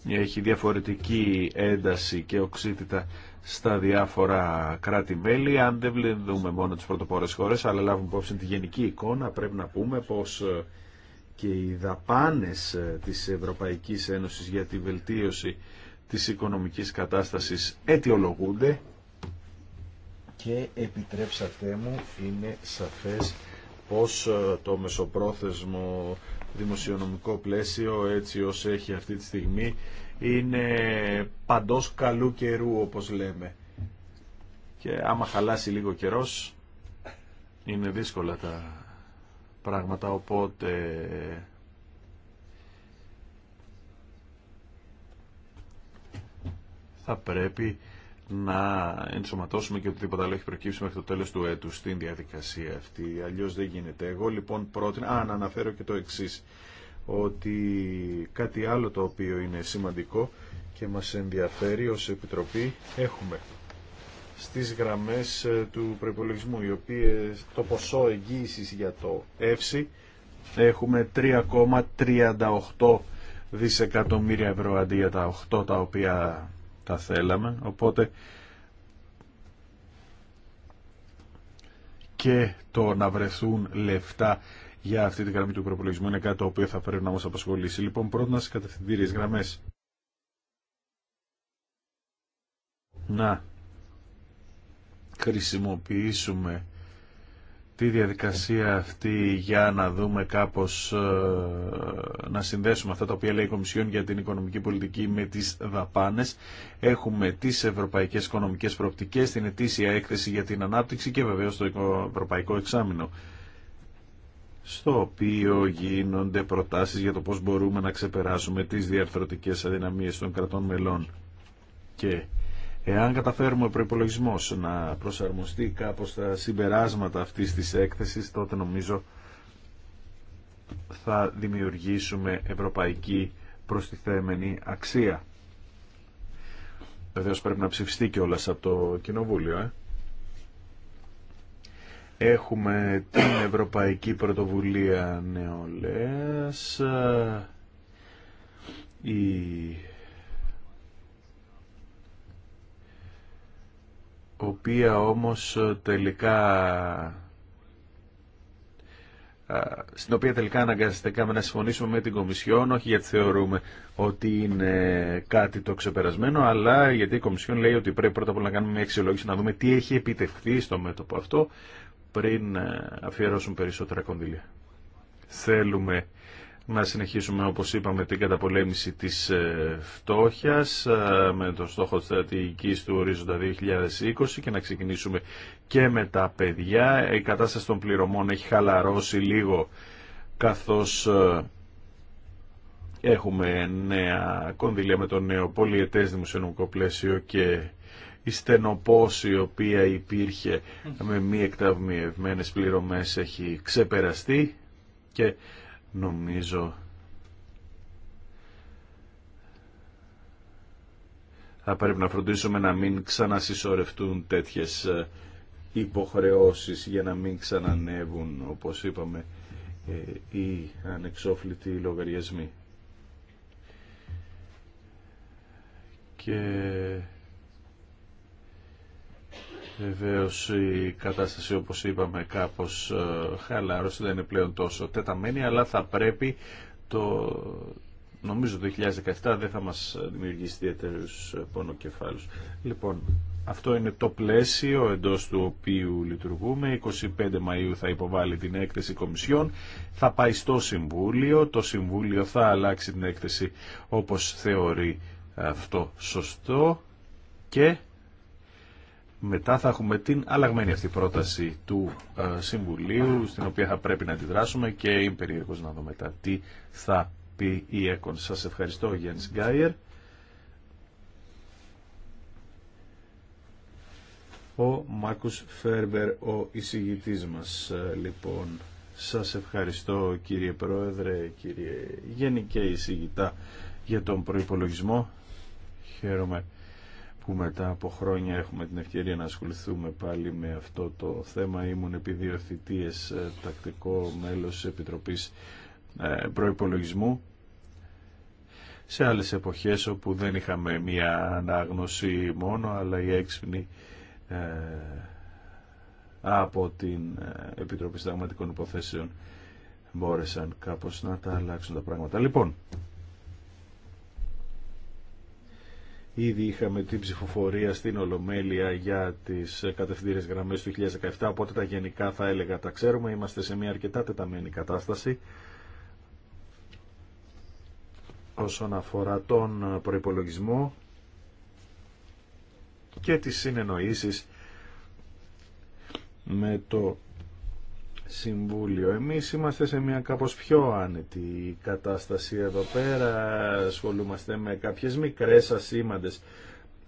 Έχει διαφορετική ένταση και οξύτητα στα διάφορα κράτη-μέλη. Αν δεν βλέπουμε μόνο τις πρωτοπόρες χώρες, αλλά λάβουμε υπόψη τη γενική εικόνα, πρέπει να πούμε πως ε, και οι δαπάνες ε, της Ευρωπαϊκής Ένωσης για τη βελτίωση της οικονομικής κατάστασης αιτιολογούνται και επιτρέψατε μου είναι σαφές πως ε, το μεσοπρόθεσμο δημοσιονομικό πλαίσιο έτσι ως έχει αυτή τη στιγμή είναι παντός καλού καιρού όπως λέμε. Και άμα χαλάσει λίγο καιρός είναι δύσκολα τα πράγματα οπότε... θα πρέπει να ενσωματώσουμε και οτιδήποτε άλλο έχει προκύψει μέχρι το τέλος του έτους στην διαδικασία αυτή. Αλλιώς δεν γίνεται. Εγώ λοιπόν πρότεινα, α, να αναφέρω και το εξής ότι κάτι άλλο το οποίο είναι σημαντικό και μας ενδιαφέρει ως Επιτροπή έχουμε στις γραμμές ε, του προϋπολογισμού οι οποίες το ποσό εγγύησης για το ΕΦΣΥ έχουμε 3,38 δισεκατομμύρια ευρώ αντί για τα 8 τα οποία τα θέλαμε οπότε και το να βρεθούν λεφτά για αυτή την γραμμή του προπολογισμού είναι κάτι το οποίο θα πρέπει να μα απασχολήσει. Λοιπόν, πρώτα στι κατευθυντήριε γραμμέ. Να χρησιμοποιήσουμε τη διαδικασία αυτή για να δούμε κάπως ε, να συνδέσουμε αυτά τα οποία λέει η Κομισιόν για την οικονομική πολιτική με τις δαπάνες. Έχουμε τις ευρωπαϊκές οικονομικές προοπτικές, την ετήσια έκθεση για την ανάπτυξη και βεβαίως το ευρωπαϊκό εξάμεινο στο οποίο γίνονται προτάσεις για το πώς μπορούμε να ξεπεράσουμε τις διαρθρωτικές αδυναμίες των κρατών μελών. Και εάν καταφέρουμε ο προπολογισμό να προσαρμοστεί κάπως τα συμπεράσματα αυτής της έκθεσης, τότε νομίζω θα δημιουργήσουμε ευρωπαϊκή προστιθέμενη αξία. Βεβαίως πρέπει να ψηφιστεί κιόλας από το Κοινοβούλιο, ε. Έχουμε την Ευρωπαϊκή Πρωτοβουλία Νεολαίας, η οποία όμως τελικά στην οποία τελικά αναγκαστικά να συμφωνήσουμε με την Κομισιόν, όχι γιατί θεωρούμε ότι είναι κάτι το ξεπερασμένο, αλλά γιατί η Κομισιόν λέει ότι πρέπει πρώτα απ' όλα να κάνουμε μια αξιολόγηση, να δούμε τι έχει επιτευχθεί στο μέτωπο αυτό πριν ε, αφιερώσουν περισσότερα κονδύλια. Θέλουμε να συνεχίσουμε, όπως είπαμε, την καταπολέμηση της ε, φτώχειας ε, με το στόχο της στρατηγικής του ορίζοντα 2020 και να ξεκινήσουμε και με τα παιδιά. Η κατάσταση των πληρωμών έχει χαλαρώσει λίγο καθώς έχουμε νέα κονδυλία με το νέο πολιετές δημοσιονομικό πλαίσιο και η στενοπόση η οποία υπήρχε με μη εκταυμιευμένες πληρωμές έχει ξεπεραστεί και νομίζω θα πρέπει να φροντίσουμε να μην ξανασυσσωρευτούν τέτοιες ε, υποχρεώσεις για να μην ξανανεύουν όπως είπαμε ε, οι ανεξόφλητοι λογαριασμοί. Και Βεβαίω, η κατάσταση όπω είπαμε κάπως ε, χαλάρωσε, δεν είναι πλέον τόσο τεταμένη, αλλά θα πρέπει το... Νομίζω το 2017 δεν θα μας δημιουργήσει ιδιαίτερου ε, πονοκεφάλους. Λοιπόν, αυτό είναι το πλαίσιο εντός του οποίου λειτουργούμε. 25 Μαΐου θα υποβάλει την έκθεση Κομισιόν. Θα πάει στο Συμβούλιο. Το Συμβούλιο θα αλλάξει την έκθεση όπως θεωρεί αυτό σωστό. Και μετά θα έχουμε την αλλαγμένη αυτή πρόταση του ε, Συμβουλίου, στην οποία θα πρέπει να αντιδράσουμε και είμαι περίεργος να δω μετά τι θα πει η ΕΚΟΝ. Σας ευχαριστώ, Γιάννης Γκάιερ. Ο Μάρκους Φέρμπερ, ο εισηγητής μας, ε, λοιπόν. Σας ευχαριστώ, κύριε Πρόεδρε, κύριε Γενικέ Εισηγητά, για τον προϋπολογισμό. Χαίρομαι που μετά από χρόνια έχουμε την ευκαιρία να ασχοληθούμε πάλι με αυτό το θέμα. Ήμουν επί δύο θητείες ε, τακτικό μέλος της Επιτροπής ε, Προϋπολογισμού σε άλλες εποχές όπου δεν είχαμε μία ανάγνωση μόνο αλλά η έξυπνη ε, από την Επιτροπή Συνταγματικών Υποθέσεων μπόρεσαν κάπως να τα αλλάξουν τα πράγματα. Λοιπόν, Ήδη είχαμε την ψηφοφορία στην Ολομέλεια για τις κατευθυντήρες γραμμές του 2017, οπότε τα γενικά θα έλεγα τα ξέρουμε. Είμαστε σε μια αρκετά τεταμένη κατάσταση όσον αφορά τον προϋπολογισμό και τις συνεννοήσεις με το Συμβούλιο. Εμείς είμαστε σε μια κάπως πιο άνετη κατάσταση εδώ πέρα. Ασχολούμαστε με κάποιες μικρές ασήμαντες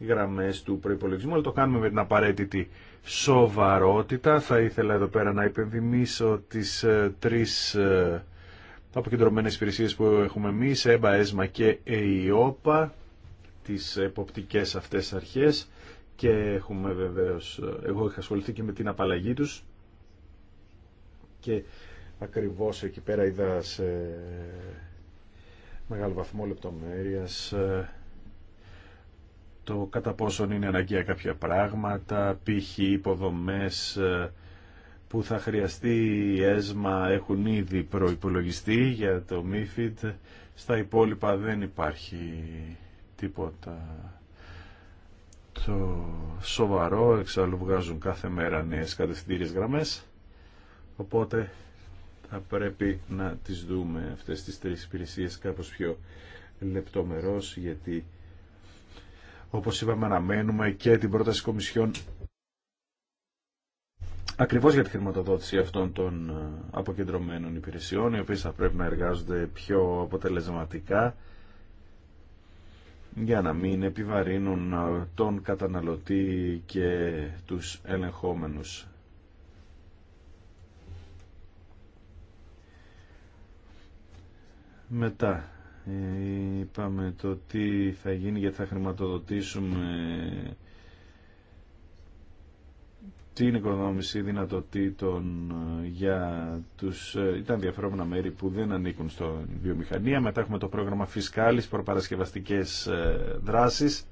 γραμμές του προϋπολογισμού, αλλά το κάνουμε με την απαραίτητη σοβαρότητα. Θα ήθελα εδώ πέρα να υπενθυμίσω τις ε, τρεις ε, αποκεντρωμένες υπηρεσίες που έχουμε εμείς, ΕΜΠΑ, ΕΣΜΑ και ΕΙΟΠΑ, τις εποπτικές αυτές αρχές και έχουμε βεβαίως, ε, εγώ είχα ασχοληθεί και με την απαλλαγή τους και ακριβώς εκεί πέρα είδα σε μεγάλο βαθμό λεπτομέρειας ε, το κατά πόσον είναι αναγκαία κάποια πράγματα, π.χ. υποδομές ε, που θα χρειαστεί έσμα έχουν ήδη προϋπολογιστεί για το MIFID. Στα υπόλοιπα δεν υπάρχει τίποτα το σοβαρό, εξάλλου βγάζουν κάθε μέρα νέες κατευθυντήριες γραμμές. Οπότε θα πρέπει να τις δούμε αυτές τις τρεις υπηρεσίες κάπως πιο λεπτομερώς γιατί όπως είπαμε αναμένουμε και την πρόταση Κομισιόν ακριβώς για τη χρηματοδότηση αυτών των ε, αποκεντρωμένων υπηρεσιών οι οποίες θα πρέπει να εργάζονται πιο αποτελεσματικά για να μην επιβαρύνουν τον καταναλωτή και τους ελεγχόμενους Μετά ε, είπαμε το τι θα γίνει γιατί θα χρηματοδοτήσουμε την οικοδόμηση δυνατοτήτων ε, για τους ε, ήταν διαφορετικά μέρη που δεν ανήκουν στο βιομηχανία. Μετά έχουμε το πρόγραμμα φυσκάλης, προπαρασκευαστικές δράσεις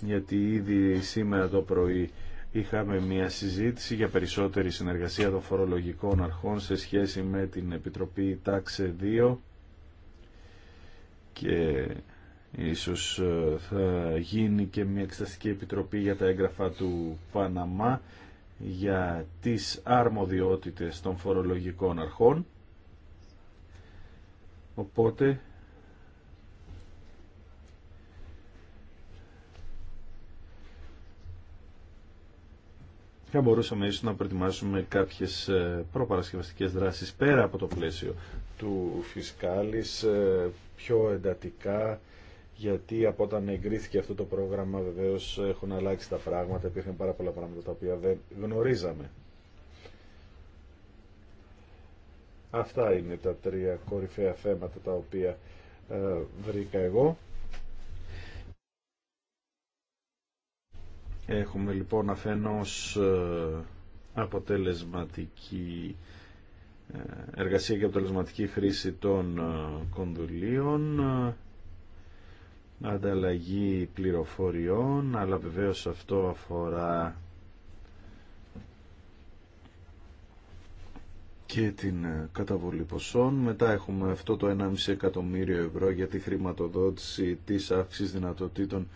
γιατί ήδη σήμερα το πρωί είχαμε μια συζήτηση για περισσότερη συνεργασία των φορολογικών αρχών σε σχέση με την Επιτροπή Τάξε 2 και ίσως ε, θα γίνει και μια εξεταστική επιτροπή για τα έγγραφα του Παναμά για τις αρμοδιότητες των φορολογικών αρχών. Οπότε θα μπορούσαμε ίσως να προετοιμάσουμε κάποιες ε, προπαρασκευαστικές δράσεις πέρα από το πλαίσιο του φυσκάλης ε, πιο εντατικά γιατί από όταν εγκρίθηκε αυτό το πρόγραμμα βεβαίως έχουν αλλάξει τα πράγματα, υπήρχαν πάρα πολλά πράγματα τα οποία δεν γνωρίζαμε. Αυτά είναι τα τρία κορυφαία θέματα τα οποία ε, βρήκα εγώ. Έχουμε λοιπόν αφενός ε, αποτελεσματική ε, εργασία και αποτελεσματική χρήση των ε, κονδουλίων, ανταλλαγή πληροφοριών αλλά βεβαίως αυτό αφορά και την καταβολή ποσών. Μετά έχουμε αυτό το 1,5 εκατομμύριο ευρώ για τη χρηματοδότηση της αύξησης δυνατοτήτων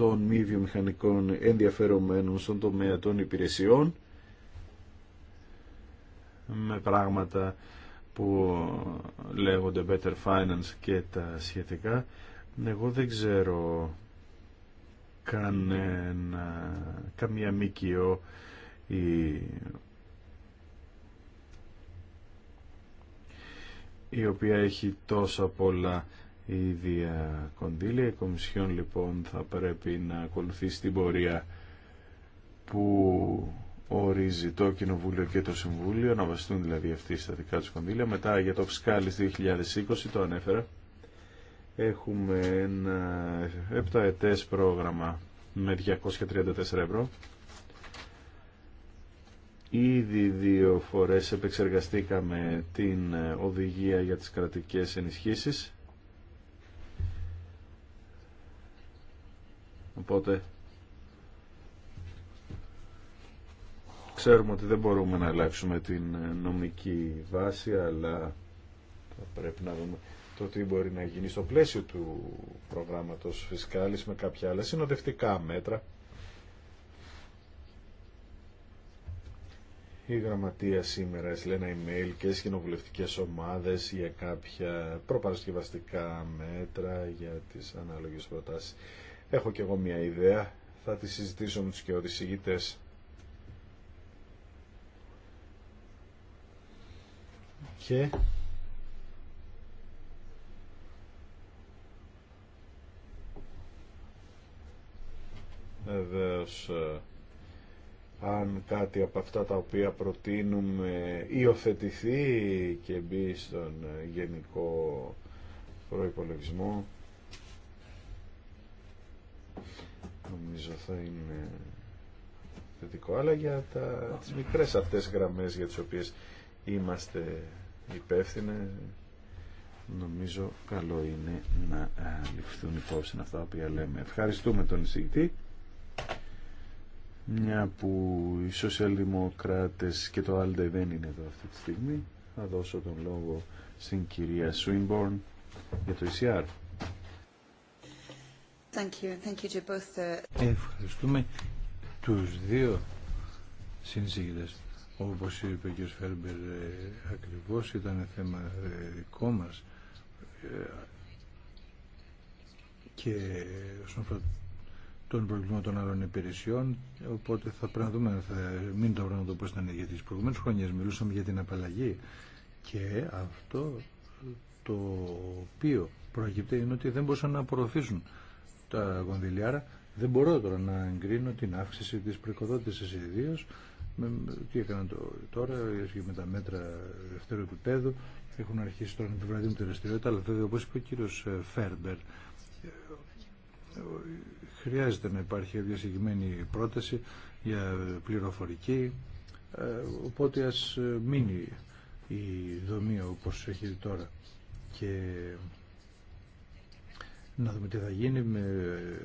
των μη βιομηχανικών ενδιαφερομένων στον τομέα των υπηρεσιών με πράγματα που λέγονται Better Finance και τα σχετικά. Εγώ δεν ξέρω κανένα, καμία μήκυο η, η οποία έχει τόσα πολλά η ίδια κονδύλια. Η Κομισιόν λοιπόν θα πρέπει να ακολουθεί στην πορεία που ορίζει το Κοινοβούλιο και το Συμβούλιο, να βαστούν δηλαδή αυτοί στα δικά τους κονδύλια. Μετά για το Φσκάλις 2020, το ανέφερα, έχουμε ένα 7 ετές πρόγραμμα με 234 ευρώ. Ήδη δύο φορές επεξεργαστήκαμε την ε, οδηγία για τις κρατικές ενισχύσεις Οπότε ξέρουμε ότι δεν μπορούμε να αλλάξουμε την ε, νομική βάση, αλλά θα πρέπει να δούμε το τι μπορεί να γίνει στο πλαίσιο του προγράμματος φυσκάλης με κάποια άλλα συνοδευτικά μέτρα. Η γραμματεία σήμερα έστειλε ένα email και στις κοινοβουλευτικές ομάδες για κάποια προπαρασκευαστικά μέτρα για τις ανάλογες προτάσεις. Έχω κι εγώ μια ιδέα, θα τη συζητήσω με τους και οδησηγητές. Και... Βεβαίω, ε, αν κάτι από αυτά τα οποία προτείνουμε υιοθετηθεί και μπει στον ε, γενικό προϋπολογισμό, νομίζω θα είναι θετικό, αλλά για τα, τις μικρές αυτές γραμμές για τις οποίες είμαστε υπεύθυνε. νομίζω καλό είναι να ε, ληφθούν υπόψη αυτά τα οποία λέμε. Ευχαριστούμε τον εισηγητή. Μια που οι σοσιαλδημοκράτες και το Άλντε δεν είναι εδώ αυτή τη στιγμή, θα δώσω τον λόγο στην κυρία Σουίνμπορν για το ECR. Uh, Ευχαριστούμε τους δύο συνσύγητες. Όπως είπε ο κ. Φέρμπερ, ε, ακριβώς ήταν θέμα ε, δικό μας ε, και όσον αφορά τον προβλήμα των άλλων υπηρεσιών, οπότε θα πρέπει να δούμε, θα μην το πράγμα το πώς ήταν για τις προηγούμενες χρονιές, μιλούσαμε για την απαλλαγή και αυτό το οποίο προκύπτει είναι ότι δεν μπορούσαν να απορροφήσουν τα κονδυλιάρα. δεν μπορώ τώρα να εγκρίνω την αύξηση της προοικοδότησης ιδίω. Τι έκαναν το, τώρα, και με τα μέτρα δευτέρου επίπεδου, έχουν αρχίσει τώρα να μου τη δραστηριότητα, αλλά βέβαια όπως είπε ο κύριος ε, Φέρμπερ, ε, χρειάζεται να υπάρχει μια συγκεκριμένη πρόταση για πληροφορική, ε, οπότε ας μείνει η δομή όπως έχει τώρα. Και να δούμε τι θα γίνει με ε,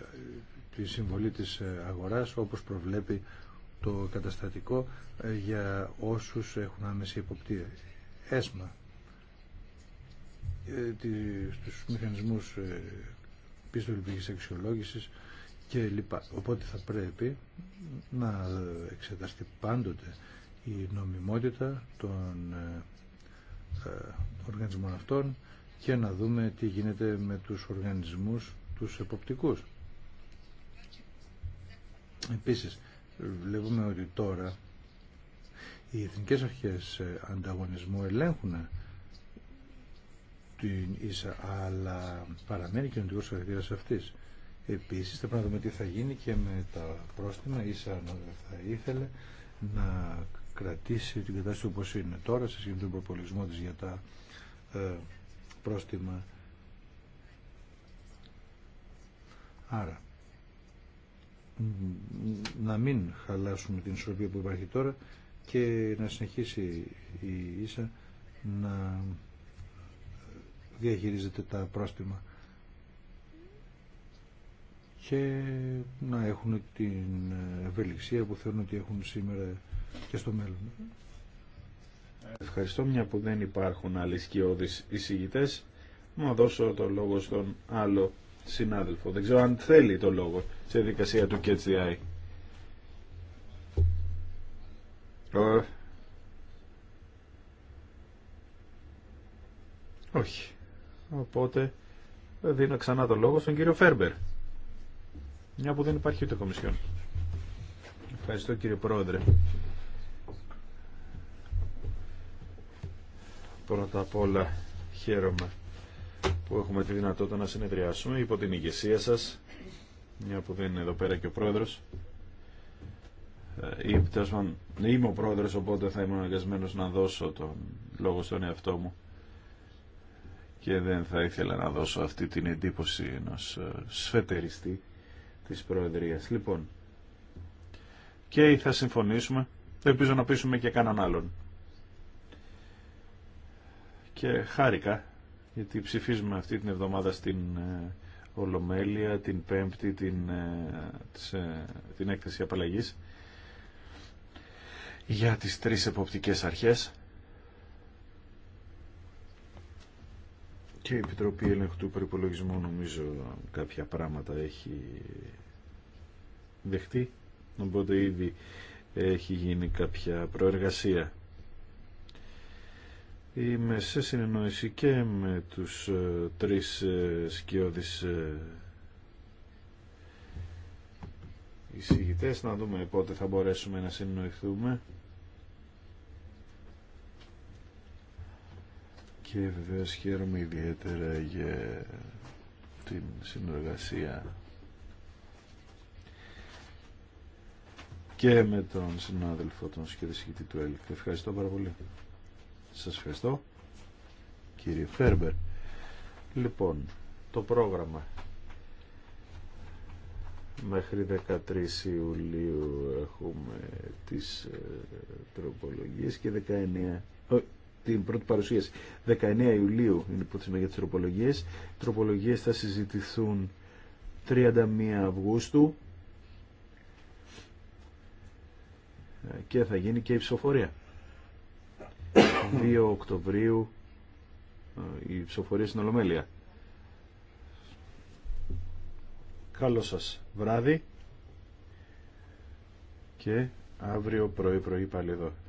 τη συμβολή της ε, αγοράς όπως προβλέπει το καταστατικό ε, για όσους έχουν άμεση υποπτία. Έσμα στους μηχανισμούς πιστολυπικής αξιολόγησης και λοιπά. Οπότε θα πρέπει να εξεταστεί πάντοτε η νομιμότητα των οργανισμών αυτών και να δούμε τι γίνεται με τους οργανισμούς τους εποπτικούς. Επίσης, βλέπουμε ότι τώρα οι εθνικές αρχές ανταγωνισμού ελέγχουν την ίσα, αλλά παραμένει κοινωνικό χαρακτήρα αυτή. Επίση, θα πρέπει να δούμε τι θα γίνει και με τα πρόστιμα. ίσα θα ήθελε να κρατήσει την κατάσταση όπως είναι τώρα σε σχέση με τον προπολογισμό της για τα ε, πρόστιμα. Άρα, να μην χαλάσουμε την ισορροπία που υπάρχει τώρα και να συνεχίσει η ίσα να διαχειρίζεται τα πρόστιμα και να έχουν την ευελιξία που θέλουν ότι έχουν σήμερα και στο μέλλον. Ευχαριστώ μια που δεν υπάρχουν άλλοι σκιώδεις εισηγητές. Να δώσω το λόγο στον άλλο συνάδελφο. Δεν ξέρω αν θέλει το λόγο σε δικασία του KTI. Ε. Όχι. Οπότε δίνω ξανά το λόγο στον κύριο Φέρμπερ. Μια που δεν υπάρχει ούτε κομισιόν. Ευχαριστώ κύριε Πρόεδρε. Πρώτα απ' όλα χαίρομαι που έχουμε τη δυνατότητα να συνεδριάσουμε υπό την ηγεσία σας, μια που δεν είναι εδώ πέρα και ο πρόεδρος. Ε, ή, είμαι ο πρόεδρος, οπότε θα είμαι αναγκασμένος να δώσω τον λόγο στον εαυτό μου και δεν θα ήθελα να δώσω αυτή την εντύπωση ενός ε, σφετεριστή της Προεδρίας. Λοιπόν, και θα συμφωνήσουμε, ελπίζω να πείσουμε και κανέναν άλλον και χάρηκα γιατί ψηφίζουμε αυτή την εβδομάδα στην ε, Ολομέλεια, την Πέμπτη, την, ε, ε, την έκθεση απαλλαγή για τις τρεις εποπτικές αρχές και η Επιτροπή Ελέγχου του Περιπολογισμού νομίζω κάποια πράγματα έχει δεχτεί οπότε ήδη έχει γίνει κάποια προεργασία Είμαι σε συνεννόηση και με τους ε, τρεις ε, σκιώδεις ε, εισηγητές. Να δούμε πότε θα μπορέσουμε να συνεννοηθούμε. Και βεβαίως χαίρομαι ιδιαίτερα για την συνεργασία και με τον συνάδελφο τον σκιώδη του ΕΛΚ. Ευχαριστώ πάρα πολύ. Σας ευχαριστώ κύριε Φέρμπερ. Λοιπόν, το πρόγραμμα μέχρι 13 Ιουλίου έχουμε τις ε, τροπολογίες και 19 την πρώτη παρουσίαση 19 Ιουλίου είναι η προθεσμία για τις τροπολογίες οι τροπολογίες θα συζητηθούν 31 Αυγούστου και θα γίνει και η ψηφοφορία 2 Οκτωβρίου ε, η ψηφοφορία στην Ολομέλεια. Καλό σας βράδυ και αύριο πρωί πρωί πάλι εδώ.